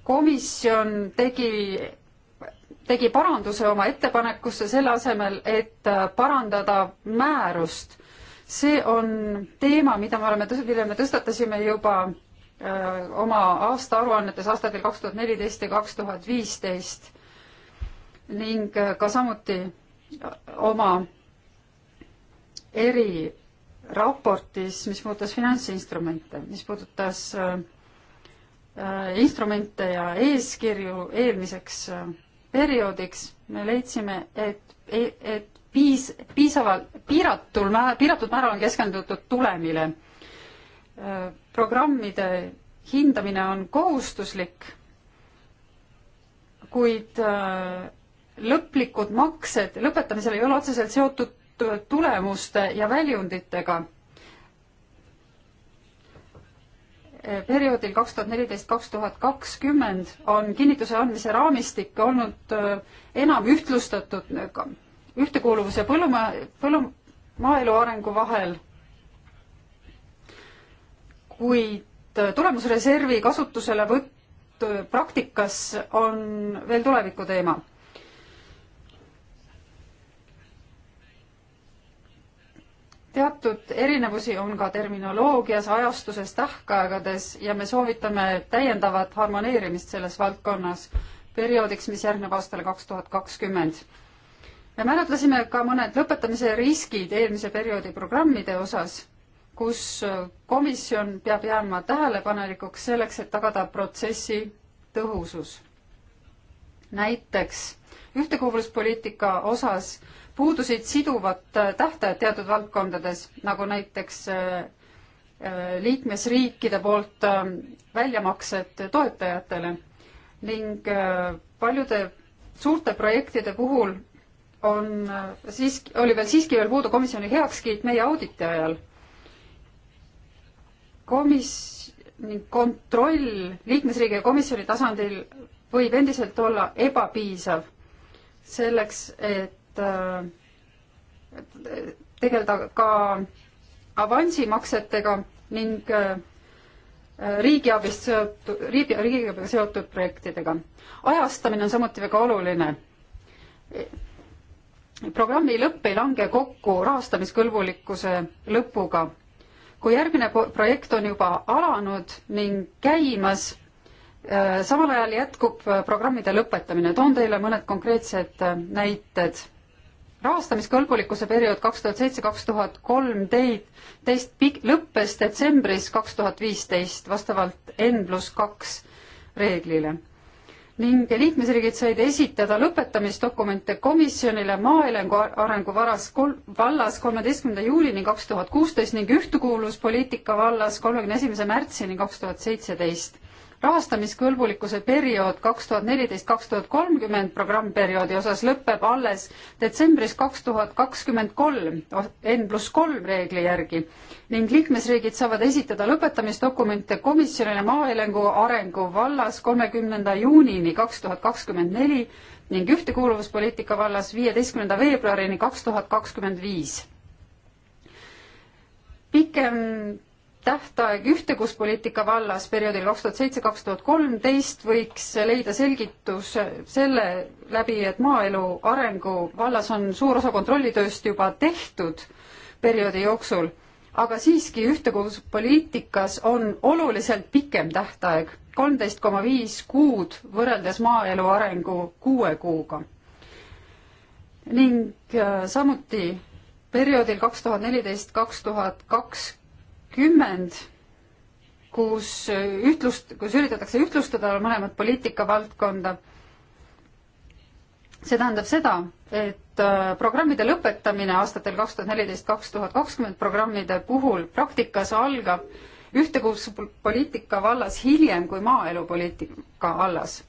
komisjon tegi, tegi paranduse oma ettepanekusse selle asemel, et parandada määrust. see on teema, mida me oleme, mille me tõstatasime juba öö, äh, oma aastaaruannetes aastatel kaks tuhat neliteist ja kaks tuhat viisteist ning ka samuti oma eriraportis, mis puudutas finantsinstrumente, mis puudutas äh, äh, instrumente ja eeskirju eelmiseks äh, perioodiks, me leidsime, et, e, et piis, piisaval, piiratul mää-, piiratud määral on keskendutud tulemile äh,. programmide hindamine on kohustuslik, kuid äh, lõplikud maksed lõpetamisel ei ole otseselt seotud tulemuste ja väljunditega. perioodil kaks tuhat neliteist, kaks tuhat kakskümmend on kinnituse andmise raamistik olnud äh, enam ühtlustatud ühtekuuluvuse põllumaa, põllumaaelu arengu vahel, kuid äh, tulemusreservi kasutuselevõtt äh, praktikas on veel tuleviku teema teatud erinevusi on ka terminoloogias, ajastuses, tähkaegades ja me soovitame täiendavat harmoneerimist selles valdkonnas perioodiks, mis järgneb aastale kaks tuhat kakskümmend. me määratlesime ka mõned lõpetamise riskid eelmise perioodi programmide osas, kus komisjon peab jääma tähelepanelikuks selleks, et tagada protsessi tõhusus. näiteks ühtekuuluvuspoliitika osas puudusid siduvad äh, tähtajad teatud valdkondades, nagu näiteks äh, äh, liikmesriikide poolt väljamaksed toetajatele ning paljude suurte projektide puhul on siiski, oli veel siiski veel puudu komisjoni heakskiit meie auditi ajal. komis-, kontroll liikmesriigi ja komisjoni tasandil võib endiselt olla ebapiisav selleks, et tegeleda ka avansimaksetega ning äh, riigiabist seotud, riigi, riigiabiga seotud projektidega. ajastamine on samuti väga oluline. programmi lõpp ei lange kokku rahastamiskõlbulikkuse lõpuga. kui järgmine projekt on juba alanud ning käimas, äh, samal ajal jätkub programmide lõpetamine. toon teile mõned konkreetsed äh, näited rahastamiskõlbulikkuse periood kaks tuhat seitse, kaks tuhat kolmteist pik-, lõppes detsembris kaks tuhat viisteist vastavalt N pluss kaks reeglile. ning liikmesriigid said esitada lõpetamisdokumente komisjonile maaelu arengu varas kol-, vallas kolmeteistkümnenda juulini kaks tuhat kuusteist ning ühtekuuluvuspoliitika vallas kolmekümne esimese märtsini kaks tuhat seitseteist rahastamiskõlbulikkuse periood kaks tuhat neliteist, kaks tuhat kolmkümmend programmperioodi osas lõpeb alles detsembris kaks tuhat kakskümmend kolm N pluss kolm reegli järgi ning liikmesriigid saavad esitada lõpetamisdokumente komisjonile maaelengu arengu vallas kolmekümnenda juunini kaks tuhat kakskümmend neli ning ühtekuuluvuspoliitika vallas viieteistkümnenda veebruarini kaks tuhat kakskümmend viis pikem tähtaeg ühtekuuspoliitika vallas perioodil kaks tuhat seitse, kaks tuhat kolmteist võiks leida selgitus selle läbi, et maaelu arengu vallas on suur osa kontrollitööst juba tehtud perioodi jooksul, aga siiski ühtekuuspoliitikas on oluliselt pikem tähtaeg, kolmteist koma viis kuud võrreldes maaelu arengu kuue kuuga. ning äh, samuti perioodil kaks tuhat neliteist, kaks tuhat kaks kümmend, kus ühtlust, kus üritatakse ühtlustada mõlemat poliitikavaldkonda. see tähendab seda, et äh, programmide lõpetamine aastatel kaks tuhat neliteist, kaks tuhat kakskümmend programmide puhul praktikas algab ühtekuuluvuspoliitika vallas hiljem kui maaelupoliitika vallas.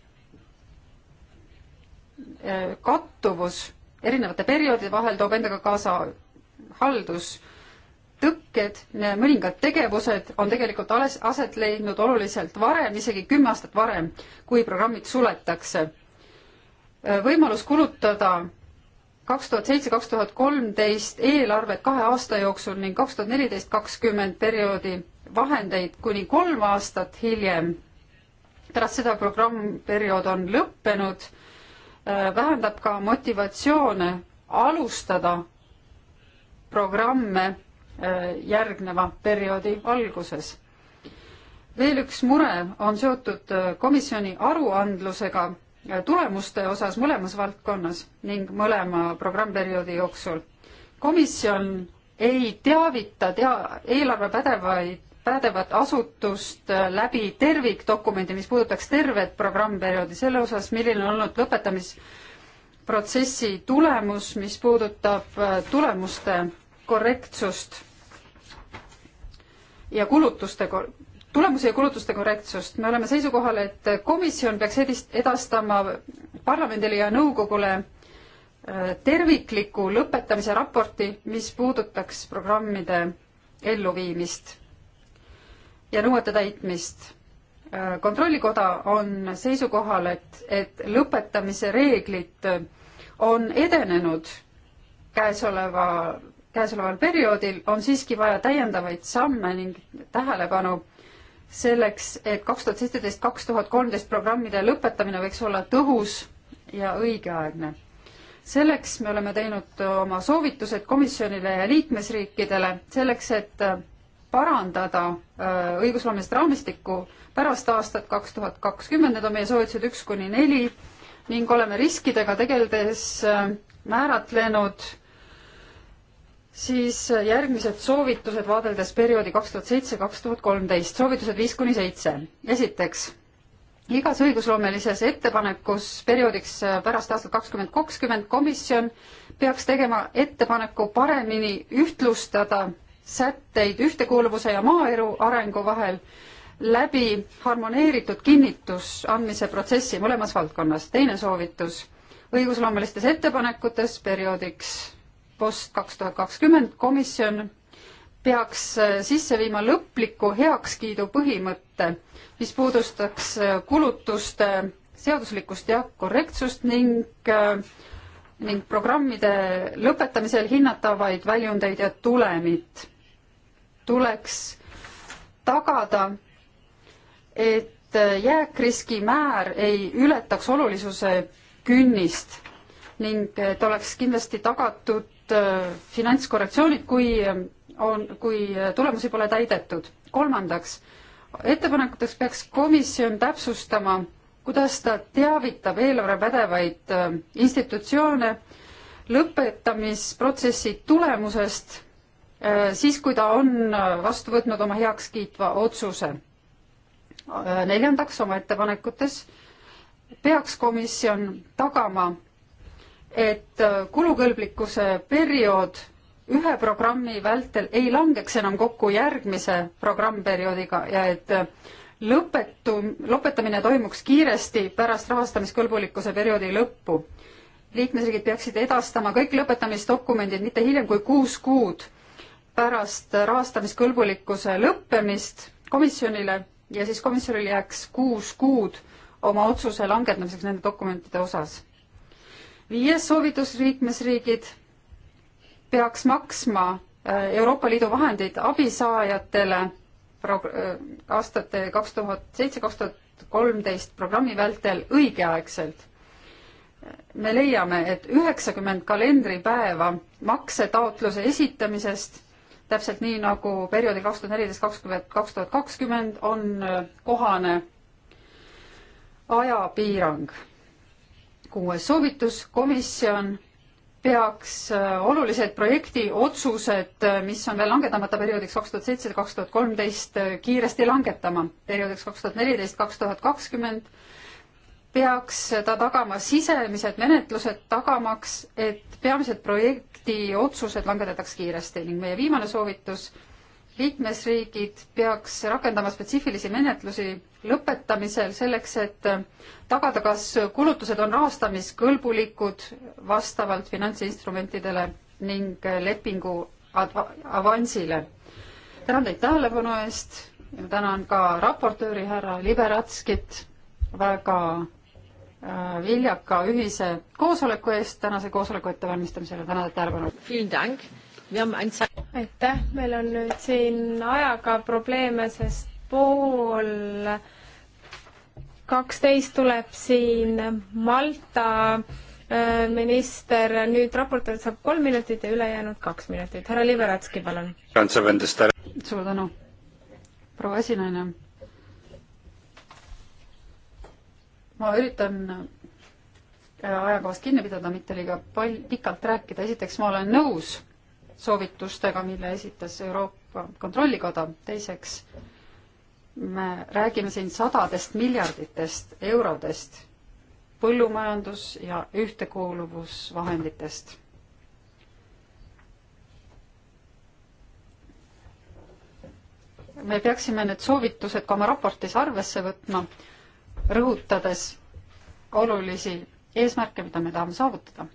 Äh, kattuvus erinevate perioodide vahel toob endaga kaasa haldus tõkked, mõningad tegevused on tegelikult alles aset leidnud oluliselt varem, isegi kümme aastat varem, kui programmid suletakse. võimalus kulutada kaks tuhat seitse, kaks tuhat kolmteist eelarvet kahe aasta jooksul ning kaks tuhat neliteist, kakskümmend perioodi vahendeid kuni kolm aastat hiljem, pärast seda programmperiood on lõppenud, vähendab ka motivatsioone alustada programme järgneva perioodi alguses. veel üks mure on seotud äh, komisjoni aruandlusega äh, tulemuste osas mõlemas valdkonnas ning mõlema programmperioodi jooksul. komisjon ei teavita tea-, eelarvepädevaid, pädevat asutust äh, läbi tervikdokumendi, mis puudutaks tervet programmperioodi, selle osas, milline on olnud lõpetamisprotsessi tulemus, mis puudutab tulemuste korrektsust ja kulutuste tulemusi ja kulutuste korrektsust. me oleme seisukohal, et komisjon peaks edist-, edastama parlamendile ja nõukogule äh, tervikliku lõpetamise raporti, mis puudutaks programmide elluviimist ja nõuete täitmist. Äh, kontrollikoda on seisukohal, et, et lõpetamise reeglid on edenenud käesoleva käesoleval perioodil, on siiski vaja täiendavaid samme ning tähelepanu selleks, et kaks tuhat seitseteist, kaks tuhat kolmteist programmide lõpetamine võiks olla tõhus ja õigeaegne. selleks me oleme teinud oma soovitused komisjonile ja liikmesriikidele, selleks et äh, parandada äh, õigusloomist raamistikku pärast aastat kaks tuhat kakskümmend, need on meie soovitused üks kuni neli, ning oleme riskidega tegeldes äh, määratlenud siis järgmised soovitused vaadeldes perioodi kaks tuhat seitse, kaks tuhat kolmteist, soovitused viis kuni seitse. esiteks, igas õigusloomelises ettepanekus perioodiks pärast aastat kakskümmend kakskümmend komisjon peaks tegema ettepaneku paremini ühtlustada sätteid ühtekuuluvuse ja maaelu arengu vahel läbi harmoneeritud kinnitus andmise protsessi mõlemas valdkonnas. teine soovitus õigusloomelistes ettepanekutes perioodiks post kaks tuhat kakskümmend komisjon peaks äh, sisse viima lõpliku heakskiidu põhimõtte, mis puudustaks äh, kulutuste seaduslikkust ja korrektsust ning, äh, ning programmide lõpetamisel hinnatavaid väljundeid ja tulemit. tuleks tagada, et jääkriski määr ei ületaks olulisuse künnist ning et oleks kindlasti tagatud ainult äh, finantskorrektsioonid, kui äh, on, kui äh, tulemusi pole täidetud. kolmandaks, ettepanekuteks peaks komisjon täpsustama, kuidas ta teavitab eelarvepädevaid institutsioone lõpetamisprotsessi tulemusest siis, kui ta on vastu võtnud oma heakskiitva otsuse. neljandaks, oma ettepanekutes peaks komisjon tagama et äh, kulukõlblikkuse periood ühe programmi vältel ei langeks enam kokku järgmise programmperioodiga ja et äh, lõpetu, lõpetamine toimuks kiiresti pärast rahastamiskõlbulikkuse perioodi lõppu. liikmesriigid peaksid edastama kõik lõpetamisdokumendid mitte hiljem kui kuus kuud pärast rahastamiskõlbulikkuse lõppemist komisjonile ja siis komisjonil jääks kuus kuud oma otsuse langetamiseks nende dokumentide osas viies soovitus, liikmesriigid peaks maksma äh, Euroopa Liidu vahendeid abisaajatele prog-, äh, aastate kaks tuhat seitse, kaks tuhat kolmteist programmi vältel õigeaegselt. me leiame, et üheksakümmend kalendripäeva maksetaotluse esitamisest, täpselt nii nagu perioodil kaks tuhat neliteist, kakskümmend, kaks tuhat kakskümmend on äh, kohane ajapiirang kuues soovitus, komisjon peaks äh, olulised projektiotsused, äh, mis on veel langetamata perioodiks kaks tuhat seitse, kaks tuhat kolmteist, äh, kiiresti langetama. perioodiks kaks tuhat neliteist, kaks tuhat kakskümmend peaks ta tagama sisemised menetlused, tagamaks, et peamised projektiotsused langetatakse kiiresti ning meie viimane soovitus liikmesriigid peaks rakendama spetsiifilisi menetlusi lõpetamisel selleks, et tagada, kas kulutused on rahastamiskõlbulikud vastavalt finantsinstrumentidele ning lepingu avansile. tänan teid tähelepanu eest ja tänan ka raportööri härra Liberatskit väga äh, viljaka ühise koosoleku eest, tänase koosoleku ettevalmistamisel ja tänan tähelepanu eest aitäh, meil on nüüd siin ajaga probleeme, sest pool kaksteist tuleb siin Malta äh, minister, nüüd raportöör saab kolm minutit ja ülejäänud kaks minutit. härra Liberatski, palun. suur tänu, proua esinaine. ma üritan äh, ajakavast kinni pidada, mitte liiga pal-, pikalt rääkida. esiteks, ma olen nõus soovitustega, mille esitas Euroopa Kontrollikoda. teiseks, me räägime siin sadadest miljarditest eurodest põllumajandus- ja ühtekuuluvusvahenditest. me peaksime need soovitused ka oma raportis arvesse võtma, rõhutades olulisi eesmärke, mida me tahame saavutada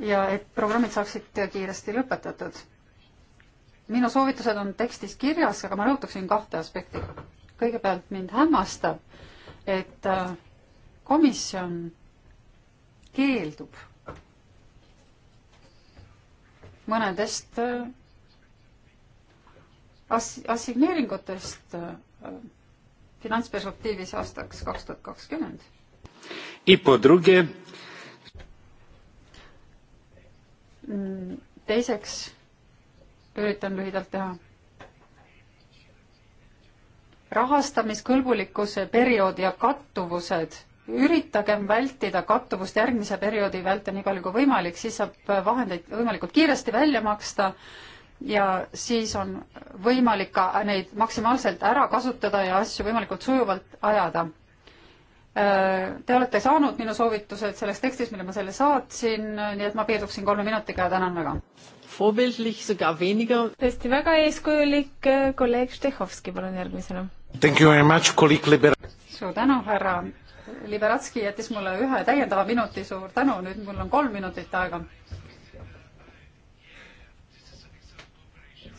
ja et programmid saaksid kiiresti lõpetatud. minu soovitused on tekstis kirjas, aga ma rõhutaksin kahte aspekti. kõigepealt mind hämmastab, et äh, komisjon keeldub mõnedest äh, ass-, assigneeringutest äh, finantsperspektiivis aastaks kaks tuhat kakskümmend. I po drugie Mm, teiseks üritan lühidalt teha. rahastamiskõlbulikkuse perioodi ja kattuvused, üritagem vältida kattuvust järgmise perioodi vältel nii palju kui võimalik, siis saab vahendeid võimalikult kiiresti välja maksta ja siis on võimalik ka neid maksimaalselt ära kasutada ja asju võimalikult sujuvalt ajada. Äh, te olete saanud minu soovitused selles tekstis, mille ma selle saatsin, nii et ma piirduksin kolme minutiga ja tänan väga. tõesti väga eeskujulik, äh, kolleeg Štehhovski, palun järgmisena. suur tänu, härra Liberatski jättis mulle ühe täiendava minuti, suur tänu, nüüd mul on kolm minutit aega.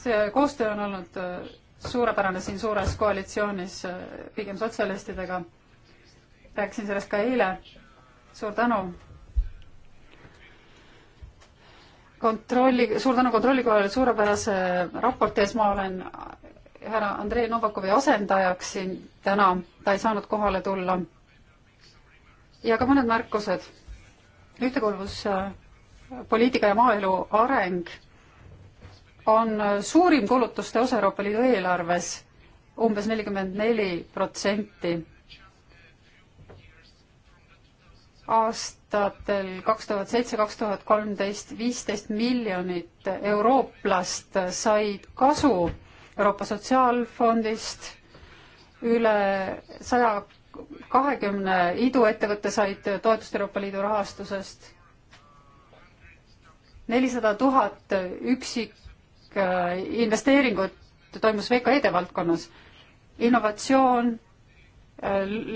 see koostöö on olnud äh, suurepärane siin suures koalitsioonis, pigem sotsialistidega rääkisin sellest ka eile. suur tänu. kontrolli, suur tänu kontrollikojale suurepärase raporti ees, ma olen härra Andrei Novakovi asendajaks siin täna, ta ei saanud kohale tulla. ja ka mõned märkused. ühtekuuluvuspoliitika ja maaelu areng on suurim kulutuste osa Euroopa Liidu eelarves, umbes nelikümmend neli protsenti aastatel kaks tuhat seitse, kaks tuhat kolmteist, viisteist miljonit eurooplast said kasu Euroopa Sotsiaalfondist, üle saja kahekümne iduettevõtte said toetust Euroopa Liidu rahastusest, nelisada tuhat üksikinvesteeringut äh, toimus VKE-de valdkonnas, innovatsioon äh,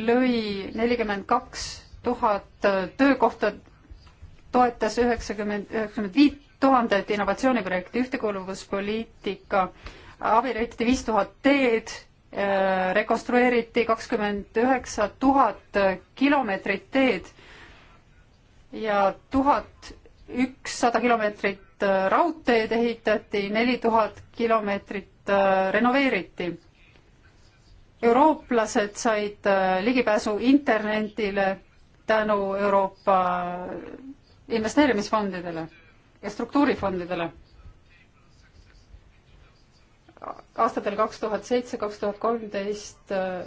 lõi nelikümmend kaks tuhat äh, töökohta toetas üheksakümmend, üheksakümmend viit tuhandet innovatsiooniprojekti, ühtekuuluvuspoliitika abi rehitati viis tuhat teed, äh, rekonstrueeriti kakskümmend üheksa tuhat äh, kilomeetrit teed ja tuhat ükssada kilomeetrit raudteed ehitati, neli tuhat kilomeetrit renoveeriti. eurooplased said ligipääsu internetile tänu Euroopa investeerimisfondidele ja struktuurifondidele. aastatel kaks tuhat seitse, kaks tuhat kolmteist äh,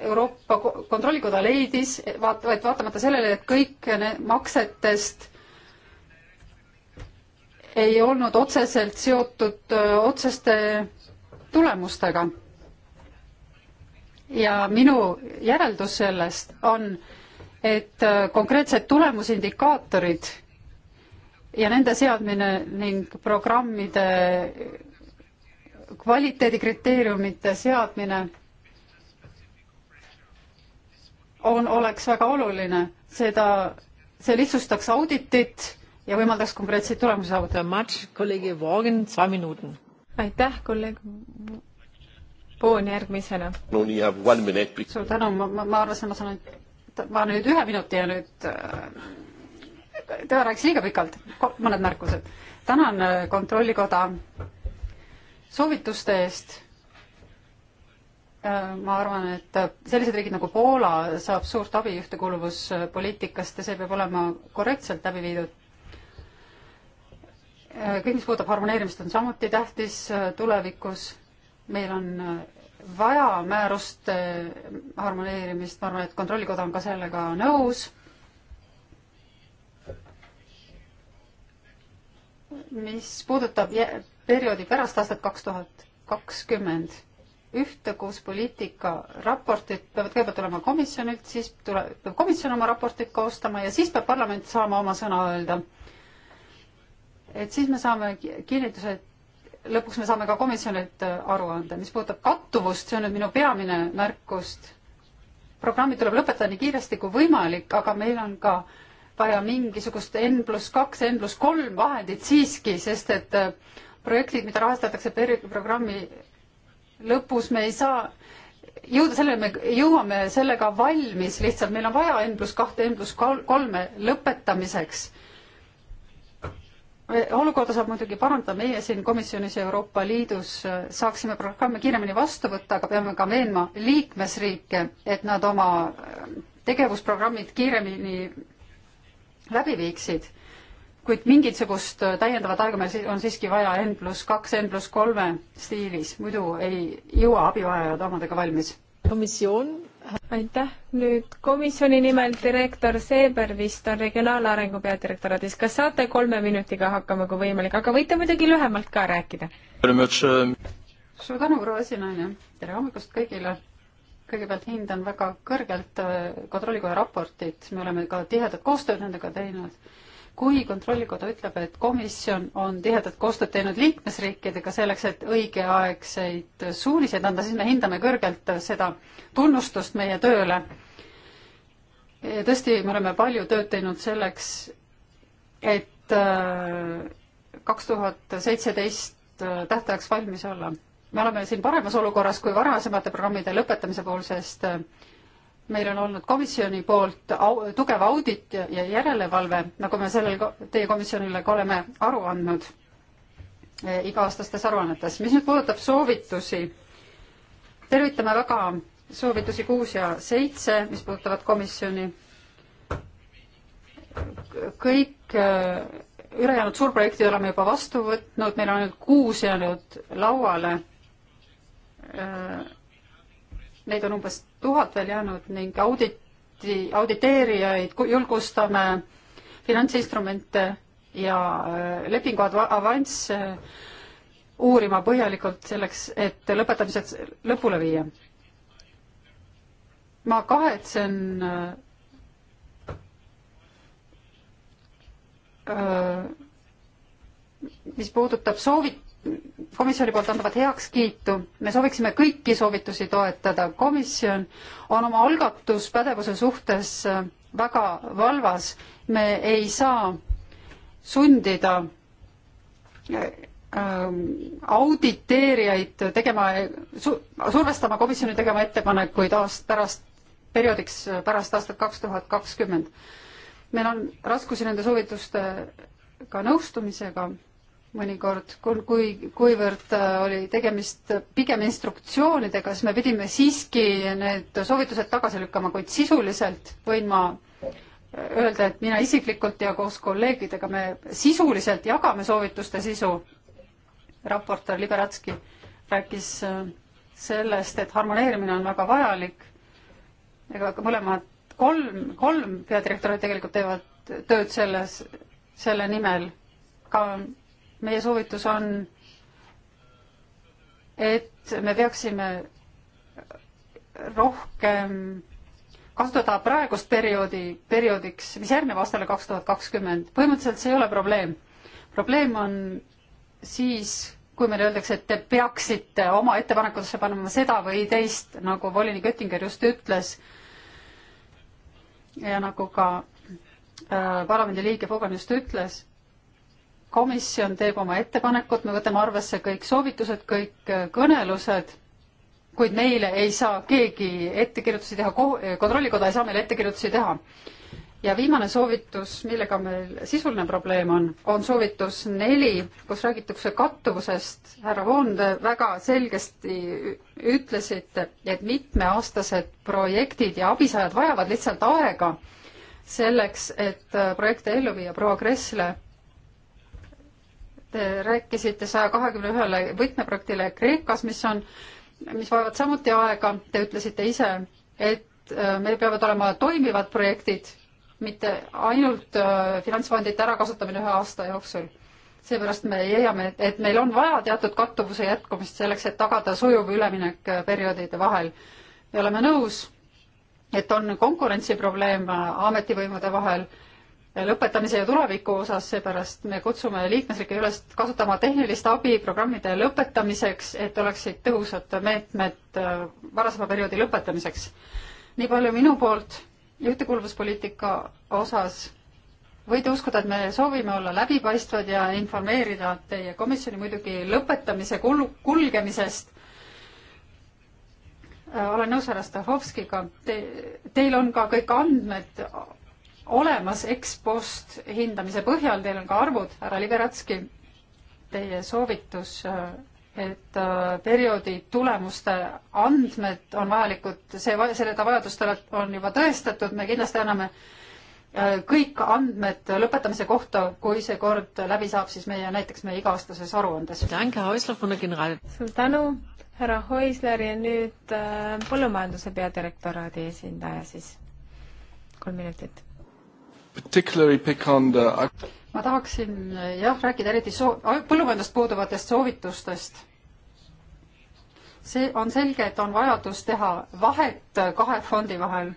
Euroopa Kontrollikoda leidis, vaat-, et vaatamata sellele, et kõik maksetest ei olnud otseselt seotud äh, otseste tulemustega. ja minu järeldus sellest on, et äh, konkreetsed tulemusindikaatorid ja nende seadmine ning programmide kvaliteedikriteeriumite seadmine on, oleks väga oluline, seda, see lihtsustaks auditit ja võimaldaks konkreetseid tulemusi saavutada. aitäh, kolleeg Voon järgmisena. suur tänu, ma, ma, ma arvasin, ma saan ainult ma nüüd ühe minuti ja nüüd äh, tema rääkis liiga pikalt, mõned märkused. tänan äh, Kontrollikoda soovituste eest. Äh, ma arvan, et sellised riigid nagu Poola saab suurt abi ühtekuuluvuspoliitikast ja see peab olema korrektselt läbi viidud. kõik, mis puudutab harmoneerimist, on samuti tähtis tulevikus. meil on vaja määruste harmoneerimist, ma arvan, et Kontrollikoda on ka sellega nõus. mis puudutab perioodi pärast aastat kaks tuhat kakskümmend, ühtekuuspoliitika raportid peavad kõigepealt olema komisjonilt, siis tuleb, peab komisjon oma raportid koostama ja siis peab parlament saama oma sõna öelda. et siis me saame kinnituse, et lõpuks me saame ka komisjonilt äh, aruande. mis puudutab kattuvust, see on nüüd minu peamine märkust. programmid tuleb lõpetada nii kiiresti kui võimalik, aga meil on ka vaja mingisugust N pluss kaks, N pluss kolm vahendit siiski, sest et äh, projektid, mida rahastatakse peri-, programmi lõpus, me ei saa jõuda selleni, me jõuame sellega valmis lihtsalt, meil on vaja N pluss kahte, N pluss kolme lõpetamiseks olukorda saab muidugi parandada, meie siin komisjonis Euroopa Liidus äh, saaksime programme kiiremini vastu võtta, aga peame ka veenma liikmesriike, et nad oma äh, tegevusprogrammid kiiremini läbi viiksid. kuid mingisugust äh, täiendavat aega meil on siiski vaja N pluss kaks, N pluss kolme stiilis, muidu ei jõua abivajajad omadega valmis. komisjon aitäh, nüüd komisjoni nimel direktor Seeber vist on Regionaalarengu peadirektoraadis, kas saate kolme minutiga hakkama, kui võimalik, aga võite muidugi lühemalt ka rääkida. Äh, suur tänu, proua esinaine, tere hommikust kõigile! kõigepealt hindan väga kõrgelt äh, kontrollikoja raportit, me oleme ka tihedat koostööd nendega teinud kui Kontrollikoda ütleb, et komisjon on tihedat koostööd teinud liikmesriikidega selleks, et õigeaegseid suuniseid anda, siis me hindame kõrgelt seda tunnustust meie tööle. tõesti, me oleme palju tööd teinud selleks, et äh, kaks tuhat seitseteist äh, tähtajaks valmis olla. me oleme siin paremas olukorras kui varasemate programmide lõpetamise puhul, sest äh, meil on olnud komisjoni poolt au, tugev audit ja järelevalve, nagu me sellel, teie komisjonile ka oleme aru andnud e, iga-aastastes aruannetes. mis nüüd puudutab soovitusi, tervitame väga soovitusi kuus ja seitse, mis puudutavad komisjoni. kõik e, ülejäänud suurprojektid oleme juba vastu võtnud, meil on ainult kuus jäänud lauale e, neid on umbes tuhat veel jäänud ning auditi, auditeerijaid julgustame finantsinstrumente ja äh, lepingu avansse äh, uurima põhjalikult selleks, et lõpetamised lõpule viia. ma kahetsen äh, mis puudutab soovit-, komisjoni poolt antavat heakskiitu, me sooviksime kõiki soovitusi toetada. komisjon on oma algatuspädevuse suhtes äh, väga valvas, me ei saa sundida äh, ähm, auditeerijaid tegema, survestama komisjoni tegema ettepanekuid aast-, pärast, perioodiks äh, pärast aastat kaks tuhat kakskümmend. meil on raskusi nende soovitustega nõustumisega mõnikord, kui, kuivõrd äh, oli tegemist pigem instruktsioonidega, siis me pidime siiski need soovitused tagasi lükkama, kuid sisuliselt võin ma äh, öelda, et mina isiklikult ja koos kolleegidega me sisuliselt jagame soovituste sisu. raportöör Liberatski rääkis äh, sellest, et harmoneerimine on väga vajalik. ega mõlemad kolm, kolm peadirektorit tegelikult teevad tööd selles, selle nimel ka meie soovitus on, et me peaksime rohkem kasutada praegust perioodi, perioodiks, mis järgneb aastale kaks tuhat kakskümmend. põhimõtteliselt see ei ole probleem. probleem on siis, kui meile öeldakse, et te peaksite oma ettepanekutesse panema seda või teist, nagu volinik Oettinger just ütles ja nagu ka äh, parlamendi liige Fogan just ütles, komisjon teeb oma ettepanekud, me võtame arvesse kõik soovitused, kõik äh, kõnelused, kuid meile ei saa keegi ettekirjutusi teha, äh, kontrollikoda ei saa meile ettekirjutusi teha. ja viimane soovitus, millega meil sisuline probleem on, on soovitus neli, kus räägitakse kattuvusest. härra Voonde, väga selgesti ütlesite, et mitmeaastased projektid ja abisajad vajavad lihtsalt aega selleks, et äh, projekte ellu viia. proua Kressle Te rääkisite saja kahekümne ühele võtmeprojektile Kreekas, mis on, mis vajavad samuti aega, te ütlesite ise, et äh, meil peavad olema toimivad projektid, mitte ainult äh, finantsvahendite ärakasutamine ühe aasta jooksul. seepärast me leiame, et meil on vaja teatud kattuvuse jätkumist selleks, et tagada sujuv üleminek äh, perioodide vahel. me oleme nõus, et on konkurentsiprobleem ametivõimude vahel lõpetamise ja tuleviku osas, seepärast me kutsume liikmesriike üles kasutama tehnilist abi programmide lõpetamiseks, et oleksid tõhusad meetmed äh, varasema perioodi lõpetamiseks. nii palju minu poolt ühtekuuluvuspoliitika osas. võite uskuda, et me soovime olla läbipaistvad ja informeerida teie komisjoni muidugi lõpetamise kulu, kulgemisest äh, olen nõus härra Stahovskiga Te,, teil on ka kõik andmed olemas ekspost hindamise põhjal, teil on ka arvud, härra Liberatski, teie soovitus, et äh, perioodi tulemuste andmed on vajalikud, see, seda vajadust on juba tõestatud, me kindlasti anname äh, kõik andmed lõpetamise kohta, kui see kord läbi saab, siis meie, näiteks meie iga-aastases aruandes. suur tänu, härra Hoisler ja nüüd äh, põllumajanduse peadirektoraadi esindaja siis, kolm minutit particularly pick on the ma tahaksin jah, rääkida eriti soo-, põllumajandust puuduvatest soovitustest. see on selge, et on vajadus teha vahet kahe fondi vahel.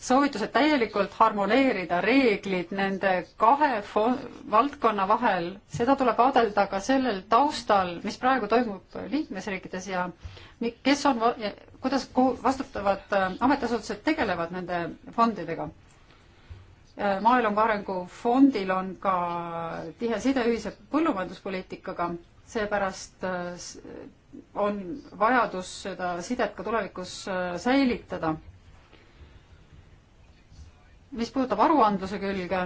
soovitused täielikult harmoneerida, reeglid nende kahe fond, valdkonna vahel, seda tuleb vaadelda ka sellel taustal, mis praegu toimub liikmesriikides ja kes on kuidas vastutavad äh, ametiasutused tegelevad nende fondidega? Äh, maaelu arengufondil on ka tihe side ühise põllumajanduspoliitikaga, seepärast äh, on vajadus seda sidet ka tulevikus säilitada. mis puudutab aruandluse külge,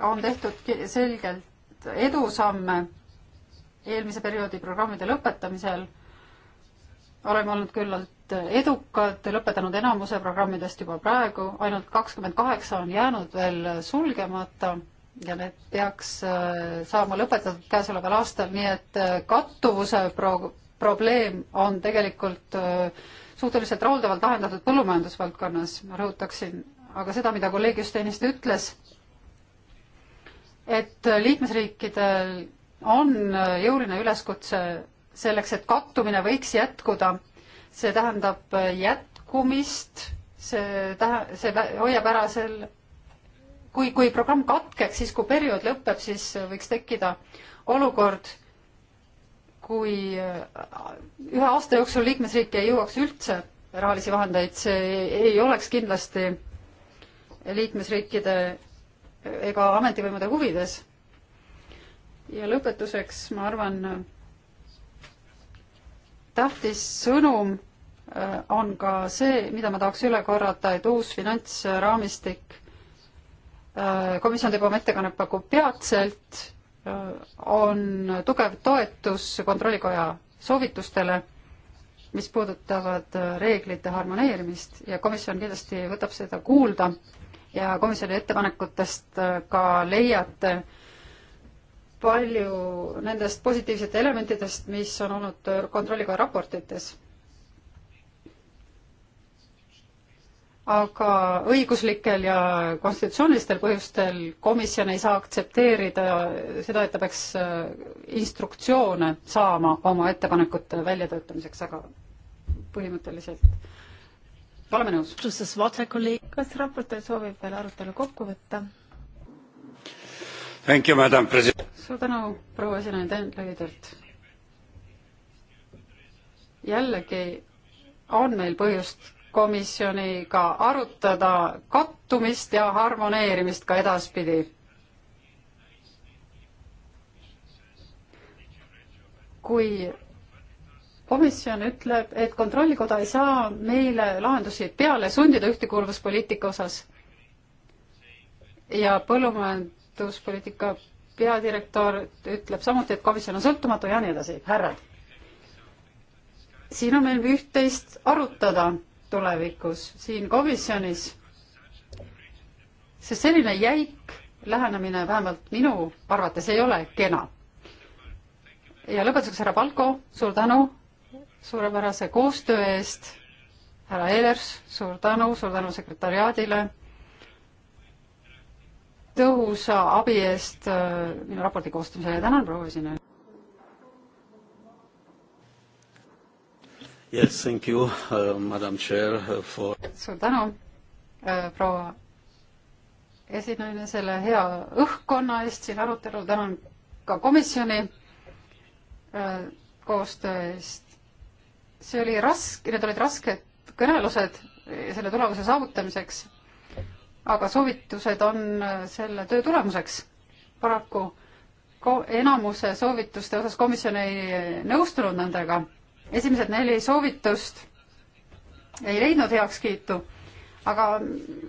on tehtud selgelt edusamme eelmise perioodi programmide lõpetamisel oleme olnud küllalt edukad, lõpetanud enamuse programmidest juba praegu, ainult kakskümmend kaheksa on jäänud veel sulgemata ja need peaks äh, saama lõpetatud käesoleval aastal, nii et äh, kattuvuse pro-, probleem on tegelikult äh, suhteliselt rahuldavalt lahendatud põllumajandusvaldkonnas, ma rõhutaksin, aga seda, mida kolleeg just ennist ütles, et liikmesriikidel on jõuline üleskutse selleks, et kattumine võiks jätkuda. see tähendab jätkumist, see tähe-, see hoiab ära sel-, kui, kui programm katkeks, siis kui periood lõpeb, siis võiks tekkida olukord, kui äh, ühe aasta jooksul liikmesriik ei jõuaks üldse rahalisi vahendeid, see ei oleks kindlasti liikmesriikide ega ametivõimude huvides. ja lõpetuseks ma arvan, tähtis sõnum äh, on ka see, mida ma tahaks üle korrata, et uus finantsraamistik, äh, komisjon teeb oma ettekanne pakub peatselt, äh, on tugev toetus Kontrollikoja soovitustele, mis puudutavad reeglite harmoneerimist ja komisjon kindlasti võtab seda kuulda ja komisjoni ettepanekutest ka leiate äh, palju nendest positiivsete elementidest, mis on olnud kontrollikoja raportites. aga õiguslikel ja konstitutsioonilistel põhjustel komisjon ei saa aktsepteerida seda, et ta peaks äh, instruktsioone saama oma ettepanekute väljatöötamiseks, aga põhimõtteliselt oleme nõus. kas raportöör soovib veel arutelu kokku võtta? suur tänu, proua esineja, teen lühidalt. jällegi on meil põhjust komisjoniga arutada kattumist ja harmoneerimist ka edaspidi. kui komisjon ütleb, et Kontrollikoda ei saa meile lahendusi peale sundida ühtekuuluvuspoliitika osas ja põllumajand ühtekuuluvuspoliitika peadirektor ütleb samuti, et komisjon on sõltumatu ja nii edasi, härrad. siin on meil üht-teist arutada tulevikus siin komisjonis, sest selline jäik lähenemine vähemalt minu arvates ei ole kena. ja lõpetuseks, härra Palko, suur tänu suurepärase koostöö eest, härra Elers, suur tänu, suur tänu sekretariaadile tõhusa abi eest äh, minu raporti koostamisele ja tänan, proua esineja. Yes, thank you uh,, madam chair uh, for. suur tänu uh,, proua esinaine, selle hea õhkkonna eest siin arutelul, tänan ka komisjoni uh, koostöö eest. see oli raske, need olid rasked kõnelused selle tulemuse saavutamiseks aga soovitused on äh, selle töö tulemuseks. paraku ko-, enamuse soovituste osas komisjon ei nõustunud nendega. esimesed neli soovitust ei leidnud heakskiitu, aga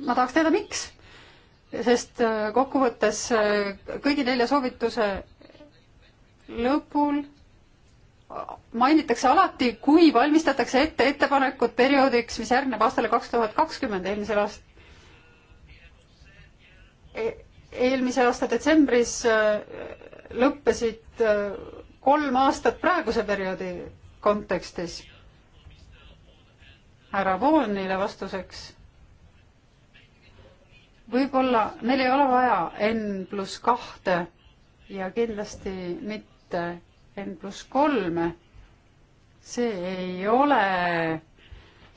ma tahaks teada, miks. sest äh, kokkuvõttes äh, kõigi nelja soovituse lõpul mainitakse alati, kui valmistatakse ette ettepanekut perioodiks, mis järgneb aastale kaks tuhat kakskümmend, eelmisel aastal E-, eelmise aasta detsembris äh, lõppesid äh, kolm aastat praeguse perioodi kontekstis. härra Voonile vastuseks. võib-olla meil ei ole vaja N pluss kahte ja kindlasti mitte N pluss kolme. see ei ole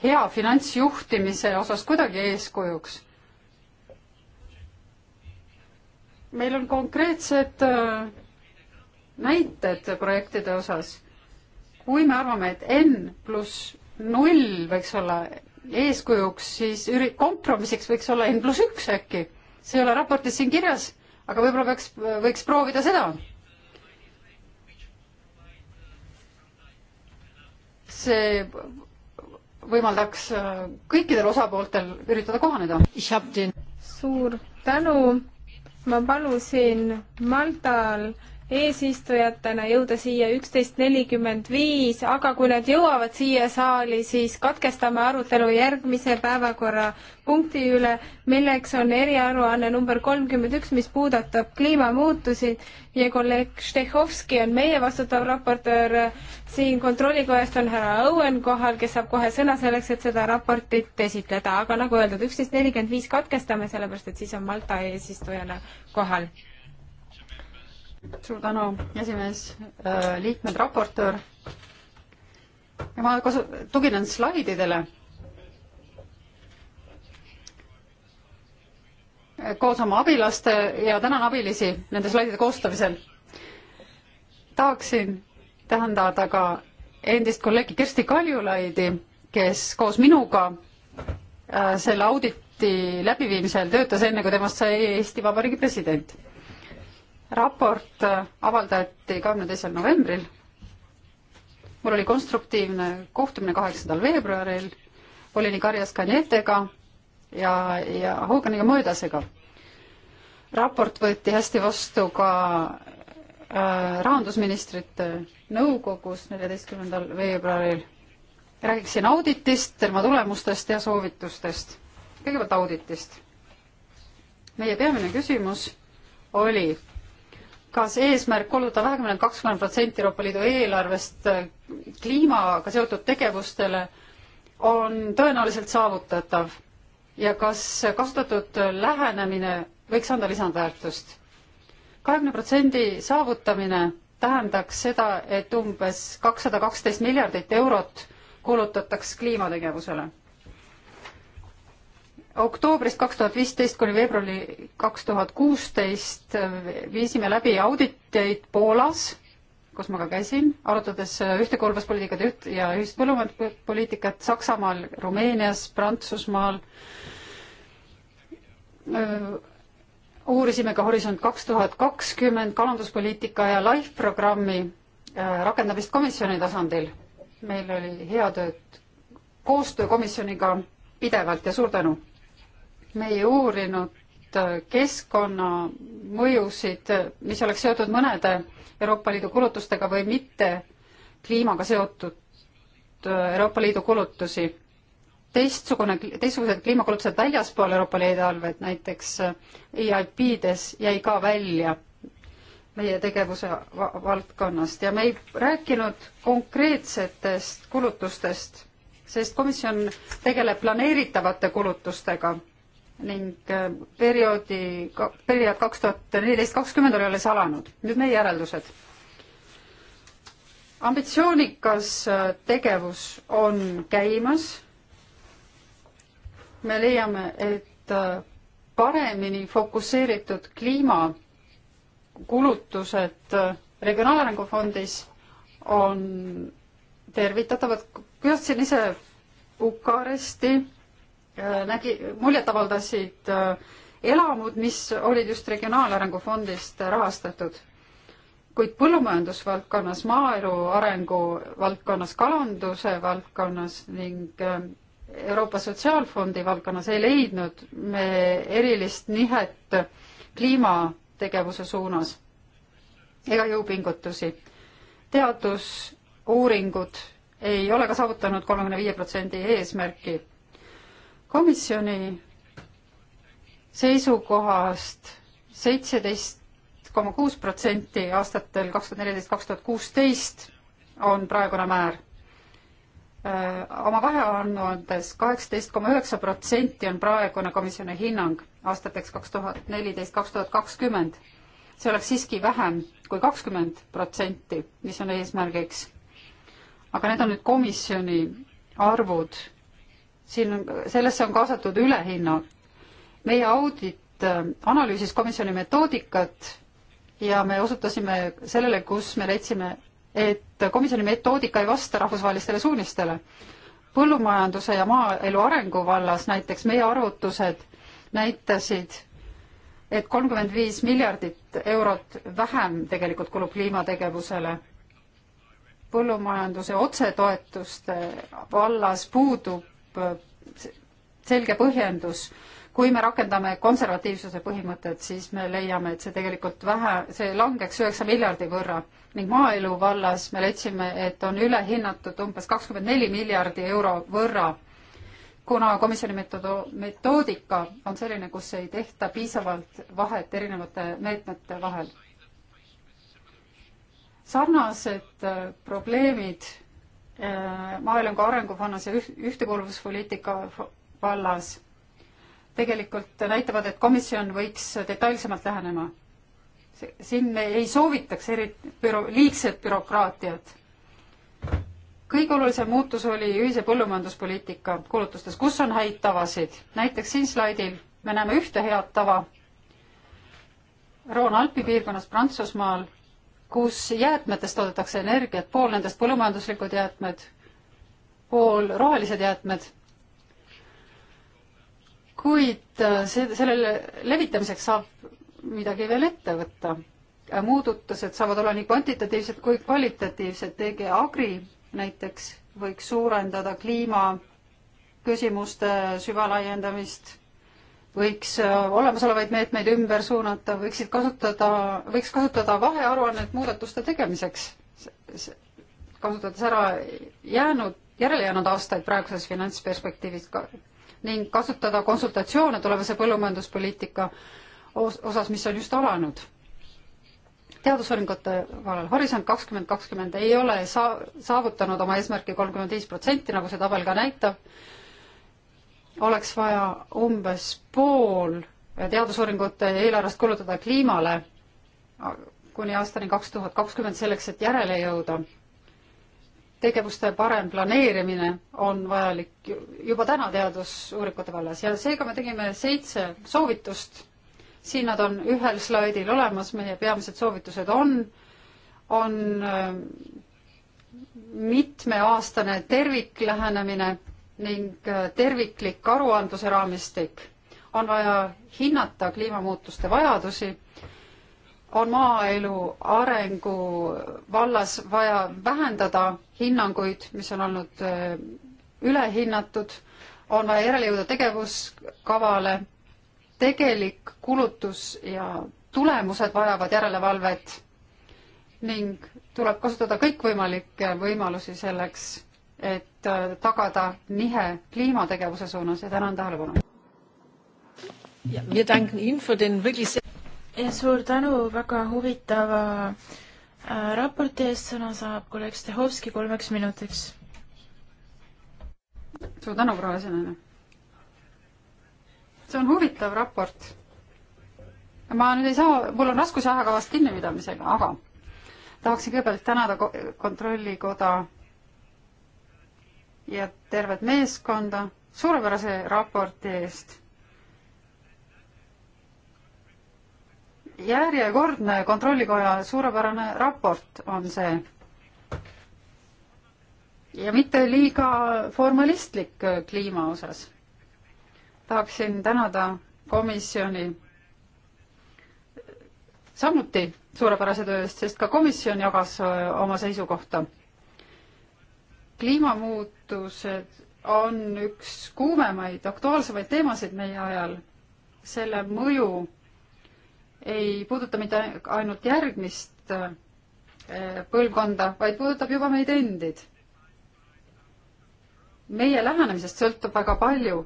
hea finantsjuhtimise osas kuidagi eeskujuks meil on konkreetsed äh, näited projektide osas. kui me arvame, et N pluss null võiks olla eeskujuks, siis üri-, kompromissiks võiks olla N pluss üks äkki. see ei ole raportis siin kirjas, aga võib-olla peaks, võiks proovida seda. see võimaldaks äh, kõikidel osapooltel üritada kohaneda. suur tänu ma palusin Maltal eesistujatena jõuda siia üksteist nelikümmend viis, aga kui nad jõuavad siia saali, siis katkestame arutelu järgmise päevakorrapunkti üle, milleks on eriaruanne number kolmkümmend üks, mis puudutab kliimamuutusi ja kolleeg Štehhovski on meie vastutav raportöör. siin kontrollikojast on härra Õuen kohal, kes saab kohe sõna selleks, et seda raportit esitleda, aga nagu öeldud, üksteist nelikümmend viis katkestame, sellepärast et siis on Malta eesistujana kohal suur tänu, esimees, äh, liikmed, raportöör. ja ma kasu-, tuginen slaididele. koos oma abilaste ja tänan abilisi nende slaidide koostamisel. tahaksin tähendada ka endist kolleegi Kersti Kaljulaidi, kes koos minuga äh, selle auditi läbiviimisel töötas, enne kui temast sai Eesti Vabariigi president raport äh, avaldati kahekümne teisel novembril. mul oli konstruktiivne kohtumine kaheksandal veebruaril volinik Arias Kanetega ja, ja Hoganiga Mõõdasega. raport võeti hästi vastu ka äh, rahandusministrite nõukogus neljateistkümnendal veebruaril. räägiksin auditist, tema tulemustest ja soovitustest. kõigepealt auditist. meie peamine küsimus oli ambitsioonikas eesmärk kuluda vähemalt kakskümmend protsenti Euroopa Liidu eelarvest äh, kliimaga seotud tegevustele on tõenäoliselt saavutatav ja kas kasutatud lähenemine võiks anda lisandväärtust? kahekümne protsendi saavutamine tähendaks seda, et umbes kakssada kaksteist miljardit eurot kulutataks kliimategevusele oktoobrist kaks tuhat viisteist kuni veebruari kaks tuhat kuusteist viisime läbi auditeid Poolas, kus ma ka käisin, arutades ühtekolmaspoliitikat üht ja ühist põllumajanduspoliitikat Saksamaal, Rumeenias, Prantsusmaal. uurisime ka Horisont kaks tuhat kakskümmend kalanduspoliitika ja LIFE programmi rakendamist komisjoni tasandil. meil oli hea tööd koostöö komisjoniga pidevalt ja suur tänu! me ei uurinud äh, keskkonnamõjusid, mis oleks seotud mõnede Euroopa Liidu kulutustega või mitte kliimaga seotud äh, Euroopa Liidu kulutusi. teistsugune, teistsugused kliimakulutused väljaspool Euroopa Liidu arveid, näiteks äh, EIP-des jäi ka välja meie tegevuse valdkonnast ja me ei rääkinud konkreetsetest kulutustest, sest komisjon tegeleb planeeritavate kulutustega ning äh, perioodi, periood kaks tuhat neliteist, kakskümmend oli alles alanud. nüüd meie järeldused. ambitsioonikas äh, tegevus on käimas. me leiame, et äh, paremini fokusseeritud kliimakulutused Regionaalarengu Fondis on tervitatavad. külastasin ise Bukaresti Äh, nägi, muljet avaldasid äh, elamud, mis olid just Regionaalarengu fondist äh, rahastatud. kuid põllumajandusvaldkonnas, maaelu arengu valdkonnas, kalanduse valdkonnas ning Euroopa Sotsiaalfondi valdkonnas ei leidnud me erilist nihet kliimategevuse suunas ega jõupingutusi. teadusuuringud ei ole ka saavutanud kolmekümne viie protsendi eesmärki komisjoni seisukohast seitseteist koma kuus protsenti aastatel kaks tuhat neliteist, kaks tuhat kuusteist on praegune määr. Äh, oma vaheannuandes kaheksateist koma üheksa protsenti on praegune komisjoni hinnang aastateks kaks tuhat neliteist, kaks tuhat kakskümmend. see oleks siiski vähem kui kakskümmend protsenti, mis on eesmärgiks. aga need on nüüd komisjoni arvud siin on, sellesse on kaasatud ülehinnad. meie audit äh, analüüsis komisjoni metoodikat ja me osutasime sellele, kus me leidsime, et komisjoni metoodika ei vasta rahvusvahelistele suunistele. põllumajanduse ja maaelu arengu vallas näiteks meie arvutused näitasid, et kolmkümmend viis miljardit eurot vähem tegelikult kulub kliimategevusele põllumajanduse otsetoetuste vallas puudub Äh, selge põhjendus. kui me rakendame konservatiivsuse põhimõtet, siis me leiame, et see tegelikult vähe, see langeks üheksa miljardi võrra ning maaelu vallas me leidsime, et on ülehinnatud umbes kakskümmend neli miljardi euro võrra kuna komisjoni metodo-, metoodika on selline, kus ei tehta piisavalt vahet erinevate meetmete vahel. sarnased äh, probleemid Äh, maailma arengufonnas ja ühtekuuluvuspoliitika vallas tegelikult näitavad, et komisjon võiks detailsemalt lähenema. siin ei soovitaks eriti büro-, liigset bürokraatiat. kõige olulisem muutus oli ühise põllumajanduspoliitika kulutustes, kus on häid tavasid. näiteks siin slaidil me näeme ühte head tava. Roon Alpi piirkonnas Prantsusmaal kus jäätmetest toodetakse energiat, pool nendest põllumajanduslikud jäätmed, pool rohelised jäätmed. kuid äh, see, selle levitamiseks saab midagi veel ette võtta. Äh, muudatused saavad olla nii kvantitatiivsed kui kvalitatiivsed. TG Agri näiteks võiks suurendada kliimaküsimuste süvalaiendamist võiks äh, olemasolevaid meetmeid ümber suunata, võiksid kasutada, võiks kasutada vahearuannet muudatuste tegemiseks, kasutades ära jäänud, järele jäänud aastaid praeguses finantsperspektiivis ka, ning kasutada konsultatsioone tulevase põllumajanduspoliitika osas, mis on just alanud. teadusuuringute vallal Horisont kakskümmend kakskümmend ei ole saa-, saavutanud oma eesmärki kolmkümmend viis protsenti, nagu see tabel ka näitab oleks vaja umbes pool teadusuuringute eelarvest kulutada kliimale kuni aastani kaks tuhat kakskümmend selleks, et järele jõuda. tegevuste parem planeerimine on vajalik juba täna teadusuuringute vallas ja seega me tegime seitse soovitust. siin nad on ühel slaidil olemas, meie peamised soovitused on, on äh, mitmeaastane terviklähenemine ning äh, terviklik aruandluse raamistik. on vaja hinnata kliimamuutuste vajadusi, on maaelu arengu vallas vaja vähendada hinnanguid, mis on olnud äh, ülehinnatud, on vaja järele jõuda tegevuskavale, tegelik kulutus ja tulemused vajavad järelevalvet ning tuleb kasutada kõikvõimalikke võimalusi selleks et äh, tagada nihe kliimategevuse suunas ja tänan tähelepanu. suur tänu väga huvitava äh, raporti eest, sõna saab kolleeg Stehovski kolmeks minutiks. suur tänu, proua esineja. see on huvitav raport. ma nüüd ei saa, mul on raskusi ajakavast kinnipidamisega, aga tahaksin kõigepealt tänada kontrollikoda ja tervet meeskonda suurepärase raporti eest. järjekordne Kontrollikoja suurepärane raport on see. ja mitte liiga formalistlik äh, kliima osas. tahaksin tänada komisjoni äh, samuti suurepärase töö eest, sest ka komisjon jagas äh, oma seisukohta kliimamuutused on üks kuumemaid, aktuaalsemaid teemasid meie ajal. selle mõju ei puuduta mitte ainult järgmist eh, põlvkonda, vaid puudutab juba meid endid. meie lähenemisest sõltub väga palju.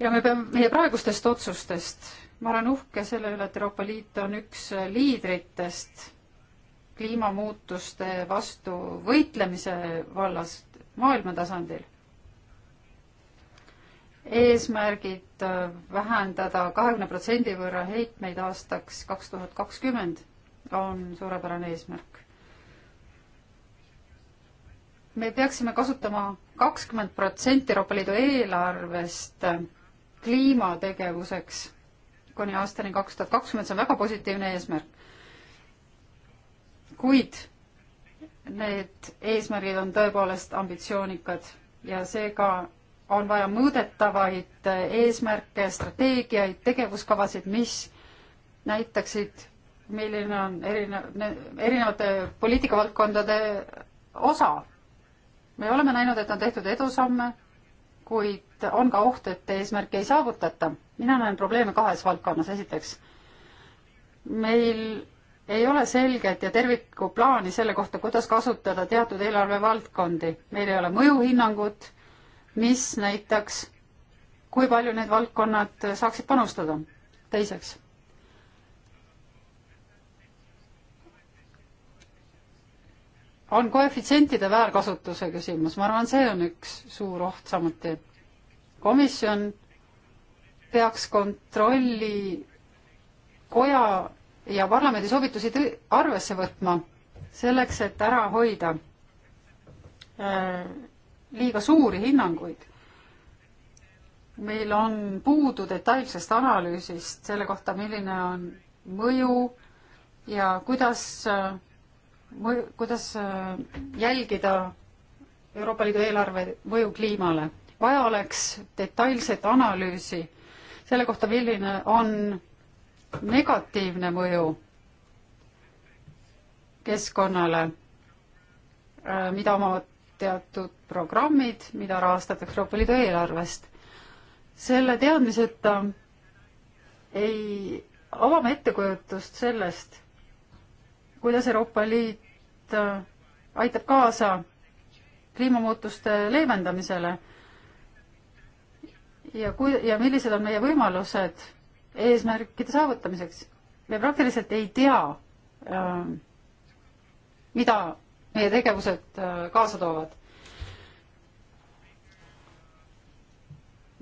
ja me peame, meie praegustest otsustest, ma olen uhke selle üle, et Euroopa Liit on üks liidritest kliimamuutuste vastu võitlemise vallas maailma tasandil. eesmärgid äh, vähendada kahekümne protsendi võrra heitmeid aastaks kaks tuhat kakskümmend on suurepärane eesmärk. me peaksime kasutama kakskümmend protsenti Euroopa Liidu eelarvest äh, kliimategevuseks kuni aastani kaks tuhat kakskümmend, see on väga positiivne eesmärk kuid need eesmärgid on tõepoolest ambitsioonikad ja seega on vaja mõõdetavaid eesmärke, strateegiaid, tegevuskavasid, mis näitaksid, milline on erinev, erinevate poliitikavaldkondade osa. me oleme näinud, et on tehtud edusamme, kuid on ka oht, et eesmärki ei saavutata. mina näen probleeme kahes valdkonnas, esiteks meil ei ole selget ja terviklikku plaani selle kohta, kuidas kasutada teatud eelarvevaldkondi. meil ei ole mõjuhinnangut, mis näitaks, kui palju need valdkonnad saaksid panustada. teiseks, on koefitsientide väärkasutuse küsimus, ma arvan, see on üks suur oht samuti. komisjon peaks kontrolli koja ja parlamendi soovitusi arvesse võtma selleks, et ära hoida äh, liiga suuri hinnanguid. meil on puudu detailsest analüüsist selle kohta, milline on mõju ja kuidas, äh, kuidas äh, jälgida Euroopa Liidu eelarve mõju kliimale. vaja oleks detailset analüüsi selle kohta, milline on negatiivne mõju keskkonnale, äh, mida omavad teatud programmid, mida rahastatakse Euroopa Liidu eelarvest. selle teadmiseta ei avame ettekujutust sellest, kuidas Euroopa Liit äh, aitab kaasa kliimamuutuste leevendamisele ja kui, ja millised on meie võimalused eesmärkide saavutamiseks. me praktiliselt ei tea, ähm, mida meie tegevused äh, kaasa toovad.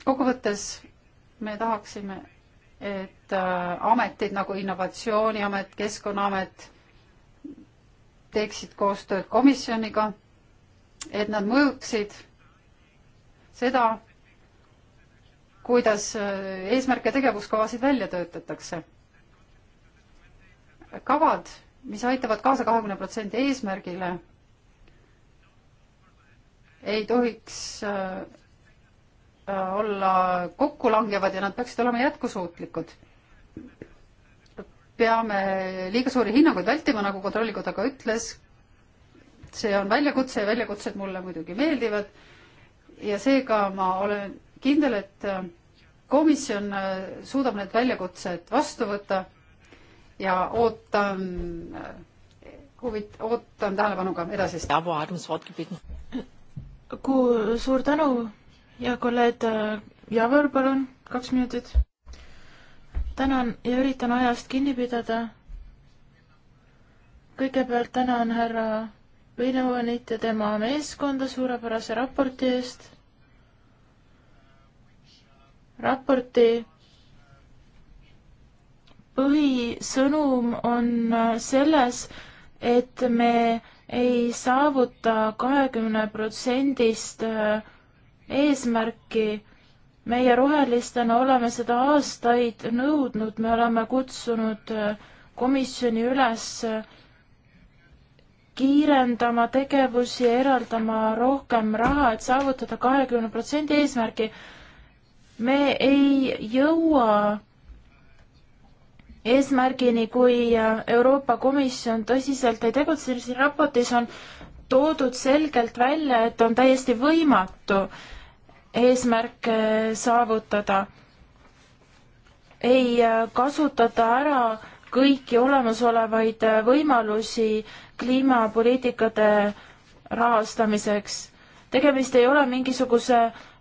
kokkuvõttes me tahaksime, et äh, ametid nagu Innovatsiooniamet, Keskkonnaamet teeksid koostööd komisjoniga, et nad mõjuksid seda, kuidas äh, eesmärke ja tegevuskavasid välja töötatakse. kavad, mis aitavad kaasa kahekümne protsendi eesmärgile, ei tohiks äh, äh, olla kokkulangevad ja nad peaksid olema jätkusuutlikud. peame liiga suuri hinnanguid vältima, nagu Kontrollikoda ka ütles, see on väljakutse ja väljakutsed mulle muidugi meeldivad ja seega ma olen kindel, et komisjon äh, suudab need väljakutsed vastu võtta ja ootan äh, huvit-, ootan tähelepanuga edasist. Ku-, suur tänu ja kolleeg äh, Javor, palun, kaks minutit. tänan ja üritan ajast kinni pidada. kõigepealt tänan härra Viljovanit ja tema meeskonda suurepärase raporti eest raporti põhisõnum on selles, et me ei saavuta kahekümne protsendist äh, eesmärki. meie rohelistena oleme seda aastaid nõudnud, me oleme kutsunud äh, komisjoni üles äh, kiirendama tegevusi, eraldama rohkem raha, et saavutada kahekümne protsendi eesmärgi me ei jõua eesmärgini, kui Euroopa Komisjon tõsiselt ei tegutse, siin raportis on toodud selgelt välja, et on täiesti võimatu eesmärke eh, saavutada. ei eh, kasutata ära kõiki olemasolevaid eh, võimalusi kliimapoliitikate rahastamiseks. tegemist ei ole mingisuguse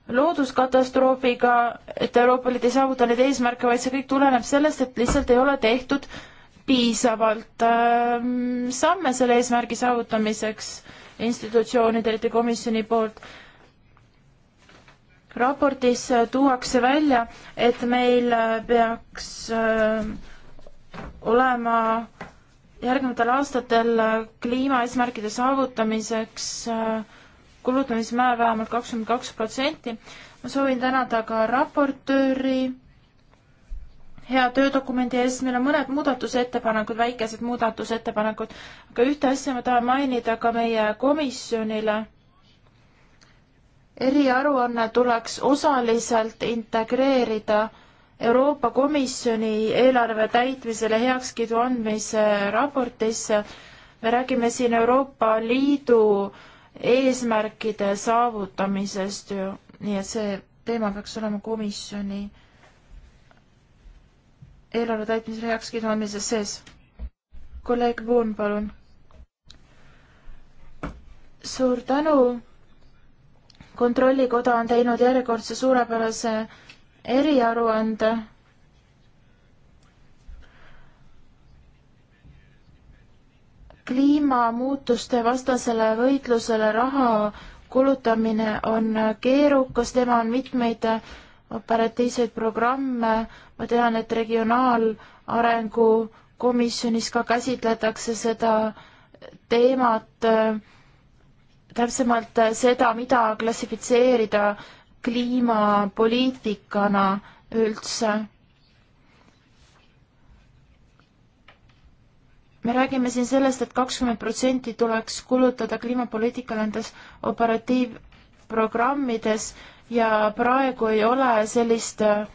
looduskatastroofiga, et Euroopa Liit ei saavuta neid eesmärke, vaid see kõik tuleneb sellest, et lihtsalt ei ole tehtud piisavalt äh, samme selle eesmärgi saavutamiseks institutsioonide, eriti komisjoni poolt. raportis tuuakse välja, et meil peaks äh, olema järgnevatel aastatel kliimaeesmärkide saavutamiseks äh, kulutamismäär vähemalt kakskümmend kaks protsenti. ma soovin tänada ka raportööri hea töödokumendi eest, meil on mõned muudatusettepanekud, väikesed muudatusettepanekud, aga ühte asja ma tahan mainida ka meie komisjonile. eriaruanne tuleks osaliselt integreerida Euroopa Komisjoni eelarve täitmisele heakskiidu andmise raportisse. me räägime siin Euroopa Liidu äh, eesmärkide saavutamisest ju, nii et see teema peaks olema komisjoni eelarve täitmisele heakskiidu andmises sees. kolleeg Voon, palun. suur tänu. kontrollikoda on teinud järjekordse suurepärase eriaruande kliimamuutuste vastasele võitlusele raha kulutamine on keerukas, tema on mitmeid operatiivseid programme, ma tean, et regionaalarengu komisjonis ka käsitletakse seda teemat, täpsemalt seda, mida klassifitseerida kliimapoliitikana üldse me räägime siin sellest et, et kakskümmend protsenti tuleks kulutada kliimapoliitikale nendes operatiivprogrammides ja praegu ei ole sellist äh,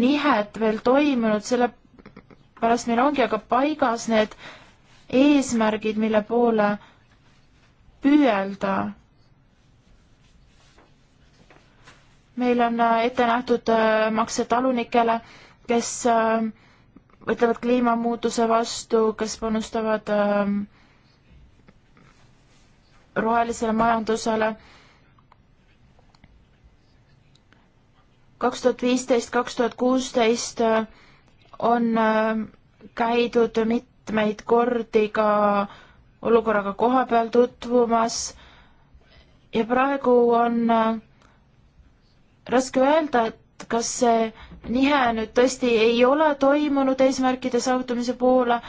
nihet veel toimunud, sellepärast meil ongi aga paigas need eesmärgid, mille poole püüelda. meil on äh, ette nähtud äh, makse talunikele, kes äh, võtavad kliimamuutuse vastu, kes panustavad äh, rohelisele majandusele. kaks tuhat viisteist, kaks tuhat kuusteist äh, on äh, käidud mitmeid kordi ka olukorraga koha peal tutvumas ja praegu on äh, raske öelda, et kas see äh, nihe nüüd tõesti ei ole toimunud eesmärkide saavutamise poole.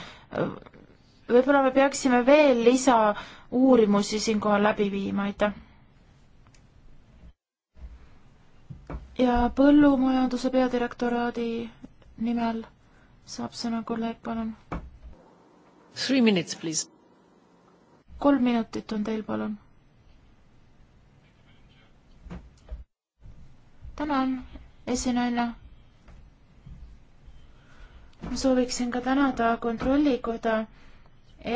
võib-olla me peaksime veel lisa uurimusi siinkohal läbi viima, aitäh. ja põllumajanduse peadirektoraadi nimel saab sõna kolleeg, palun. Three minutes, please. kolm minutit on teil, palun. tänan, esinaine ma sooviksin ka tänada Kontrollikoda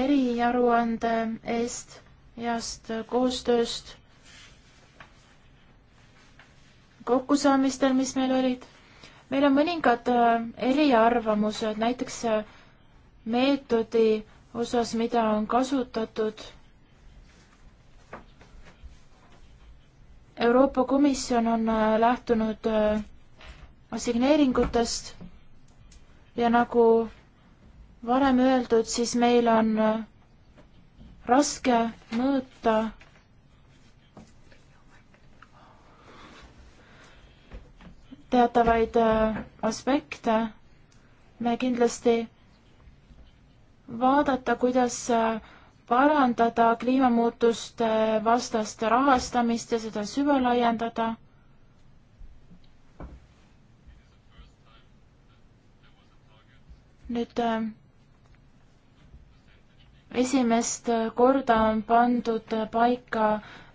eriaruande eest, heast koostööst, kokkusaamistel, mis meil olid. meil on mõningad äh, eriarvamused, näiteks äh, meetodi osas, mida on kasutatud. Euroopa Komisjon on äh, lähtunud assigneeringutest ja nagu varem öeldud, siis meil on äh, raske mõõta teatavaid äh, aspekte. me kindlasti vaadata, kuidas äh, parandada kliimamuutuste vastast rahastamist ja seda süvalaiendada nüüd äh, esimest korda on pandud paika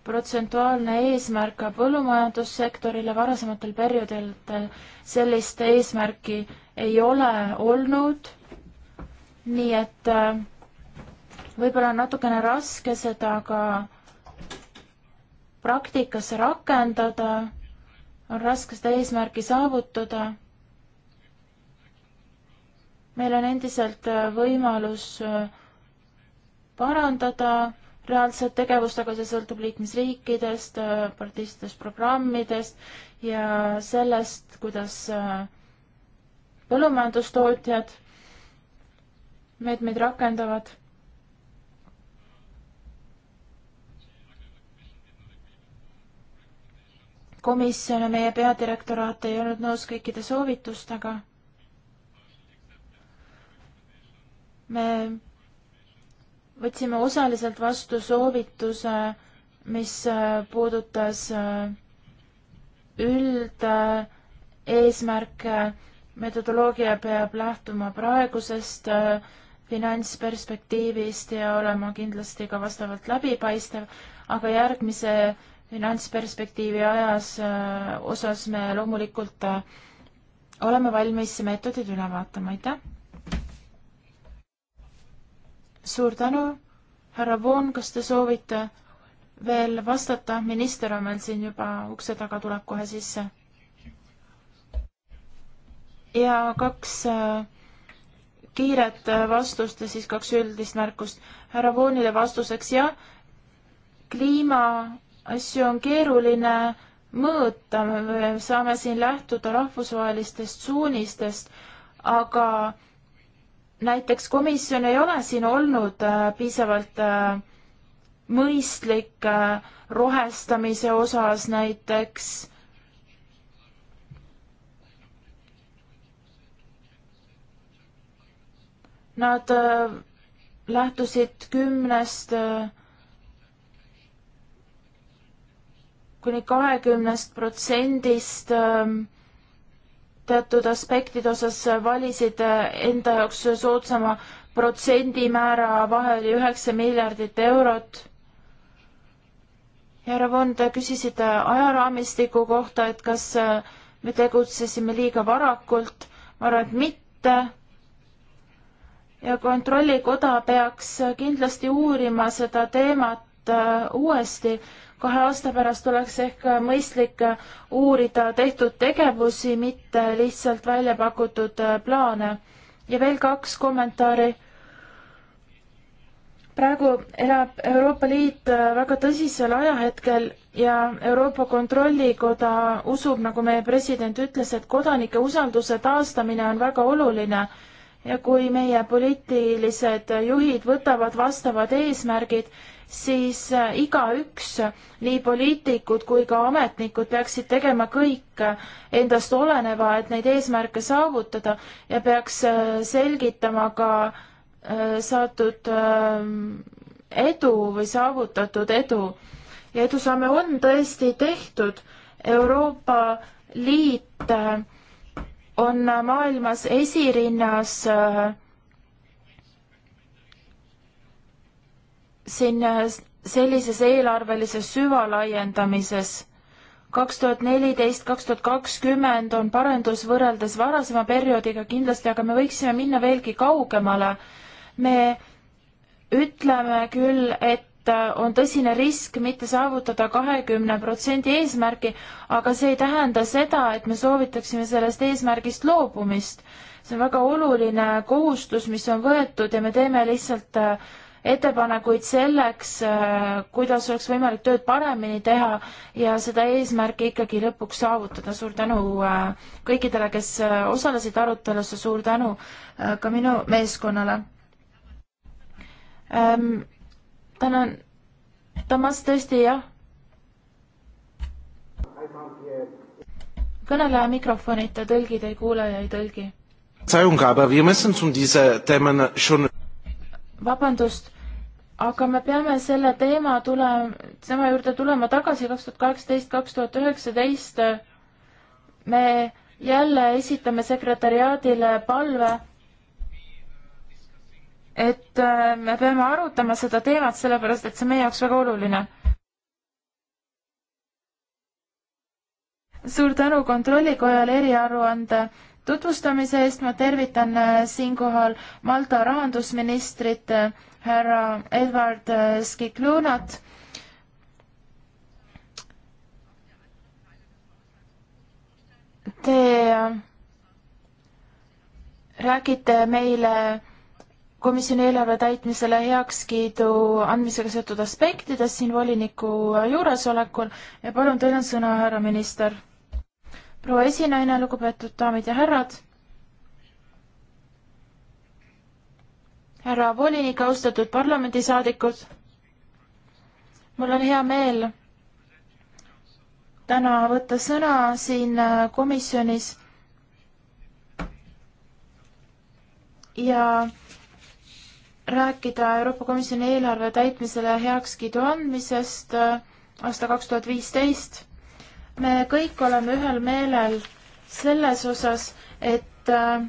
protsentuaalne eesmärk ka põllumajandussektorile, varasematel perioodidel sellist eesmärki ei ole olnud. nii et äh, võib-olla on natukene raske seda ka praktikasse rakendada, on raske seda eesmärki saavutada meil on endiselt äh, võimalus äh, parandada reaalset tegevust, aga see sõltub liikmesriikidest, äh, partistidest, programmidest ja sellest, kuidas põllumajandustootjad meetmeid rakendavad. komisjon ja meie peadirektoraat ei olnud nõus kõikide soovitustega me võtsime osaliselt vastu soovituse, mis äh, puudutas äh, üldeesmärke, äh, metodoloogia peab lähtuma praegusest finantsperspektiivist ja olema kindlasti ka vastavalt läbipaistev, aga järgmise finantsperspektiivi ajas osas me loomulikult oleme valmis meetodid üle vaatama, aitäh! suur tänu, härra Voon, kas te soovite veel vastata, minister on meil siin juba ukse taga, tuleb kohe sisse. ja kaks äh, kiiret äh, vastust ja siis kaks üldist märkust. härra Voonile vastuseks, jah, kliimaasju on keeruline mõõta, me saame siin lähtuda rahvusvahelistest suunistest, aga näiteks komisjon ei ole siin olnud äh, piisavalt äh, mõistlik äh, rohestamise osas näiteks Nad lähtusid kümnest kuni kahekümnest protsendist ähm, teatud aspektide osas valisid enda jaoks soodsama protsendimäära vahel üheksa miljardit eurot. härra Von, te küsisite ajaraamistiku kohta, et kas äh, me tegutsesime liiga varakult. ma arvan, et mitte. ja kontrollikoda peaks kindlasti uurima seda teemat äh, uuesti kahe aasta pärast oleks ehk mõistlik uurida tehtud tegevusi, mitte lihtsalt välja pakutud plaane. ja veel kaks kommentaari. praegu elab Euroopa Liit väga tõsisel ajahetkel ja Euroopa Kontrollikoda usub, nagu meie president ütles, et kodanike usalduse taastamine on väga oluline ja kui meie poliitilised juhid võtavad vastavad eesmärgid, siis äh, igaüks, nii poliitikud kui ka ametnikud peaksid tegema kõik äh, endast oleneva, et neid eesmärke saavutada ja peaks äh, selgitama ka saatud edu või saavutatud edu. ja edusamme on tõesti tehtud. Euroopa Liit on maailmas esirinnas äh, siin äh, sellises eelarvelises süvalaiendamises kaks tuhat neliteist, kaks tuhat kakskümmend on parendus võrreldes varasema perioodiga kindlasti, aga me võiksime minna veelgi kaugemale. me ütleme küll, et äh, on tõsine risk mitte saavutada kahekümne protsendi eesmärki, aga see ei tähenda seda, et me soovitaksime sellest eesmärgist loobumist. see on väga oluline kohustus, mis on võetud ja me teeme lihtsalt äh, ettepanekuid selleks, äh, kuidas oleks võimalik tööd paremini teha ja seda eesmärki ikkagi lõpuks saavutada. suur tänu äh, kõikidele, kes äh, osalesid arutelus ja suur tänu ka minu meeskonnale ähm,. tänan, Tamas, tõesti jah. kõneleja mikrofonita, tõlgid ei kuule ja ei tõlgi. Verzeihung, aber wir müssen zu diesem Thema schon vabandust, aga me peame selle teema tule-, tema juurde tulema tagasi kaks tuhat kaheksateist, kaks tuhat üheksateist. me jälle esitame sekretäriaadile palve, et äh, me peame arutama seda teemat, sellepärast et see on meie jaoks väga oluline. suur tänu Kontrollikojale eriaruande tutvustamise eest, ma tervitan äh, siinkohal Malta rahandusministrit äh, härra Edward äh, Skiklunat. Te räägite meile komisjoni eelarve täitmisele heakskiidu andmisega seotud aspektidest siin voliniku juuresolekul ja palun, teil on sõna, härra minister proua esinaine, lugupeetud daamid ja härrad, härra volinik, austatud parlamendisaadikud, mul on hea meel täna võtta sõna siin äh, komisjonis ja rääkida Euroopa Komisjoni eelarve täitmisele heakskiidu andmisest äh, aasta kaks tuhat viisteist me kõik oleme ühel meelel selles osas, et äh,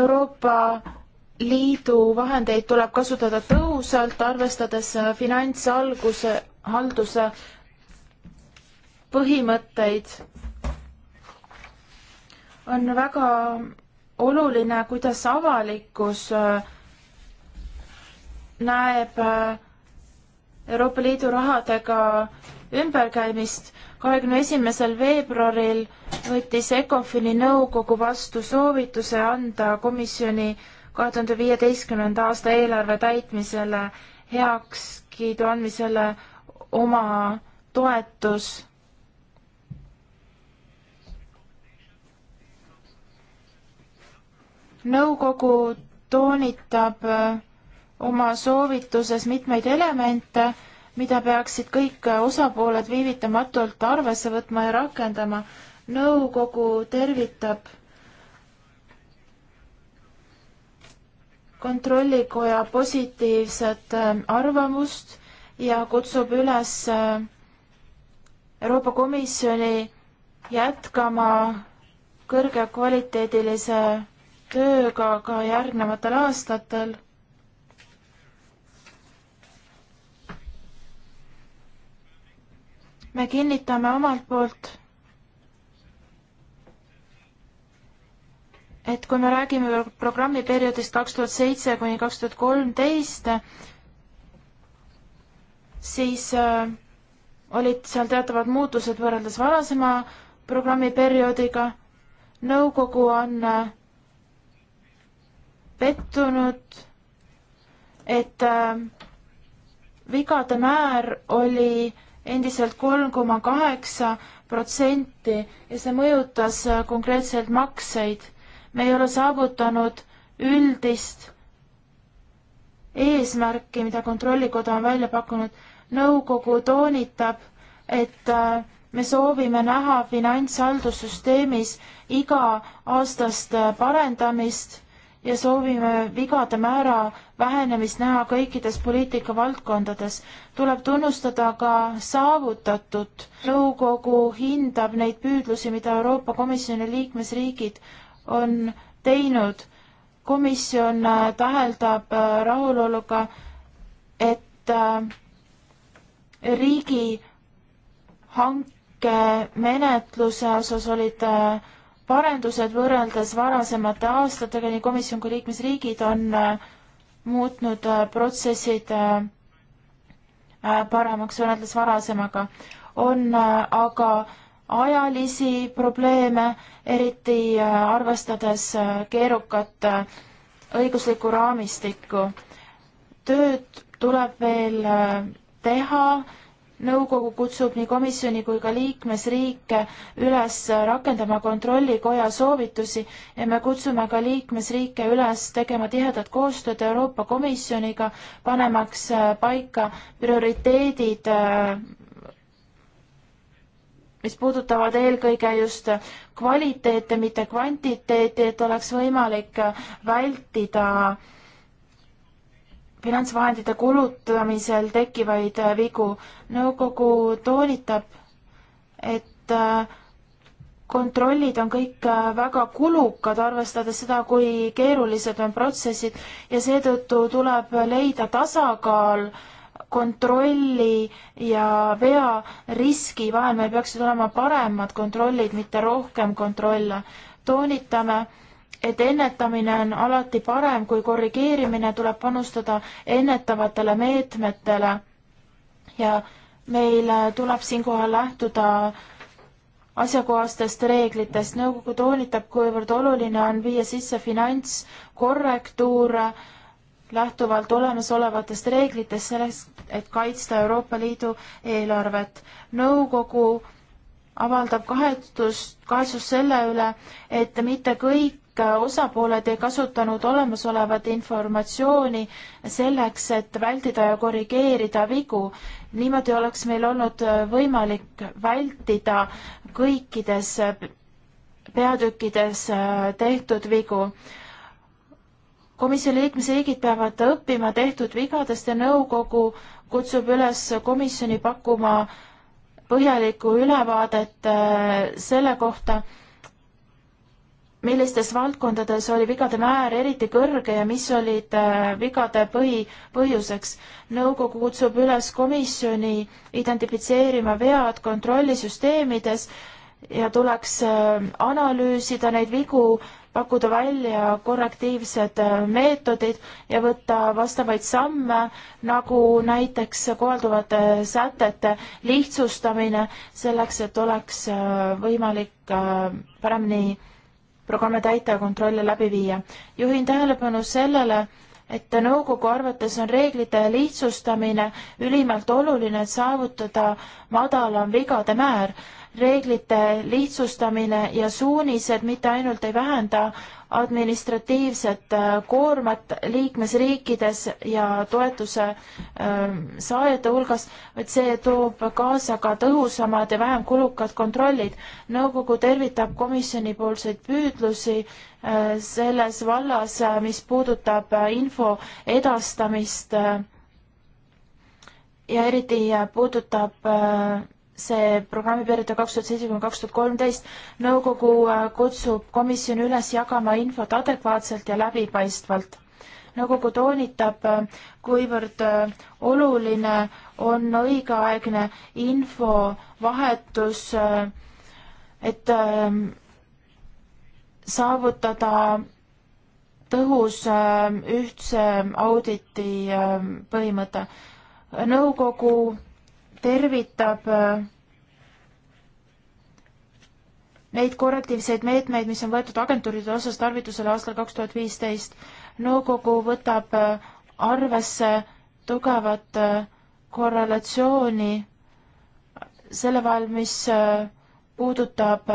Euroopa Liidu vahendeid tuleb kasutada tõhusalt, arvestades äh, finantsalguse, halduse põhimõtteid. on väga oluline, kuidas avalikkus äh, näeb Euroopa Liidu rahadega ümberkäimist kahekümne esimesel veebruaril võttis ECOFIN-i nõukogu vastu soovituse anda komisjoni kahe tuhande viieteistkümnenda aasta eelarve täitmisele heakskiidu andmisele oma toetus. nõukogu toonitab oma soovituses mitmeid elemente mida peaksid kõik osapooled viivitamatult arvesse võtma ja rakendama. nõukogu tervitab kontrollikoja positiivset äh, arvamust ja kutsub üles äh, Euroopa Komisjoni jätkama kõrgekvaliteedilise tööga ka järgnevatel aastatel me kinnitame omalt poolt, et kui me räägime programmi perioodist kaks tuhat seitse kuni kaks tuhat kolmteist, siis äh, olid seal teatavad muutused võrreldes varasema programmiperioodiga. nõukogu on äh, pettunud, et äh, vigade määr oli äh, endiselt kolm koma kaheksa protsenti ja see mõjutas äh, konkreetselt makseid. me ei ole saavutanud üldist eesmärki, mida Kontrollikoda on välja pakkunud. nõukogu toonitab, et äh, me soovime näha finantshaldussüsteemis iga-aastast äh, parendamist ja soovime vigade määra vähenemist näha kõikides poliitikavaldkondades. tuleb tunnustada ka saavutatut. nõukogu hindab neid püüdlusi, mida Euroopa Komisjoni liikmesriigid on teinud. komisjon äh, täheldab äh, rahuloluga, et äh, riigihanke menetluse osas olid äh, parendused võrreldes varasemate aastatega, nii komisjon kui liikmesriigid on äh, muutnud äh, protsessid äh, paremaks võrreldes varasemaga. on aga ajalisi probleeme, eriti arvestades keerukat õiguslikku raamistikku. tööd tuleb veel teha nõukogu kutsub nii komisjoni kui ka liikmesriike üles rakendama kontrollikoja soovitusi ja me kutsume ka liikmesriike üles tegema tihedat koostööd Euroopa Komisjoniga, panemaks äh, paika prioriteedid, äh, mis puudutavad eelkõige just kvaliteete, mitte kvantiteeti, et oleks võimalik äh, vältida finantsvahendite kulutamisel tekkivaid vigu. nõukogu toonitab, et äh, kontrollid on kõik äh, väga kulukad, arvestades seda, kui keerulised on protsessid ja seetõttu tuleb leida tasakaal kontrolli ja vea riski vahel. meil peaksid olema paremad kontrollid, mitte rohkem kontrolle. toonitame, et ennetamine on alati parem kui korrigeerimine, tuleb panustada ennetavatele meetmetele ja meil äh, tuleb siinkohal lähtuda asjakohastest reeglitest. nõukogu toonitab, kuivõrd oluline on viia sisse finantskorrektuur lähtuvalt olemasolevatest reeglitest selleks, et kaitsta Euroopa Liidu eelarvet. nõukogu avaldab kahetsust, kahetsust selle üle, et mitte kõik et osapooled ei kasutanud olemasolevat informatsiooni selleks, et vältida ja korrigeerida vigu. niimoodi oleks meil olnud võimalik vältida kõikides peatükkides äh, tehtud vigu. komisjoni liikmesriigid peavad õppima tehtud vigadest ja nõukogu kutsub üles komisjoni pakkuma põhjalikku ülevaadet äh, selle kohta millistes valdkondades oli vigade määr eriti kõrge ja mis olid äh, vigade põhi, põhjuseks. nõukogu kutsub üles komisjoni identifitseerima vead kontrollisüsteemides ja tuleks äh, analüüsida neid vigu, pakkuda välja korrektiivsed äh, meetodid ja võtta vastavaid samme, nagu näiteks kohalduvate sätete lihtsustamine, selleks et oleks võimalik paremini programme täita ja kontrolle läbi viia. juhin tähelepanu sellele, et nõukogu arvates on reeglite lihtsustamine ülimalt oluline, et saavutada madalam vigade määr reeglite lihtsustamine ja suunised mitte ainult ei vähenda administratiivset äh, koormat liikmesriikides ja toetuse ähm, saajate hulgas, vaid see toob kaasa ka tõhusamad ja vähem kulukad kontrollid. nõukogu tervitab komisjoni poolseid püüdlusi äh, selles vallas, äh, mis puudutab info edastamist ja eriti puudutab see programmiperiood on kaks tuhat seitse kuni kaks tuhat kolmteist. nõukogu äh, kutsub komisjoni üles jagama infot adekvaatselt ja läbipaistvalt. nõukogu toonitab, äh, kuivõrd äh, oluline on õigeaegne infovahetus, et ähm, saavutada tõhus ühtse auditi põhimõte. nõukogu tervitab äh, neid korrektiivseid meetmeid, mis on võetud agentuuride osas tarvitusele aastal kaks tuhat viisteist. nõukogu võtab äh, arvesse tugevat äh, korrelatsiooni selle vahel, mis puudutab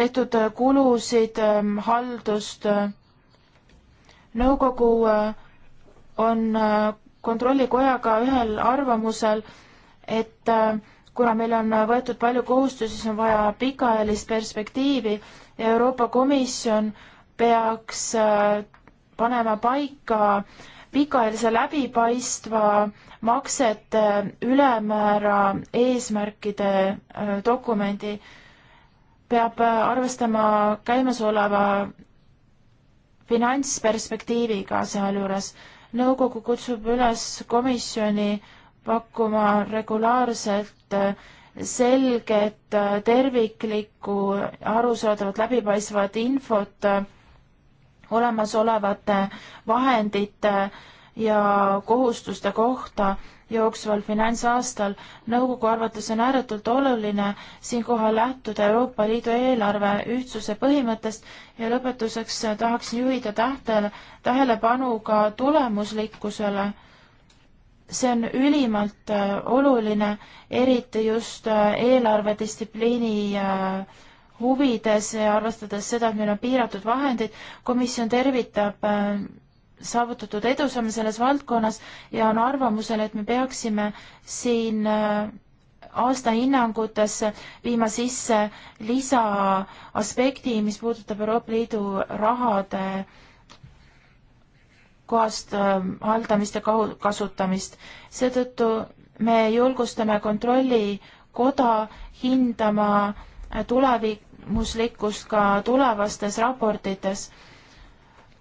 tehtud kulusid, haldust. nõukogu äh, on äh, kontrollikojaga ühel arvamusel, et äh, kuna meil on võetud palju kohustusi, siis on vaja pikaajalist perspektiivi ja Euroopa Komisjon peaks äh, panema paika pikaajalise läbipaistva maksete ülemäära eesmärkide dokumendi. peab arvestama käimasoleva finantsperspektiiviga sealjuures nõukogu kutsub üles komisjoni pakkuma regulaarselt äh, selget, äh, terviklikku, arusaadavat, läbipaistvat infot äh, olemasolevate vahendite ja kohustuste kohta jooksval finantsaastal. nõukogu arvates on ääretult oluline siinkohal lähtuda Euroopa Liidu eelarve ühtsuse põhimõttest ja lõpetuseks tahaksin juhida tähtel, tähelepanu ka tulemuslikkusele. see on ülimalt äh, oluline, eriti just äh, eelarvedistsipliini äh, huvides ja arvestades seda, et meil on piiratud vahendid, komisjon tervitab saavutatud edusamme selles valdkonnas ja on arvamusel, et me peaksime siin äh, aastahinnangutes viima sisse lisaaspekti, mis puudutab Euroopa Liidu rahade kohast äh, haldamist ja kasutamist. seetõttu me julgustame Kontrollikoda hindama äh, tulevimuslikkust ka tulevastes raportites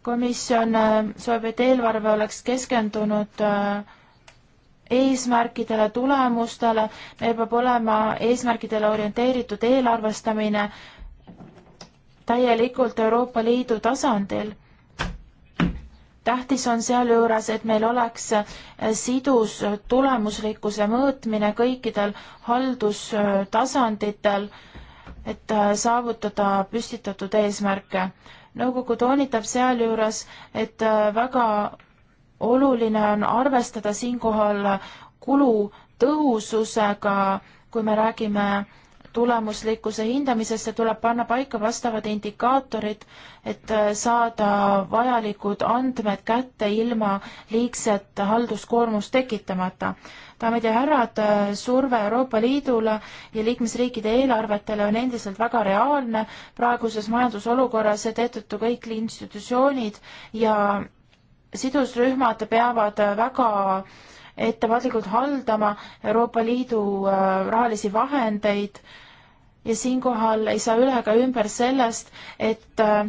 komisjon äh, soovib, et eelarve oleks keskendunud äh, eesmärkidele, tulemustele, meil peab olema eesmärkidele orienteeritud eelarvestamine täielikult Euroopa Liidu tasandil. tähtis on sealjuures, et meil oleks äh, sidus tulemuslikkuse mõõtmine kõikidel haldustasanditel, et saavutada püstitatud eesmärke nõukogu toonitab sealjuures, et äh, väga oluline on arvestada siinkohal kulutõhususega, kui me räägime tulemuslikkuse hindamisesse tuleb panna paika vastavad indikaatorid, et äh, saada vajalikud andmed kätte ilma liigset halduskoormust tekitamata daamid ja härrad, surve Euroopa Liidule ja liikmesriikide eelarvetele on endiselt väga reaalne praeguses majandusolukorras ja seetõttu kõik institutsioonid ja sidusrühmad peavad väga ettevaatlikult haldama Euroopa Liidu äh, rahalisi vahendeid ja siinkohal ei saa üle ega ümber sellest, et äh,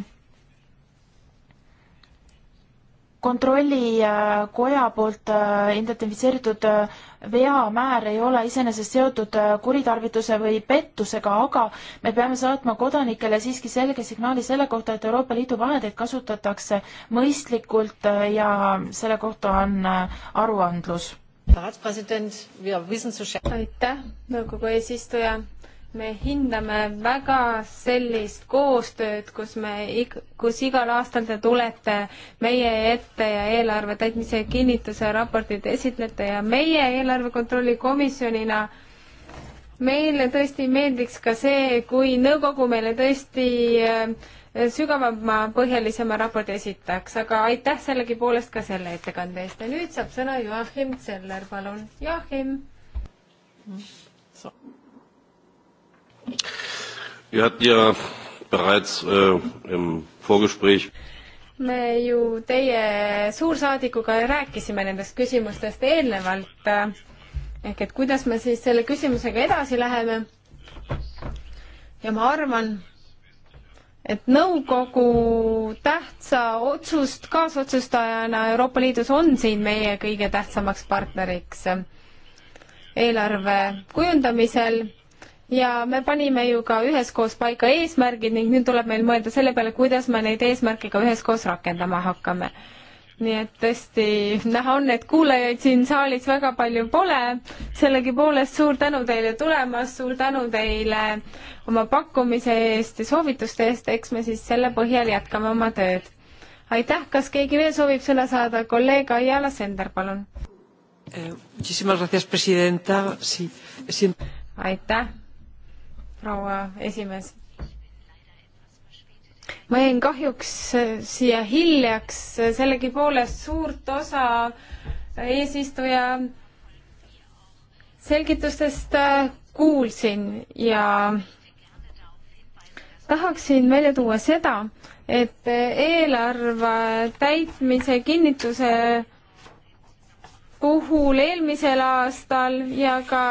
kontrollikoja äh, poolt äh, identifitseeritud äh, veamäär ei ole iseenesest seotud kuritarvituse või pettusega, aga me peame saatma kodanikele siiski selge signaali selle kohta, et Euroopa Liidu vahendeid kasutatakse mõistlikult ja selle kohta on aruandlus. aitäh, nõukogu eesistuja me hindame väga sellist koostööd, kus me, kus igal aastal te tulete meie ette ja eelarve täitmise kinnituse raportit esitlete ja meie eelarve kontrolli komisjonina meile tõesti meeldiks ka see, kui nõukogu meile tõesti äh, sügavama, põhjalisema raporti esitaks, aga aitäh sellegipoolest ka selle ettekande eest ja nüüd saab sõna Joachim Zeller, palun. Joachim mm.. Wir hatten ja bereits äh, im Vorgespräch me ju teie suursaadikuga rääkisime nendest küsimustest eelnevalt, ehk et kuidas me siis selle küsimusega edasi läheme. ja ma arvan, et nõukogu tähtsa otsust kaasotsustajana Euroopa Liidus on siin meie kõige tähtsamaks partneriks eelarve kujundamisel ja me panime ju ka üheskoos paika eesmärgid ning nüüd tuleb meil mõelda selle peale, kuidas me neid eesmärke ka üheskoos rakendama hakkame. nii et tõesti, näha on, et kuulajaid siin saalis väga palju pole, sellegipoolest suur tänu teile tulemast, suur tänu teile oma pakkumise eest ja soovituste eest, eks me siis selle põhjal jätkame oma tööd. aitäh, kas keegi veel soovib sõna saada, kolleeg Ayala Sender, palun eh,. aitäh proua esimees. ma jäin kahjuks äh, siia hiljaks, äh, sellegipoolest suurt osa äh, eesistuja selgitustest kuulsin ja tahaksin välja tuua seda, et eelarve täitmise kinnituse puhul eelmisel aastal ja ka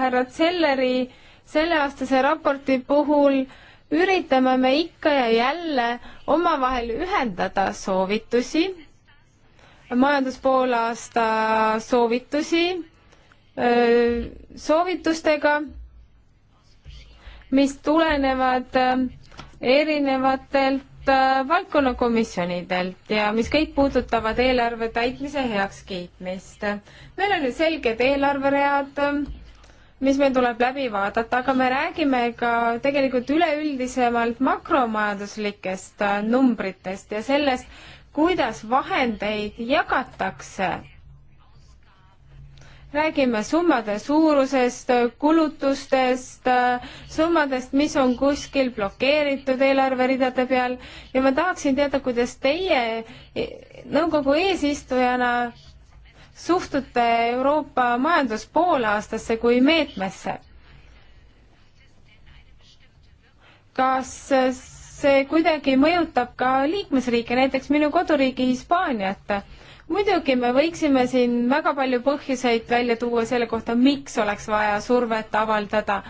härra Zelleri selleaastase raporti puhul üritame me ikka ja jälle omavahel ühendada soovitusi, majanduspoolaasta soovitusi, soovitustega, mis tulenevad äh, erinevatelt äh, valdkonnakomisjonidelt ja mis kõik puudutavad eelarve täitmise heakskiitmist. meil on ju selged eelarveread mis meil tuleb läbi vaadata, aga me räägime ka tegelikult üleüldisemalt makromajanduslikest äh, numbritest ja sellest, kuidas vahendeid jagatakse. räägime summade suurusest, kulutustest, äh, summadest, mis on kuskil blokeeritud eelarveridade peal ja ma tahaksin teada, kuidas teie nõukogu eesistujana suhtute Euroopa majandus poolaastasse kui meetmesse? kas see kuidagi mõjutab ka liikmesriike, näiteks minu koduriigi Hispaaniat? muidugi me võiksime siin väga palju põhjuseid välja tuua selle kohta, miks oleks vaja survet avaldada,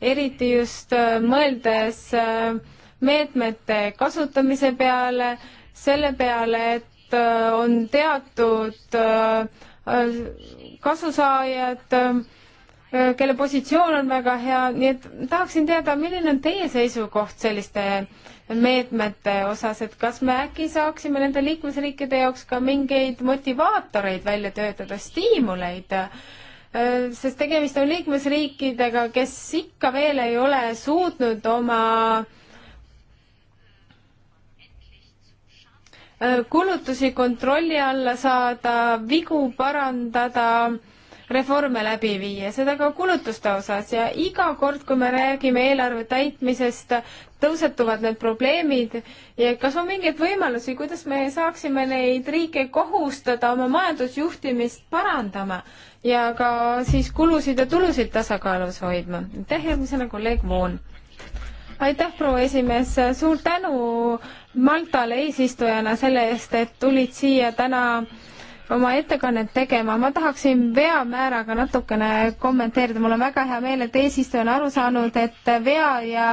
eriti just äh, mõeldes äh, meetmete kasutamise peale, selle peale, et Äh, on teatud äh, äh, kasusaajad, kelle positsioon on väga hea, nii et tahaksin teada, milline on teie seisukoht selliste meetmete osas, et kas me äkki saaksime nende liikmesriikide jaoks ka mingeid motivaatoreid välja töötada, stiimuleid, sest tegemist on liikmesriikidega, kes ikka veel ei ole suutnud oma äh, Äh, kulutusi kontrolli alla saada, vigu parandada, reforme läbi viia, seda ka kulutuste osas ja iga kord, kui me räägime eelarve täitmisest, tõusetuvad need probleemid ja kas on mingeid võimalusi, kuidas me saaksime neid riike kohustada oma majandusjuhtimist parandama ja ka siis kulusid ja tulusid tasakaalus hoidma. aitäh, järgmisena kolleeg Voon aitäh, proua esimees, suur tänu Maltale eesistujana selle eest, et tulid siia täna oma ettekannet tegema, ma tahaksin veamääraga natukene kommenteerida, mul on väga hea meel, et eesistuja on aru saanud, et vea ja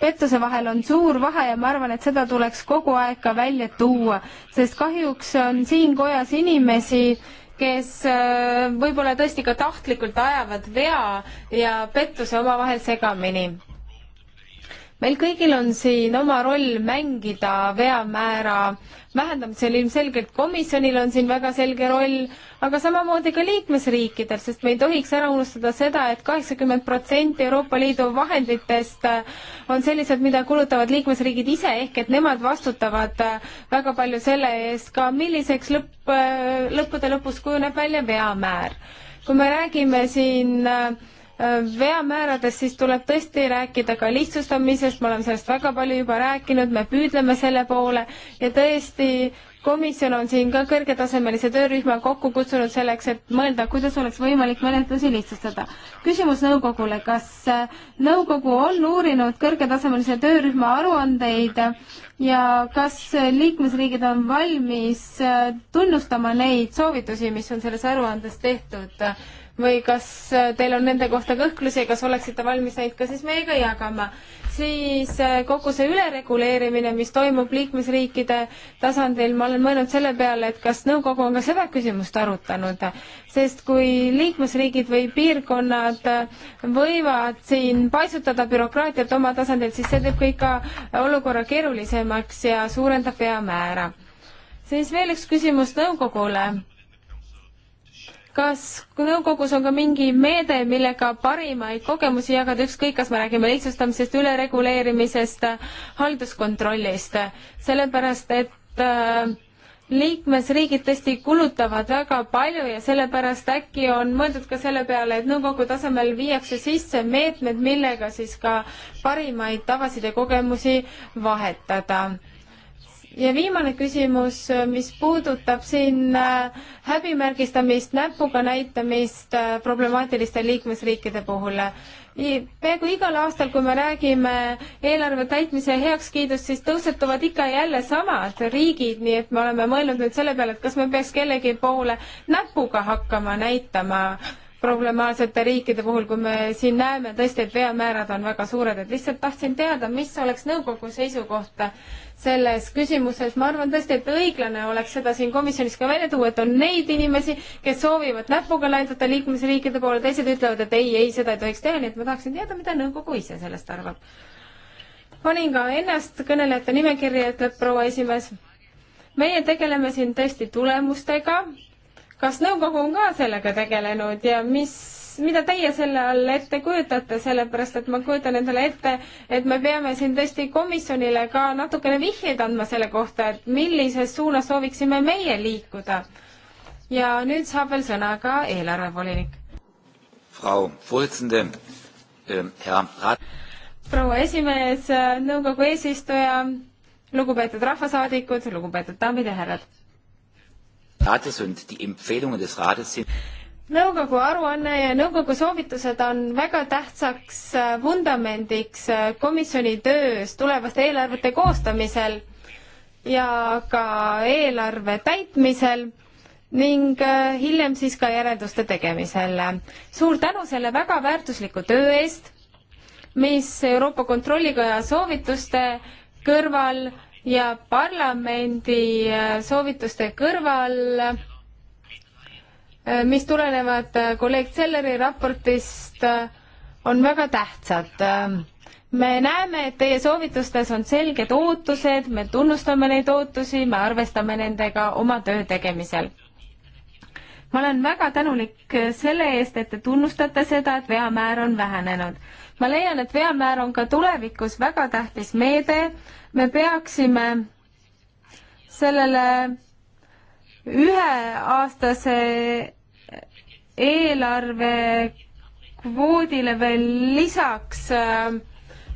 pettuse vahel on suur vahe ja ma arvan, et seda tuleks kogu aeg ka välja tuua, sest kahjuks on siin kojas inimesi, kes äh, võib-olla tõesti ka tahtlikult ajavad vea ja pettuse omavahel segamini meil kõigil on siin oma roll mängida veamäära vähendamisel, ilmselgelt komisjonil on siin väga selge roll, aga samamoodi ka liikmesriikidel, sest me ei tohiks ära unustada seda et, et kaheksakümmend protsenti Euroopa Liidu vahenditest on sellised, mida kulutavad liikmesriigid ise, ehk et nemad vastutavad väga palju selle eest ka, milliseks lõpp, lõppude lõpus kujuneb välja veamäär. kui me räägime siin äh, veamääradest, siis tuleb tõesti rääkida ka lihtsustamisest, me oleme sellest väga palju juba rääkinud, me püüdleme selle poole ja tõesti, komisjon on siin ka kõrgetasemelise töörühma kokku kutsunud selleks, et mõelda, kuidas oleks võimalik menetlusi lihtsustada. küsimus nõukogule, kas äh, nõukogu on uurinud kõrgetasemelise töörühma aruandeid ja kas liikmesriigid on valmis äh, tunnustama neid soovitusi, mis on selles aruandes tehtud? või kas äh, teil on nende kohta kõhklusi ja kas oleksite valmis neid ka siis meiega jagama? siis äh, kogu see ülereguleerimine, mis toimub liikmesriikide tasandil, ma olen mõelnud selle peale, et kas nõukogu on ka seda küsimust arutanud, sest kui liikmesriigid või piirkonnad äh, võivad siin paisutada bürokraatiat oma tasandil, siis see teeb kõik ka olukorra keerulisemaks ja suurendab veamäära. siis veel üks küsimus nõukogule kas nõukogus on ka mingi meede, millega parimaid kogemusi jagada, ükskõik, kas me räägime lihtsustamisest, ülereguleerimisest, halduskontrollist, sellepärast et äh, liikmesriigid tõesti kulutavad väga palju ja sellepärast äkki on mõeldud ka selle peale, et nõukogu tasemel viiakse sisse meetmed, millega siis ka parimaid tavasid ja kogemusi vahetada ja viimane küsimus, mis puudutab siin äh, häbimärgistamist, näpuga näitamist äh, problemaatiliste liikmesriikide puhul. peaaegu igal aastal, kui me räägime eelarve täitmise heakskiidust, siis tõusetuvad ikka ja jälle samad riigid, nii et me oleme mõelnud nüüd selle peale, et kas me peaks kellegi poole näpuga hakkama näitama problemaatsete riikide puhul, kui me siin näeme tõesti, et veamäärad on väga suured, et lihtsalt tahtsin teada, mis oleks nõukogu seisukoht selles küsimuses, ma arvan tõesti, et õiglane oleks seda siin komisjonis ka välja tuua, et on neid inimesi, kes soovivad näpuga näidata liikmesriikide poole, teised ütlevad, et ei, ei, seda ei tohiks teha, nii et ma tahaksin teada, mida nõukogu ise sellest arvab. panin ka ennast kõnelejate nimekirja, ütleb proua esimees. meie tegeleme siin tõesti tulemustega kas nõukogu on ka sellega tegelenud ja mis, mida teie selle all ette kujutate, sellepärast et ma kujutan endale ette, et me peame siin tõesti komisjonile ka natukene vihjeid andma selle kohta, et millises suunas sooviksime meie liikuda. ja nüüd saab veel sõna ka eelarvevolinik. Frau Vorsitzende ähm,, Herr Rat-. proua esimees, nõukogu eesistuja, lugupeetud rahvasaadikud, lugupeetud daamid ja härrad Rates und die Empfehlungen des Rates sind nõukogu aruanne ja nõukogu soovitused on väga tähtsaks äh, vundamendiks äh, komisjoni töös tulevaste eelarvete koostamisel ja ka eelarve täitmisel ning äh, hiljem siis ka järelduste tegemisel. suur tänu selle väga väärtusliku töö eest, mis Euroopa Kontrollikoja soovituste kõrval ja parlamendi äh, soovituste kõrval, äh, mis tulenevad äh, kolleeg Selleri raportist, on väga tähtsad. me näeme, et teie soovitustes on selged ootused, me tunnustame neid ootusi, me arvestame nendega oma töö tegemisel ma olen väga tänulik äh, selle eest, et te tunnustate seda, et veamäär on vähenenud. ma leian, et veamäär on ka tulevikus väga tähtis meede. me peaksime sellele üheaastase eelarve kvoodile veel lisaks äh,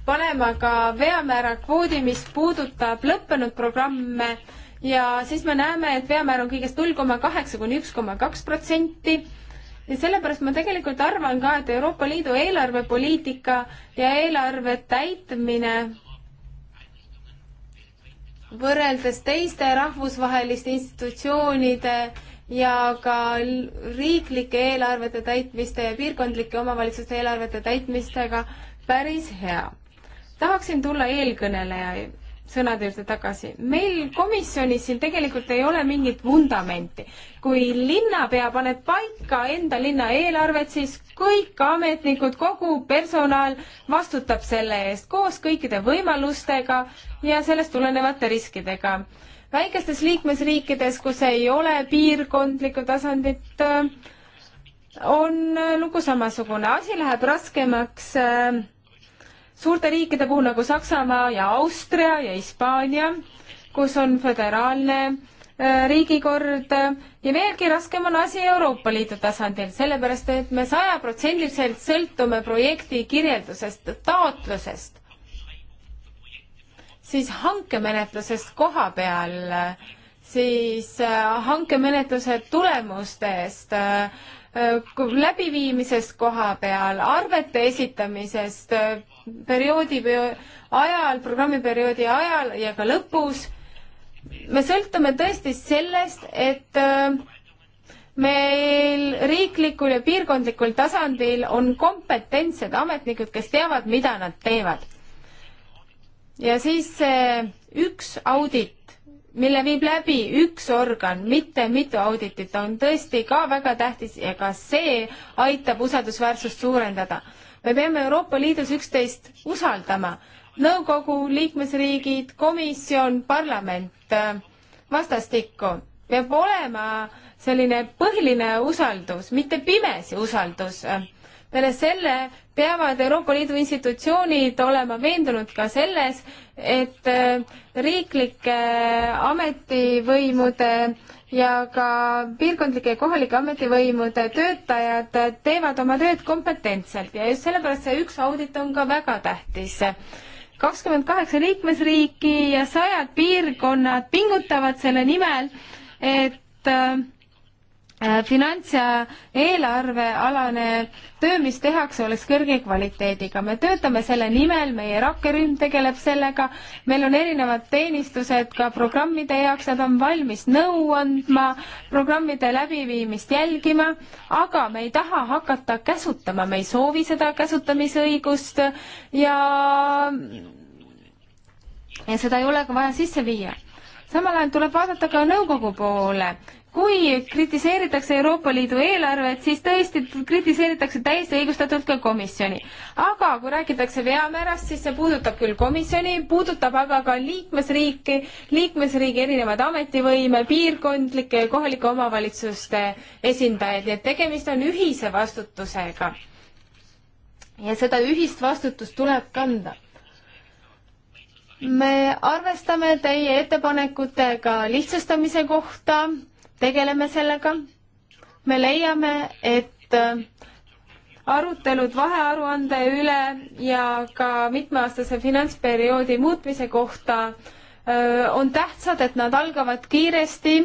panema ka veamäära kvoodi, mis puudutab lõppenud programme ja siis me näeme, et veamäär on kõigest null koma kaheksa kuni üks koma kaks protsenti ja sellepärast ma tegelikult arvan ka, et Euroopa Liidu eelarvepoliitika ja eelarve täitmine võrreldes teiste rahvusvaheliste institutsioonide ja ka riiklike eelarvete täitmiste ja piirkondlike omavalitsuste eelarvete täitmistega päris hea. tahaksin tulla eelkõneleja sõnade juurde tagasi. meil komisjonis siin tegelikult ei ole mingit vundamenti. kui linnapea paneb paika enda linna eelarvet, siis kõik ametnikud, kogu personal vastutab selle eest koos kõikide võimalustega ja sellest tulenevate riskidega. väikestes liikmesriikides, kus ei ole piirkondlikku tasandit, äh, on lugu samasugune, asi läheb raskemaks äh, suurte riikide puhul nagu Saksamaa ja Austria ja Hispaania, kus on föderaalne äh, riigikord ja veelgi raskem on asi Euroopa Liidu tasandil, sellepärast et me sajaprotsendiliselt sõltume projekti kirjeldusest, taotlusest, siis hankemenetlusest koha peal, siis äh, hankemenetluse tulemustest äh,, Äh, läbiviimisest koha peal, arvete esitamisest äh, perioodi ajal, programmiperioodi ajal ja ka lõpus. me sõltume tõesti sellest, et äh, meil riiklikul ja piirkondlikul tasandil on kompetentsed ametnikud, kes teavad, mida nad teevad. ja siis see üks audit mille viib läbi üks organ, mitte mitu auditit, on tõesti ka väga tähtis ja ka see aitab usaldusväärsust suurendada. me peame Euroopa Liidus üksteist usaldama. nõukogu, liikmesriigid, komisjon, parlament äh, vastastikku peab olema selline põhiline usaldus, mitte pimesi usaldus. peale selle peavad Euroopa Liidu institutsioonid olema veendunud ka selles, et äh, riiklike äh, ametivõimude ja ka piirkondlike ja kohalike ametivõimude töötajad teevad oma tööd kompetentselt ja just sellepärast see üks audit on ka väga tähtis kakskümmend kaheksa liikmesriiki ja sajad piirkonnad pingutavad selle nimel, et äh, Äh, finants- ja eelarvealane töö, mis tehakse, oleks kõrge kvaliteediga. me töötame selle nimel, meie rakkerühm tegeleb sellega, meil on erinevad teenistused ka programmide jaoks, nad on valmis nõu andma, programmide läbiviimist jälgima, aga me ei taha hakata käsutama, me ei soovi seda käsutamisõigust ja ja seda ei ole ka vaja sisse viia samal ajal tuleb vaadata ka nõukogu poole kui kritiseeritakse Euroopa Liidu eelarvet, siis täiesti kritiseeritakse täiesti õigustatult ka komisjoni. aga kui räägitakse veamäärast, siis see puudutab küll komisjoni, puudutab aga ka liikmesriiki, liikmesriigi erinevaid ametivõime, piirkondlike ja kohalike omavalitsuste esindajaid, nii et tegemist on ühise vastutusega. ja seda ühist vastutust tuleb kanda me arvestame teie ettepanekutega lihtsustamise kohta, tegeleme sellega. me leiame, et äh, arutelud vahearuande üle ja ka mitmeaastase finantsperioodi muutmise kohta äh, on tähtsad, et nad algavad kiiresti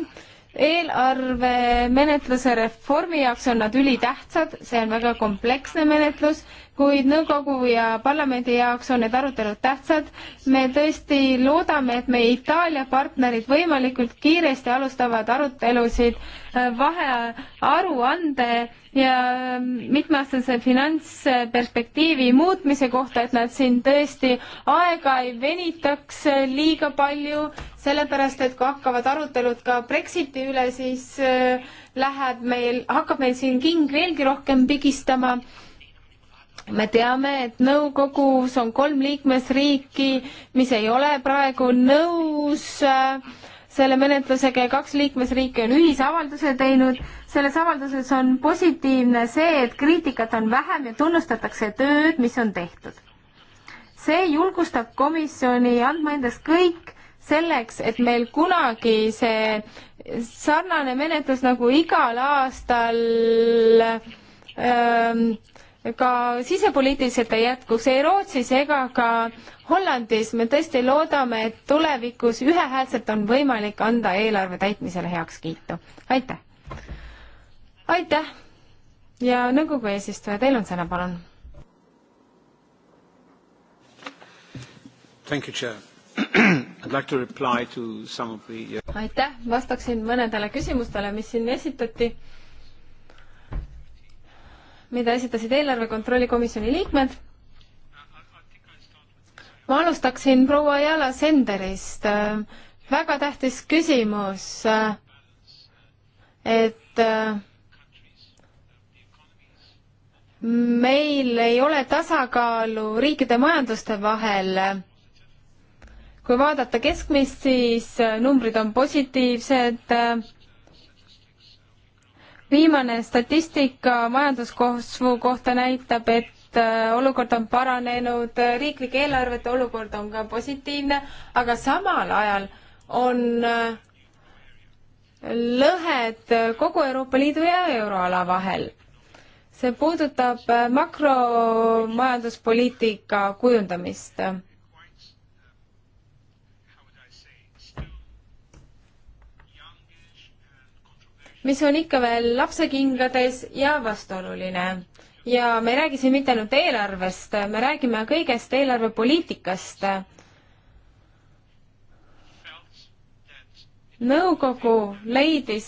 eelarvemenetluse reformi jaoks on nad ülitähtsad, see on väga kompleksne menetlus, kuid nõukogu ja parlamendi jaoks on need arutelud tähtsad. me tõesti loodame, et meie Itaalia partnerid võimalikult kiiresti alustavad arutelusid äh, vahearuande ja ähm, mitmeaastase finantsperspektiivi muutmise kohta, et nad siin tõesti aega ei venitaks äh, liiga palju sellepärast et kui hakkavad arutelud ka Brexiti üle, siis äh, läheb meil, hakkab meil siin king veelgi rohkem pigistama me teame, et nõukogus on kolm liikmesriiki, mis ei ole praegu nõus äh, selle menetlusega ja kaks liikmesriiki on ühisavalduse teinud. selles avalduses on positiivne see, et kriitikat on vähem ja tunnustatakse tööd, mis on tehtud. see julgustab komisjoni andma endast kõik selleks, et meil kunagi see sarnane menetlus nagu igal aastal ähm, ka sisepoliitiliselt ei jätkuks ei Rootsis ega ka Hollandis. me tõesti loodame, et tulevikus ühehäälselt on võimalik anda eelarve täitmisele heakskiitu. aitäh! aitäh! ja nõukogu eesistuja, teil on sõna, palun. Thank you, Chair Uh, aitäh, vastaksin mõnedele küsimustele, mis siin esitati, mida esitasid eelarve kontrolli komisjoni liikmed. ma alustaksin proua Jala Senderist. väga tähtis küsimus, et meil ei ole tasakaalu riikide majanduste vahel kui vaadata keskmist, siis äh, numbrid on positiivsed. Äh, viimane statistika majanduskasvu kohta näitab, et äh, olukord on paranenud, riiklike eelarvete olukord on ka positiivne, aga samal ajal on lõhed kogu Euroopa Liidu ja euroala vahel. see puudutab makromajanduspoliitika kujundamist mis on ikka veel lapsekingades ja vastuoluline. ja me ei räägi siin mitte ainult eelarvest, me räägime kõigest eelarvepoliitikast. nõukogu leidis,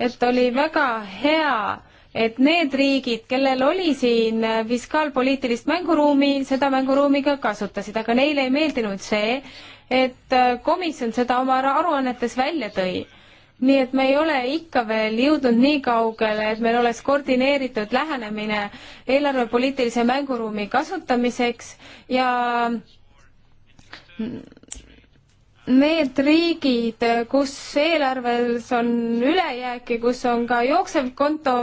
et oli väga hea, et need riigid, kellel oli siin fiskaalpoliitilist mänguruumi, seda mänguruumi ka kasutasid, aga neile ei meeldinud see, et äh, komisjon seda oma aruannetes välja tõi. nii et me ei ole ikka veel jõudnud nii kaugele, et meil oleks koordineeritud lähenemine eelarvepoliitilise mänguruumi kasutamiseks ja need riigid, kus eelarves on ülejääk ja kus on ka jooksev konto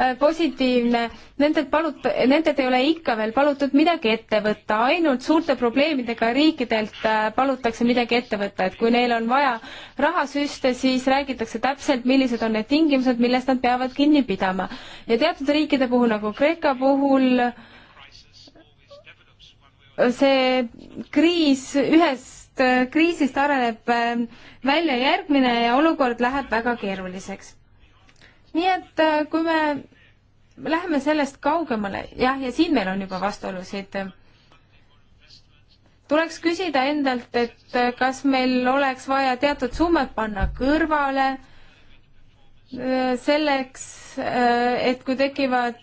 äh, positiivne, nendelt palut-, nendelt ei ole ikka veel palutud midagi ette võtta, ainult suurte probleemidega riikidelt äh, palutakse midagi ette võtta, et kui neil on vaja rahasüste, siis räägitakse täpselt, millised on need tingimused, millest nad peavad kinni pidama. ja teatud riikide puhul, nagu Kreeka puhul, see kriis ühes sellest äh, kriisist areneb äh, välja järgmine ja olukord läheb väga keeruliseks. nii et äh, kui me läheme sellest kaugemale, jah, ja siin meil on juba vastuolusid, tuleks küsida endalt, et kas meil oleks vaja teatud summad panna kõrvale selleks, et kui tekivad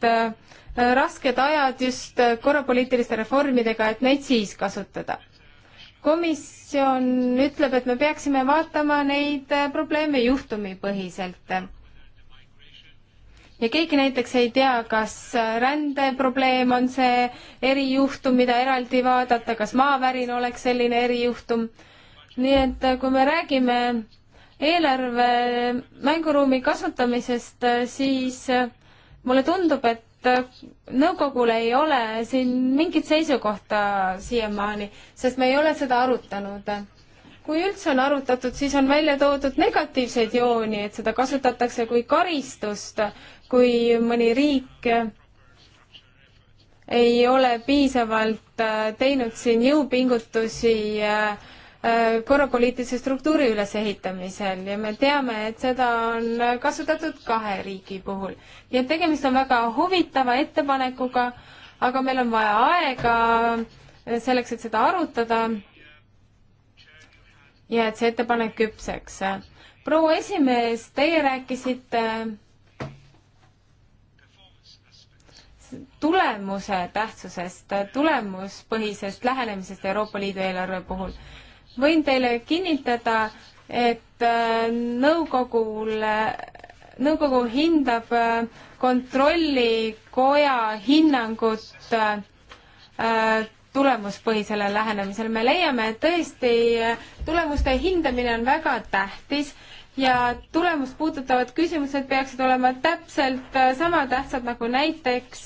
rasked ajad just korrapoliitiliste reformidega, et neid siis kasutada komisjon ütleb, et me peaksime vaatama neid äh, probleeme juhtumipõhiselt. ja keegi näiteks ei tea, kas äh, rändeprobleem on see erijuhtum, mida eraldi vaadata, kas maavärin oleks selline erijuhtum. nii et äh, kui me räägime eelarve mänguruumi kasutamisest, siis mulle tundub, et Äh, nõukogul ei ole siin mingit seisukohta siiamaani, sest me ei ole seda arutanud. kui üldse on arutatud, siis on välja toodud negatiivseid jooni, et seda kasutatakse kui karistust, kui mõni riik ei ole piisavalt äh, teinud siin jõupingutusi äh, Äh, korrapoliitilise struktuuri ülesehitamisel ja me teame, et seda on kasutatud kahe riigi puhul. nii et tegemist on väga huvitava ettepanekuga, aga meil on vaja aega äh, selleks, et seda arutada ja et see ettepanek küpseks. proua esimees, teie rääkisite tulemuse tähtsusest, tulemuspõhisest lähenemisest Euroopa Liidu eelarve puhul võin teile kinnitada, et äh, nõukogul, nõukogu hindab äh, kontrollikoja hinnangut äh, tulemuspõhisele lähenemisele. me leiame, et tõesti tulemuste hindamine on väga tähtis ja tulemust puudutavad küsimused peaksid olema täpselt sama tähtsad nagu näiteks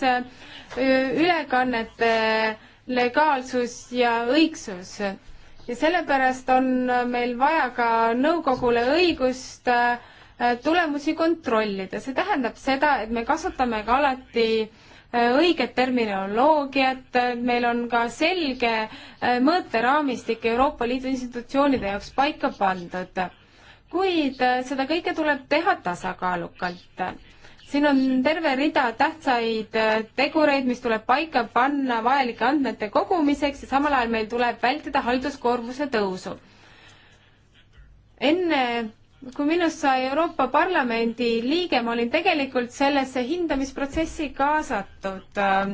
ülekannete legaalsus ja õigsus ja sellepärast on meil vaja ka nõukogule õigust äh, tulemusi kontrollida, see tähendab seda, et me kasutame ka alati äh, õiget terminoloogiat, meil on ka selge äh, mõõteraamistik Euroopa Liidu institutsioonide jaoks paika pandud. kuid seda kõike tuleb teha tasakaalukalt siin on terve rida tähtsaid äh, tegureid, mis tuleb paika panna vajalike andmete kogumiseks ja samal ajal meil tuleb vältida halduskoormuse tõusu. enne kui minust sai Euroopa Parlamendi liige, ma olin tegelikult sellesse hindamisprotsessi kaasatud äh,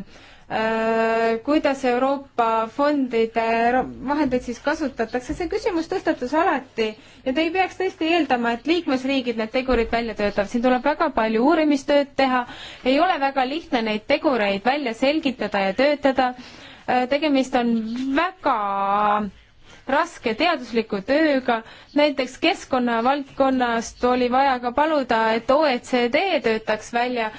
Äh, kuidas Euroopa fondide vahendeid siis kasutatakse, see küsimus tõstatus alati ja te ei peaks tõesti eeldama, et liikmesriigid need tegurid välja töötavad, siin tuleb väga palju uurimistööd teha, ei ole väga lihtne neid tegureid välja selgitada ja töötada, äh, tegemist on väga raske teadusliku tööga. näiteks keskkonnavaldkonnast oli vaja ka paluda, et OECD töötaks välja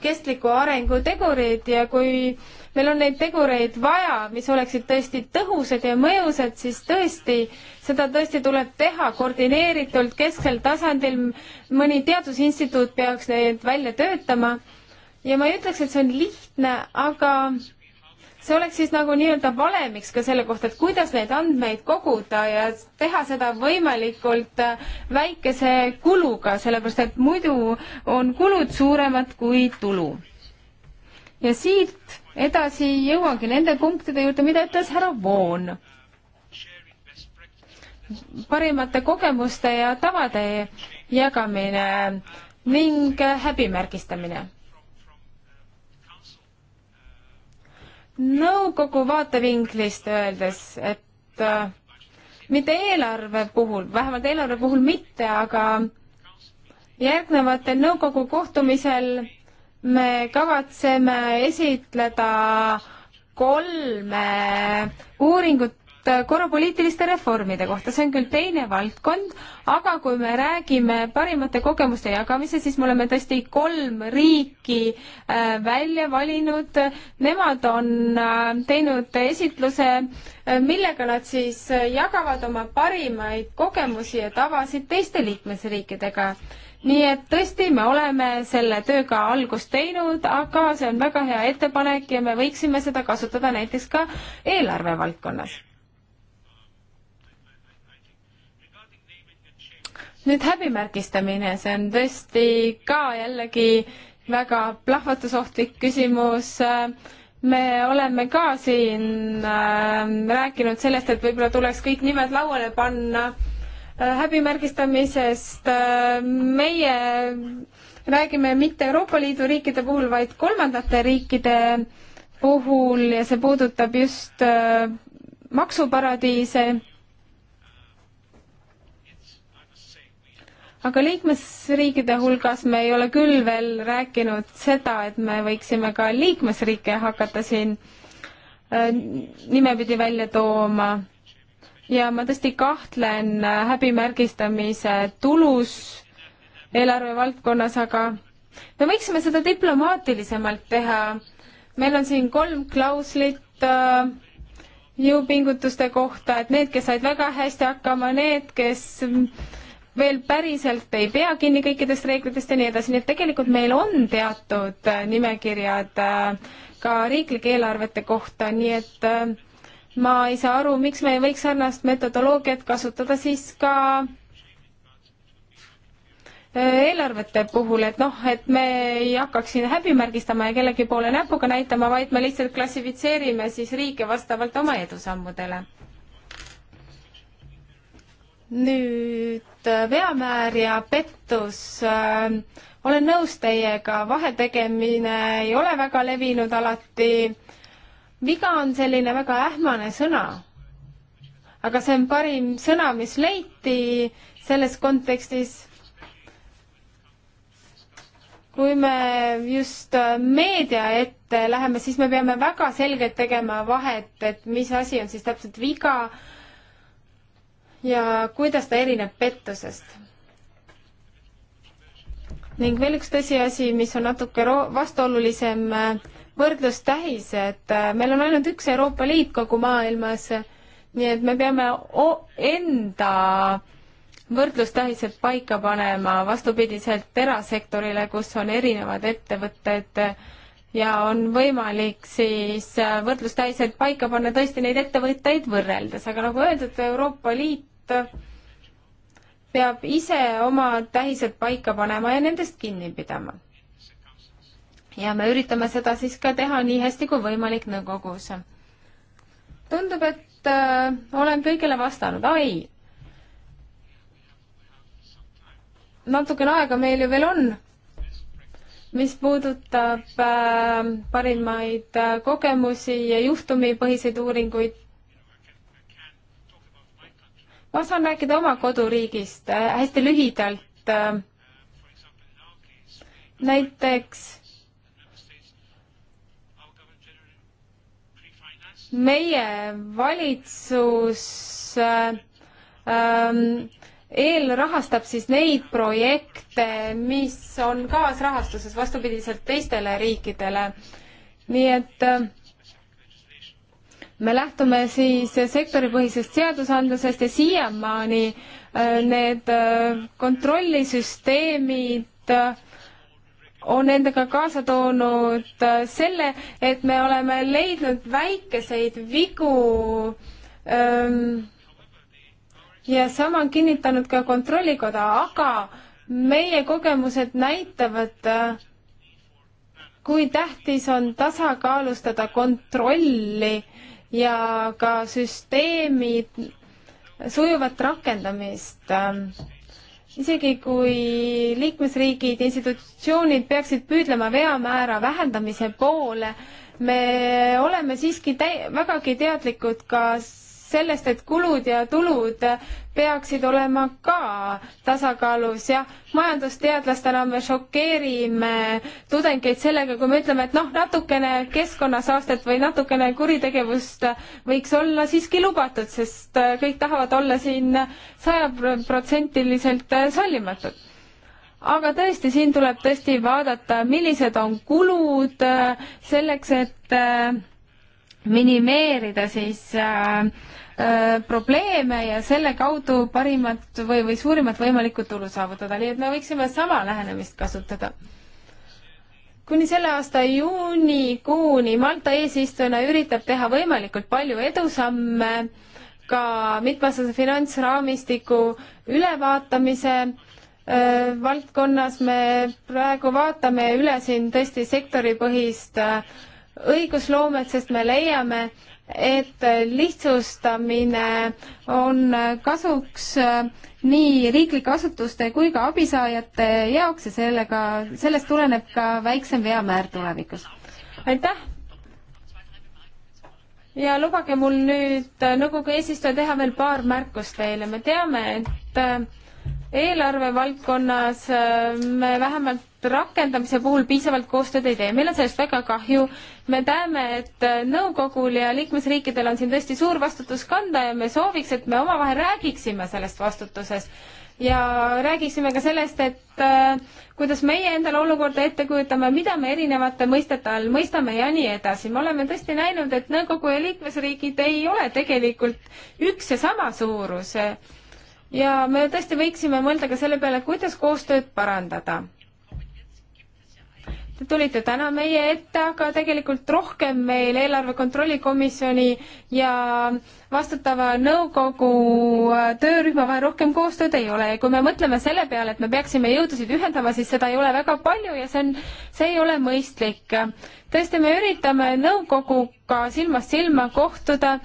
kestliku arengu tegurid ja kui meil on neid tegureid vaja, mis oleksid tõesti tõhusad ja mõjusad, siis tõesti, seda tõesti tuleb teha koordineeritult kesksel tasandil. mõni teadusinstituut peaks need välja töötama ja ma ei ütleks, et see on lihtne, aga see oleks siis nagu nii-öelda valemiks ka selle kohta, et kuidas neid andmeid koguda ja teha seda võimalikult äh, väikese kuluga, sellepärast et muidu on kulud suuremad kui tulu. ja siit edasi jõuangi nende punktide juurde, mida ütles härra Voon. parimate kogemuste ja tavade jagamine ning äh, häbimärgistamine nõukogu vaatevinklist öeldes, et äh, mitte eelarve puhul, vähemalt eelarve puhul mitte, aga järgnevatel nõukogu kohtumisel me kavatseme esitleda kolme uuringut Äh, korrapoliitiliste reformide kohta, see on küll teine valdkond, aga kui me räägime parimate kogemuste jagamise, siis me oleme tõesti kolm riiki äh, välja valinud. Nemad on äh, teinud esitluse, millega nad siis jagavad oma parimaid kogemusi ja tavasid teiste liikmesriikidega nii et tõesti, me oleme selle tööga algust teinud, aga see on väga hea ettepanek ja me võiksime seda kasutada näiteks ka eelarve valdkonnas nüüd häbimärgistamine, see on tõesti ka jällegi väga plahvatusohtlik küsimus. me oleme ka siin ähm, rääkinud sellest, et võib-olla tuleks kõik nimed lauale panna äh, häbimärgistamisest. Äh, meie räägime mitte Euroopa Liidu riikide puhul, vaid kolmandate riikide puhul ja see puudutab just äh, maksuparadiise aga liikmesriikide hulgas me ei ole küll veel rääkinud seda, et me võiksime ka liikmesriike hakata siin äh, nimepidi välja tooma. ja ma tõesti kahtlen äh, häbimärgistamise tulus eelarve valdkonnas, aga me võiksime seda diplomaatilisemalt teha. meil on siin kolm klauslit äh, jõupingutuste kohta, et need, kes said väga hästi hakkama, need, kes veel päriselt ei pea kinni kõikidest reeglitest ja nii edasi, nii et tegelikult meil on teatud äh, nimekirjad äh, ka riiklike eelarvete kohta, nii et äh, ma ei saa aru, miks me ei võiks sarnast metodoloogiat kasutada siis ka eelarvete puhul, et noh, et me ei hakkaks siin häbimärgistama ja kellegi poole näpuga näitama, vaid me lihtsalt klassifitseerime siis riike vastavalt oma edusammudele. nüüd veamäär ja pettus äh,, olen nõus teiega, vahetegemine ei ole väga levinud alati. viga on selline väga ähmane sõna. aga see on parim sõna, mis leiti selles kontekstis. kui me just äh, meedia ette läheme, siis me peame väga selgelt tegema vahet, et mis asi on siis täpselt viga ja kuidas ta erineb pettusest. ning veel üks tõsiasi, mis on natuke vastuolulisem, äh, võrdlustähised, äh, meil on ainult üks Euroopa Liit kogu maailmas, nii et me peame enda võrdlustähised paika panema, vastupidiselt erasektorile, kus on erinevad ettevõtted et, ja on võimalik siis äh, võrdlustäised paika panna tõesti neid ettevõtteid võrreldes, aga nagu öeldud, Euroopa Liit peab ise oma tähised paika panema ja nendest kinni pidama. ja me üritame seda siis ka teha nii hästi kui võimalik nõukogus. tundub, et äh, olen kõigele vastanud, ai. natukene aega meil ju veel on mis puudutab äh, parimaid äh, kogemusi ja juhtumipõhiseid uuringuid. ma saan rääkida oma koduriigist äh, hästi lühidalt äh,. näiteks meie valitsus äh, ähm, eelrahastab siis neid projekte, mis on kaasrahastuses, vastupidiselt teistele riikidele. nii et äh, me lähtume siis sektoripõhisest seadusandlusest ja siiamaani äh, need äh, kontrollisüsteemid on endaga kaasa toonud selle, et me oleme leidnud väikeseid vigu öö, ähm, ja sama on kinnitanud ka Kontrollikoda, aga meie kogemused näitavad, kui tähtis on tasakaalustada kontrolli ja ka süsteemi sujuvat rakendamist. isegi kui liikmesriigid, institutsioonid peaksid püüdlema veamäära vähendamise poole, me oleme siiski täi-, vägagi teadlikud ka sellest, et kulud ja tulud peaksid olema ka tasakaalus, jah. majandusteadlastena me šokeerime tudengeid sellega, kui me ütleme, et noh, natukene keskkonnasaastet või natukene kuritegevust võiks olla siiski lubatud, sest kõik tahavad olla siin sajaprotsendiliselt sallimatud aga tõesti, siin tuleb tõesti vaadata, millised on kulud selleks, et minimeerida siis äh, Äh, probleeme ja selle kaudu parimat või, või suurimat võimalikku tulu saavutada, nii et me võiksime sama lähenemist kasutada kuni selle aasta juunikuuni Malta eesistujana üritab teha võimalikult palju edusamme ka mitmeaastase finantsraamistiku ülevaatamise äh, valdkonnas me praegu vaatame üle siin tõesti sektoripõhist äh, õigusloomet, sest me leiame, et lihtsustamine on kasuks nii riiklike asutuste kui ka abisaajate jaoks ja sellega, sellest tuleneb ka väiksem veamäär tulevikus. aitäh! ja lubage mul nüüd nõukogu eesistuja teha veel paar märkust teile, me teame, et eelarve valdkonnas äh, me vähemalt rakendamise puhul piisavalt koostööd ei tee, meil on sellest väga kahju. me näeme, et äh, nõukogul ja liikmesriikidel on siin tõesti suur vastutus kanda ja me sooviks, et me omavahel räägiksime sellest vastutusest ja räägiksime ka sellest, et äh, kuidas meie endale olukorda ette kujutame, mida me erinevate mõistete all mõistame ja nii edasi. me oleme tõesti näinud, et nõukogu ja liikmesriigid ei ole tegelikult üks ja sama suurus äh, ja me tõesti võiksime mõelda ka selle peale, kuidas koostööd parandada. Te tulite täna meie ette, aga tegelikult rohkem meil eelarve kontrolli komisjoni ja vastutava nõukogu äh, töörühma vahel rohkem koostööd ei ole ja kui me mõtleme selle peale, et me peaksime jõudusid ühendama, siis seda ei ole väga palju ja see on, see ei ole mõistlik. tõesti, me üritame nõukoguga silmast silma kohtuda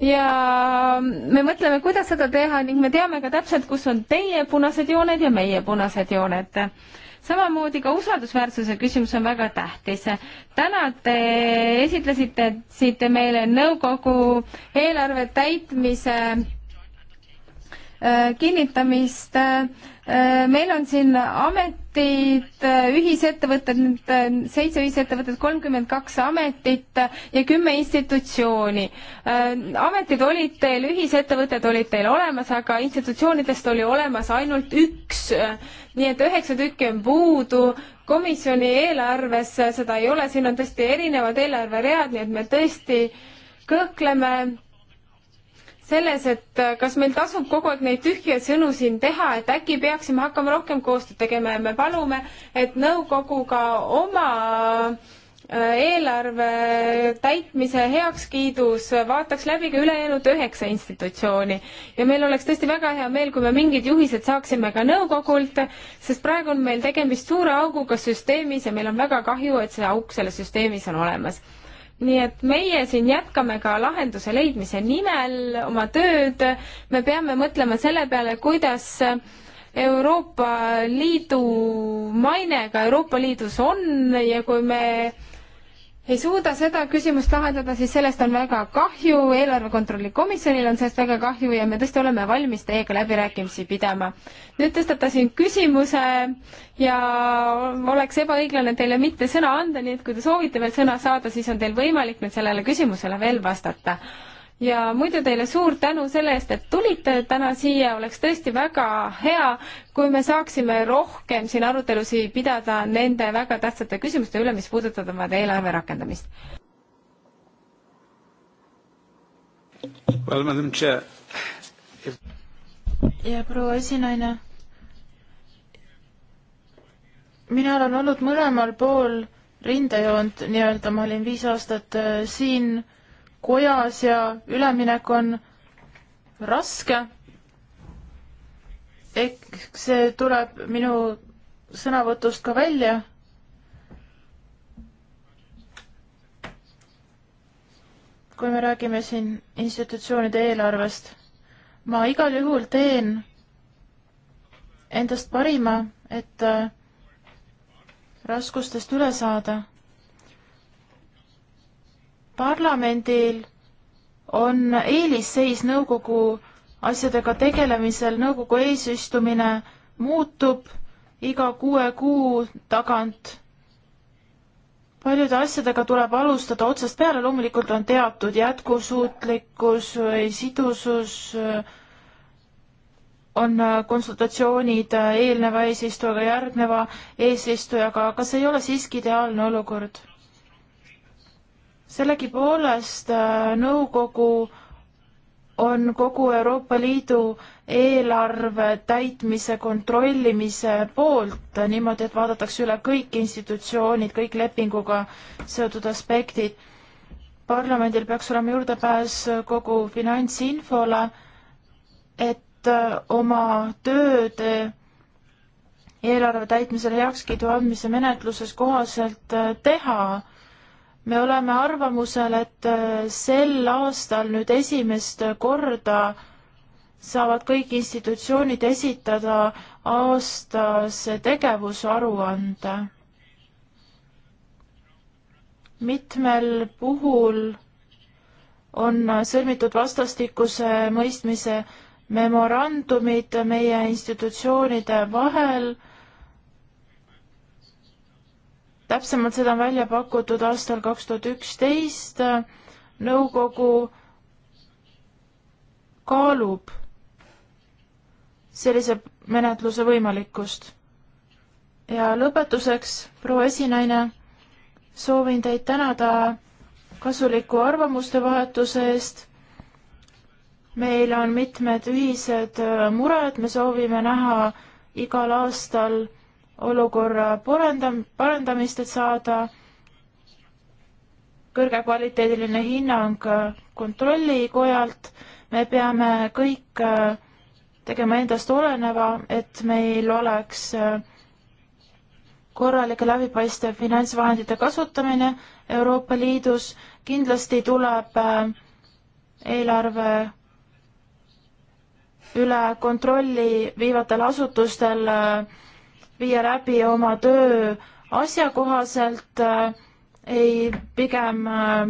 ja me mõtleme, kuidas seda teha ning me teame ka täpselt, kus on teie punased jooned ja meie punased jooned. samamoodi ka usaldusväärsuse küsimus on väga tähtis. täna te esitlesite, siit meile nõukogu eelarve täitmise äh, kinnitamist. Äh, meil on siin amet ametid, äh, ühisettevõtted, need äh, seitse ühisettevõtet, kolmkümmend kaks ametit ja kümme institutsiooni. Äh, ametid olid teil, ühisettevõtted olid teil olemas, aga institutsioonidest oli olemas ainult üks. nii et üheksa tükki on puudu, komisjoni eelarves seda ei ole, siin on tõesti erinevad eelarveread, nii et me tõesti kõhkleme selles, et äh, kas meil tasub kogu aeg neid tühje sõnu siin teha, et äkki peaksime hakkama rohkem koostööd tegema ja me palume, et nõukoguga oma äh, eelarve täitmise heakskiidus vaataks läbi ka ülejäänud üheksa institutsiooni ja meil oleks tõesti väga hea meel, kui me mingid juhised saaksime ka nõukogult, sest praegu on meil tegemist suure auguga süsteemis ja meil on väga kahju, et see auk selles süsteemis on olemas nii et meie siin jätkame ka lahenduse leidmise nimel oma tööd, me peame mõtlema selle peale, kuidas Euroopa Liidu maine ka Euroopa Liidus on ja kui me ei suuda seda küsimust lahendada, siis sellest on väga kahju, eelarve kontrolli komisjonil on sellest väga kahju ja me tõesti oleme valmis teiega läbirääkimisi pidama. nüüd tõstatasin küsimuse ja oleks ebaõiglane teile mitte sõna anda, nii et kui te soovite veel sõna saada, siis on teil võimalik nüüd sellele küsimusele veel vastata ja muidu teile suur tänu selle eest, et tulite täna siia, oleks tõesti väga hea, kui me saaksime rohkem siin arutelusid pidada nende väga tähtsate küsimuste üle, mis puudutavad eelarve rakendamist. ja proua esinaine, mina olen olnud mõlemal pool rindejoont nii-öelda, ma olin viis aastat äh, siin kojas ja üleminek on raske. eks see tuleb minu sõnavõtust ka välja. kui me räägime siin institutsioonide eelarvest, ma igal juhul teen endast parima, et äh, raskustest üle saada parlamendil on eelisseis nõukogu asjadega tegelemisel, nõukogu eesistumine muutub iga kuue kuu tagant. paljude asjadega tuleb alustada otsast peale, loomulikult on teatud jätkusuutlikkus või sidusus, on konsultatsioonid eelneva eesistujaga, järgneva eesistujaga, aga see ei ole siiski ideaalne olukord sellegipoolest äh, nõukogu on kogu Euroopa Liidu eelarve täitmise kontrollimise poolt äh, niimoodi, et vaadatakse üle kõik institutsioonid, kõik lepinguga seotud aspektid. parlamendil peaks olema juurdepääs äh, kogu finantsinfole, et oma tööd eelarve täitmisele heakskiidu andmise menetluses kohaselt teha me oleme arvamusel, et äh, sel aastal nüüd esimest korda saavad kõik institutsioonid esitada aastase tegevusaruande. mitmel puhul on sõlmitud vastastikuse mõistmise memorandumid meie institutsioonide vahel täpsemalt seda on välja pakutud aastal kaks tuhat üksteist. nõukogu kaalub sellise menetluse võimalikkust. ja lõpetuseks, proua esinaine, soovin teid tänada kasuliku arvamuste vahetuse eest. meil on mitmed ühised mured, me soovime näha igal aastal olukorra parandam-, parandamist, et saada kõrgekvaliteediline hinnang kontrollikojalt, me peame kõik äh, tegema endast oleneva, et meil oleks äh, korralik ja läbipaistev finantsvahendite kasutamine Euroopa Liidus, kindlasti tuleb äh, eelarve üle kontrolli viivatel asutustel äh, viia läbi oma töö asjakohaselt, äh, ei pigem äh,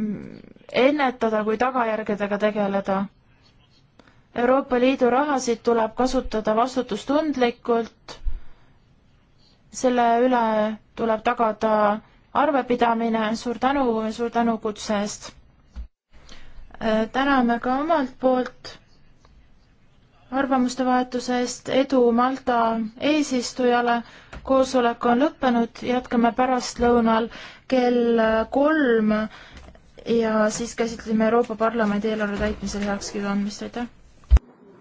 ennetada kui tagajärgedega tegeleda. Euroopa Liidu rahasid tuleb kasutada vastutustundlikult, selle üle tuleb tagada arvepidamine, suur tänu, suur tänu kutse eest! Äh, täname ka omalt poolt arvamuste vahetuse eest, edu Malta eesistujale. koosolek on lõppenud, jätkame pärastlõunal kell kolm ja siis käsitleme Euroopa Parlamendi eelarve täitmisel heakskiidu andmist, aitäh!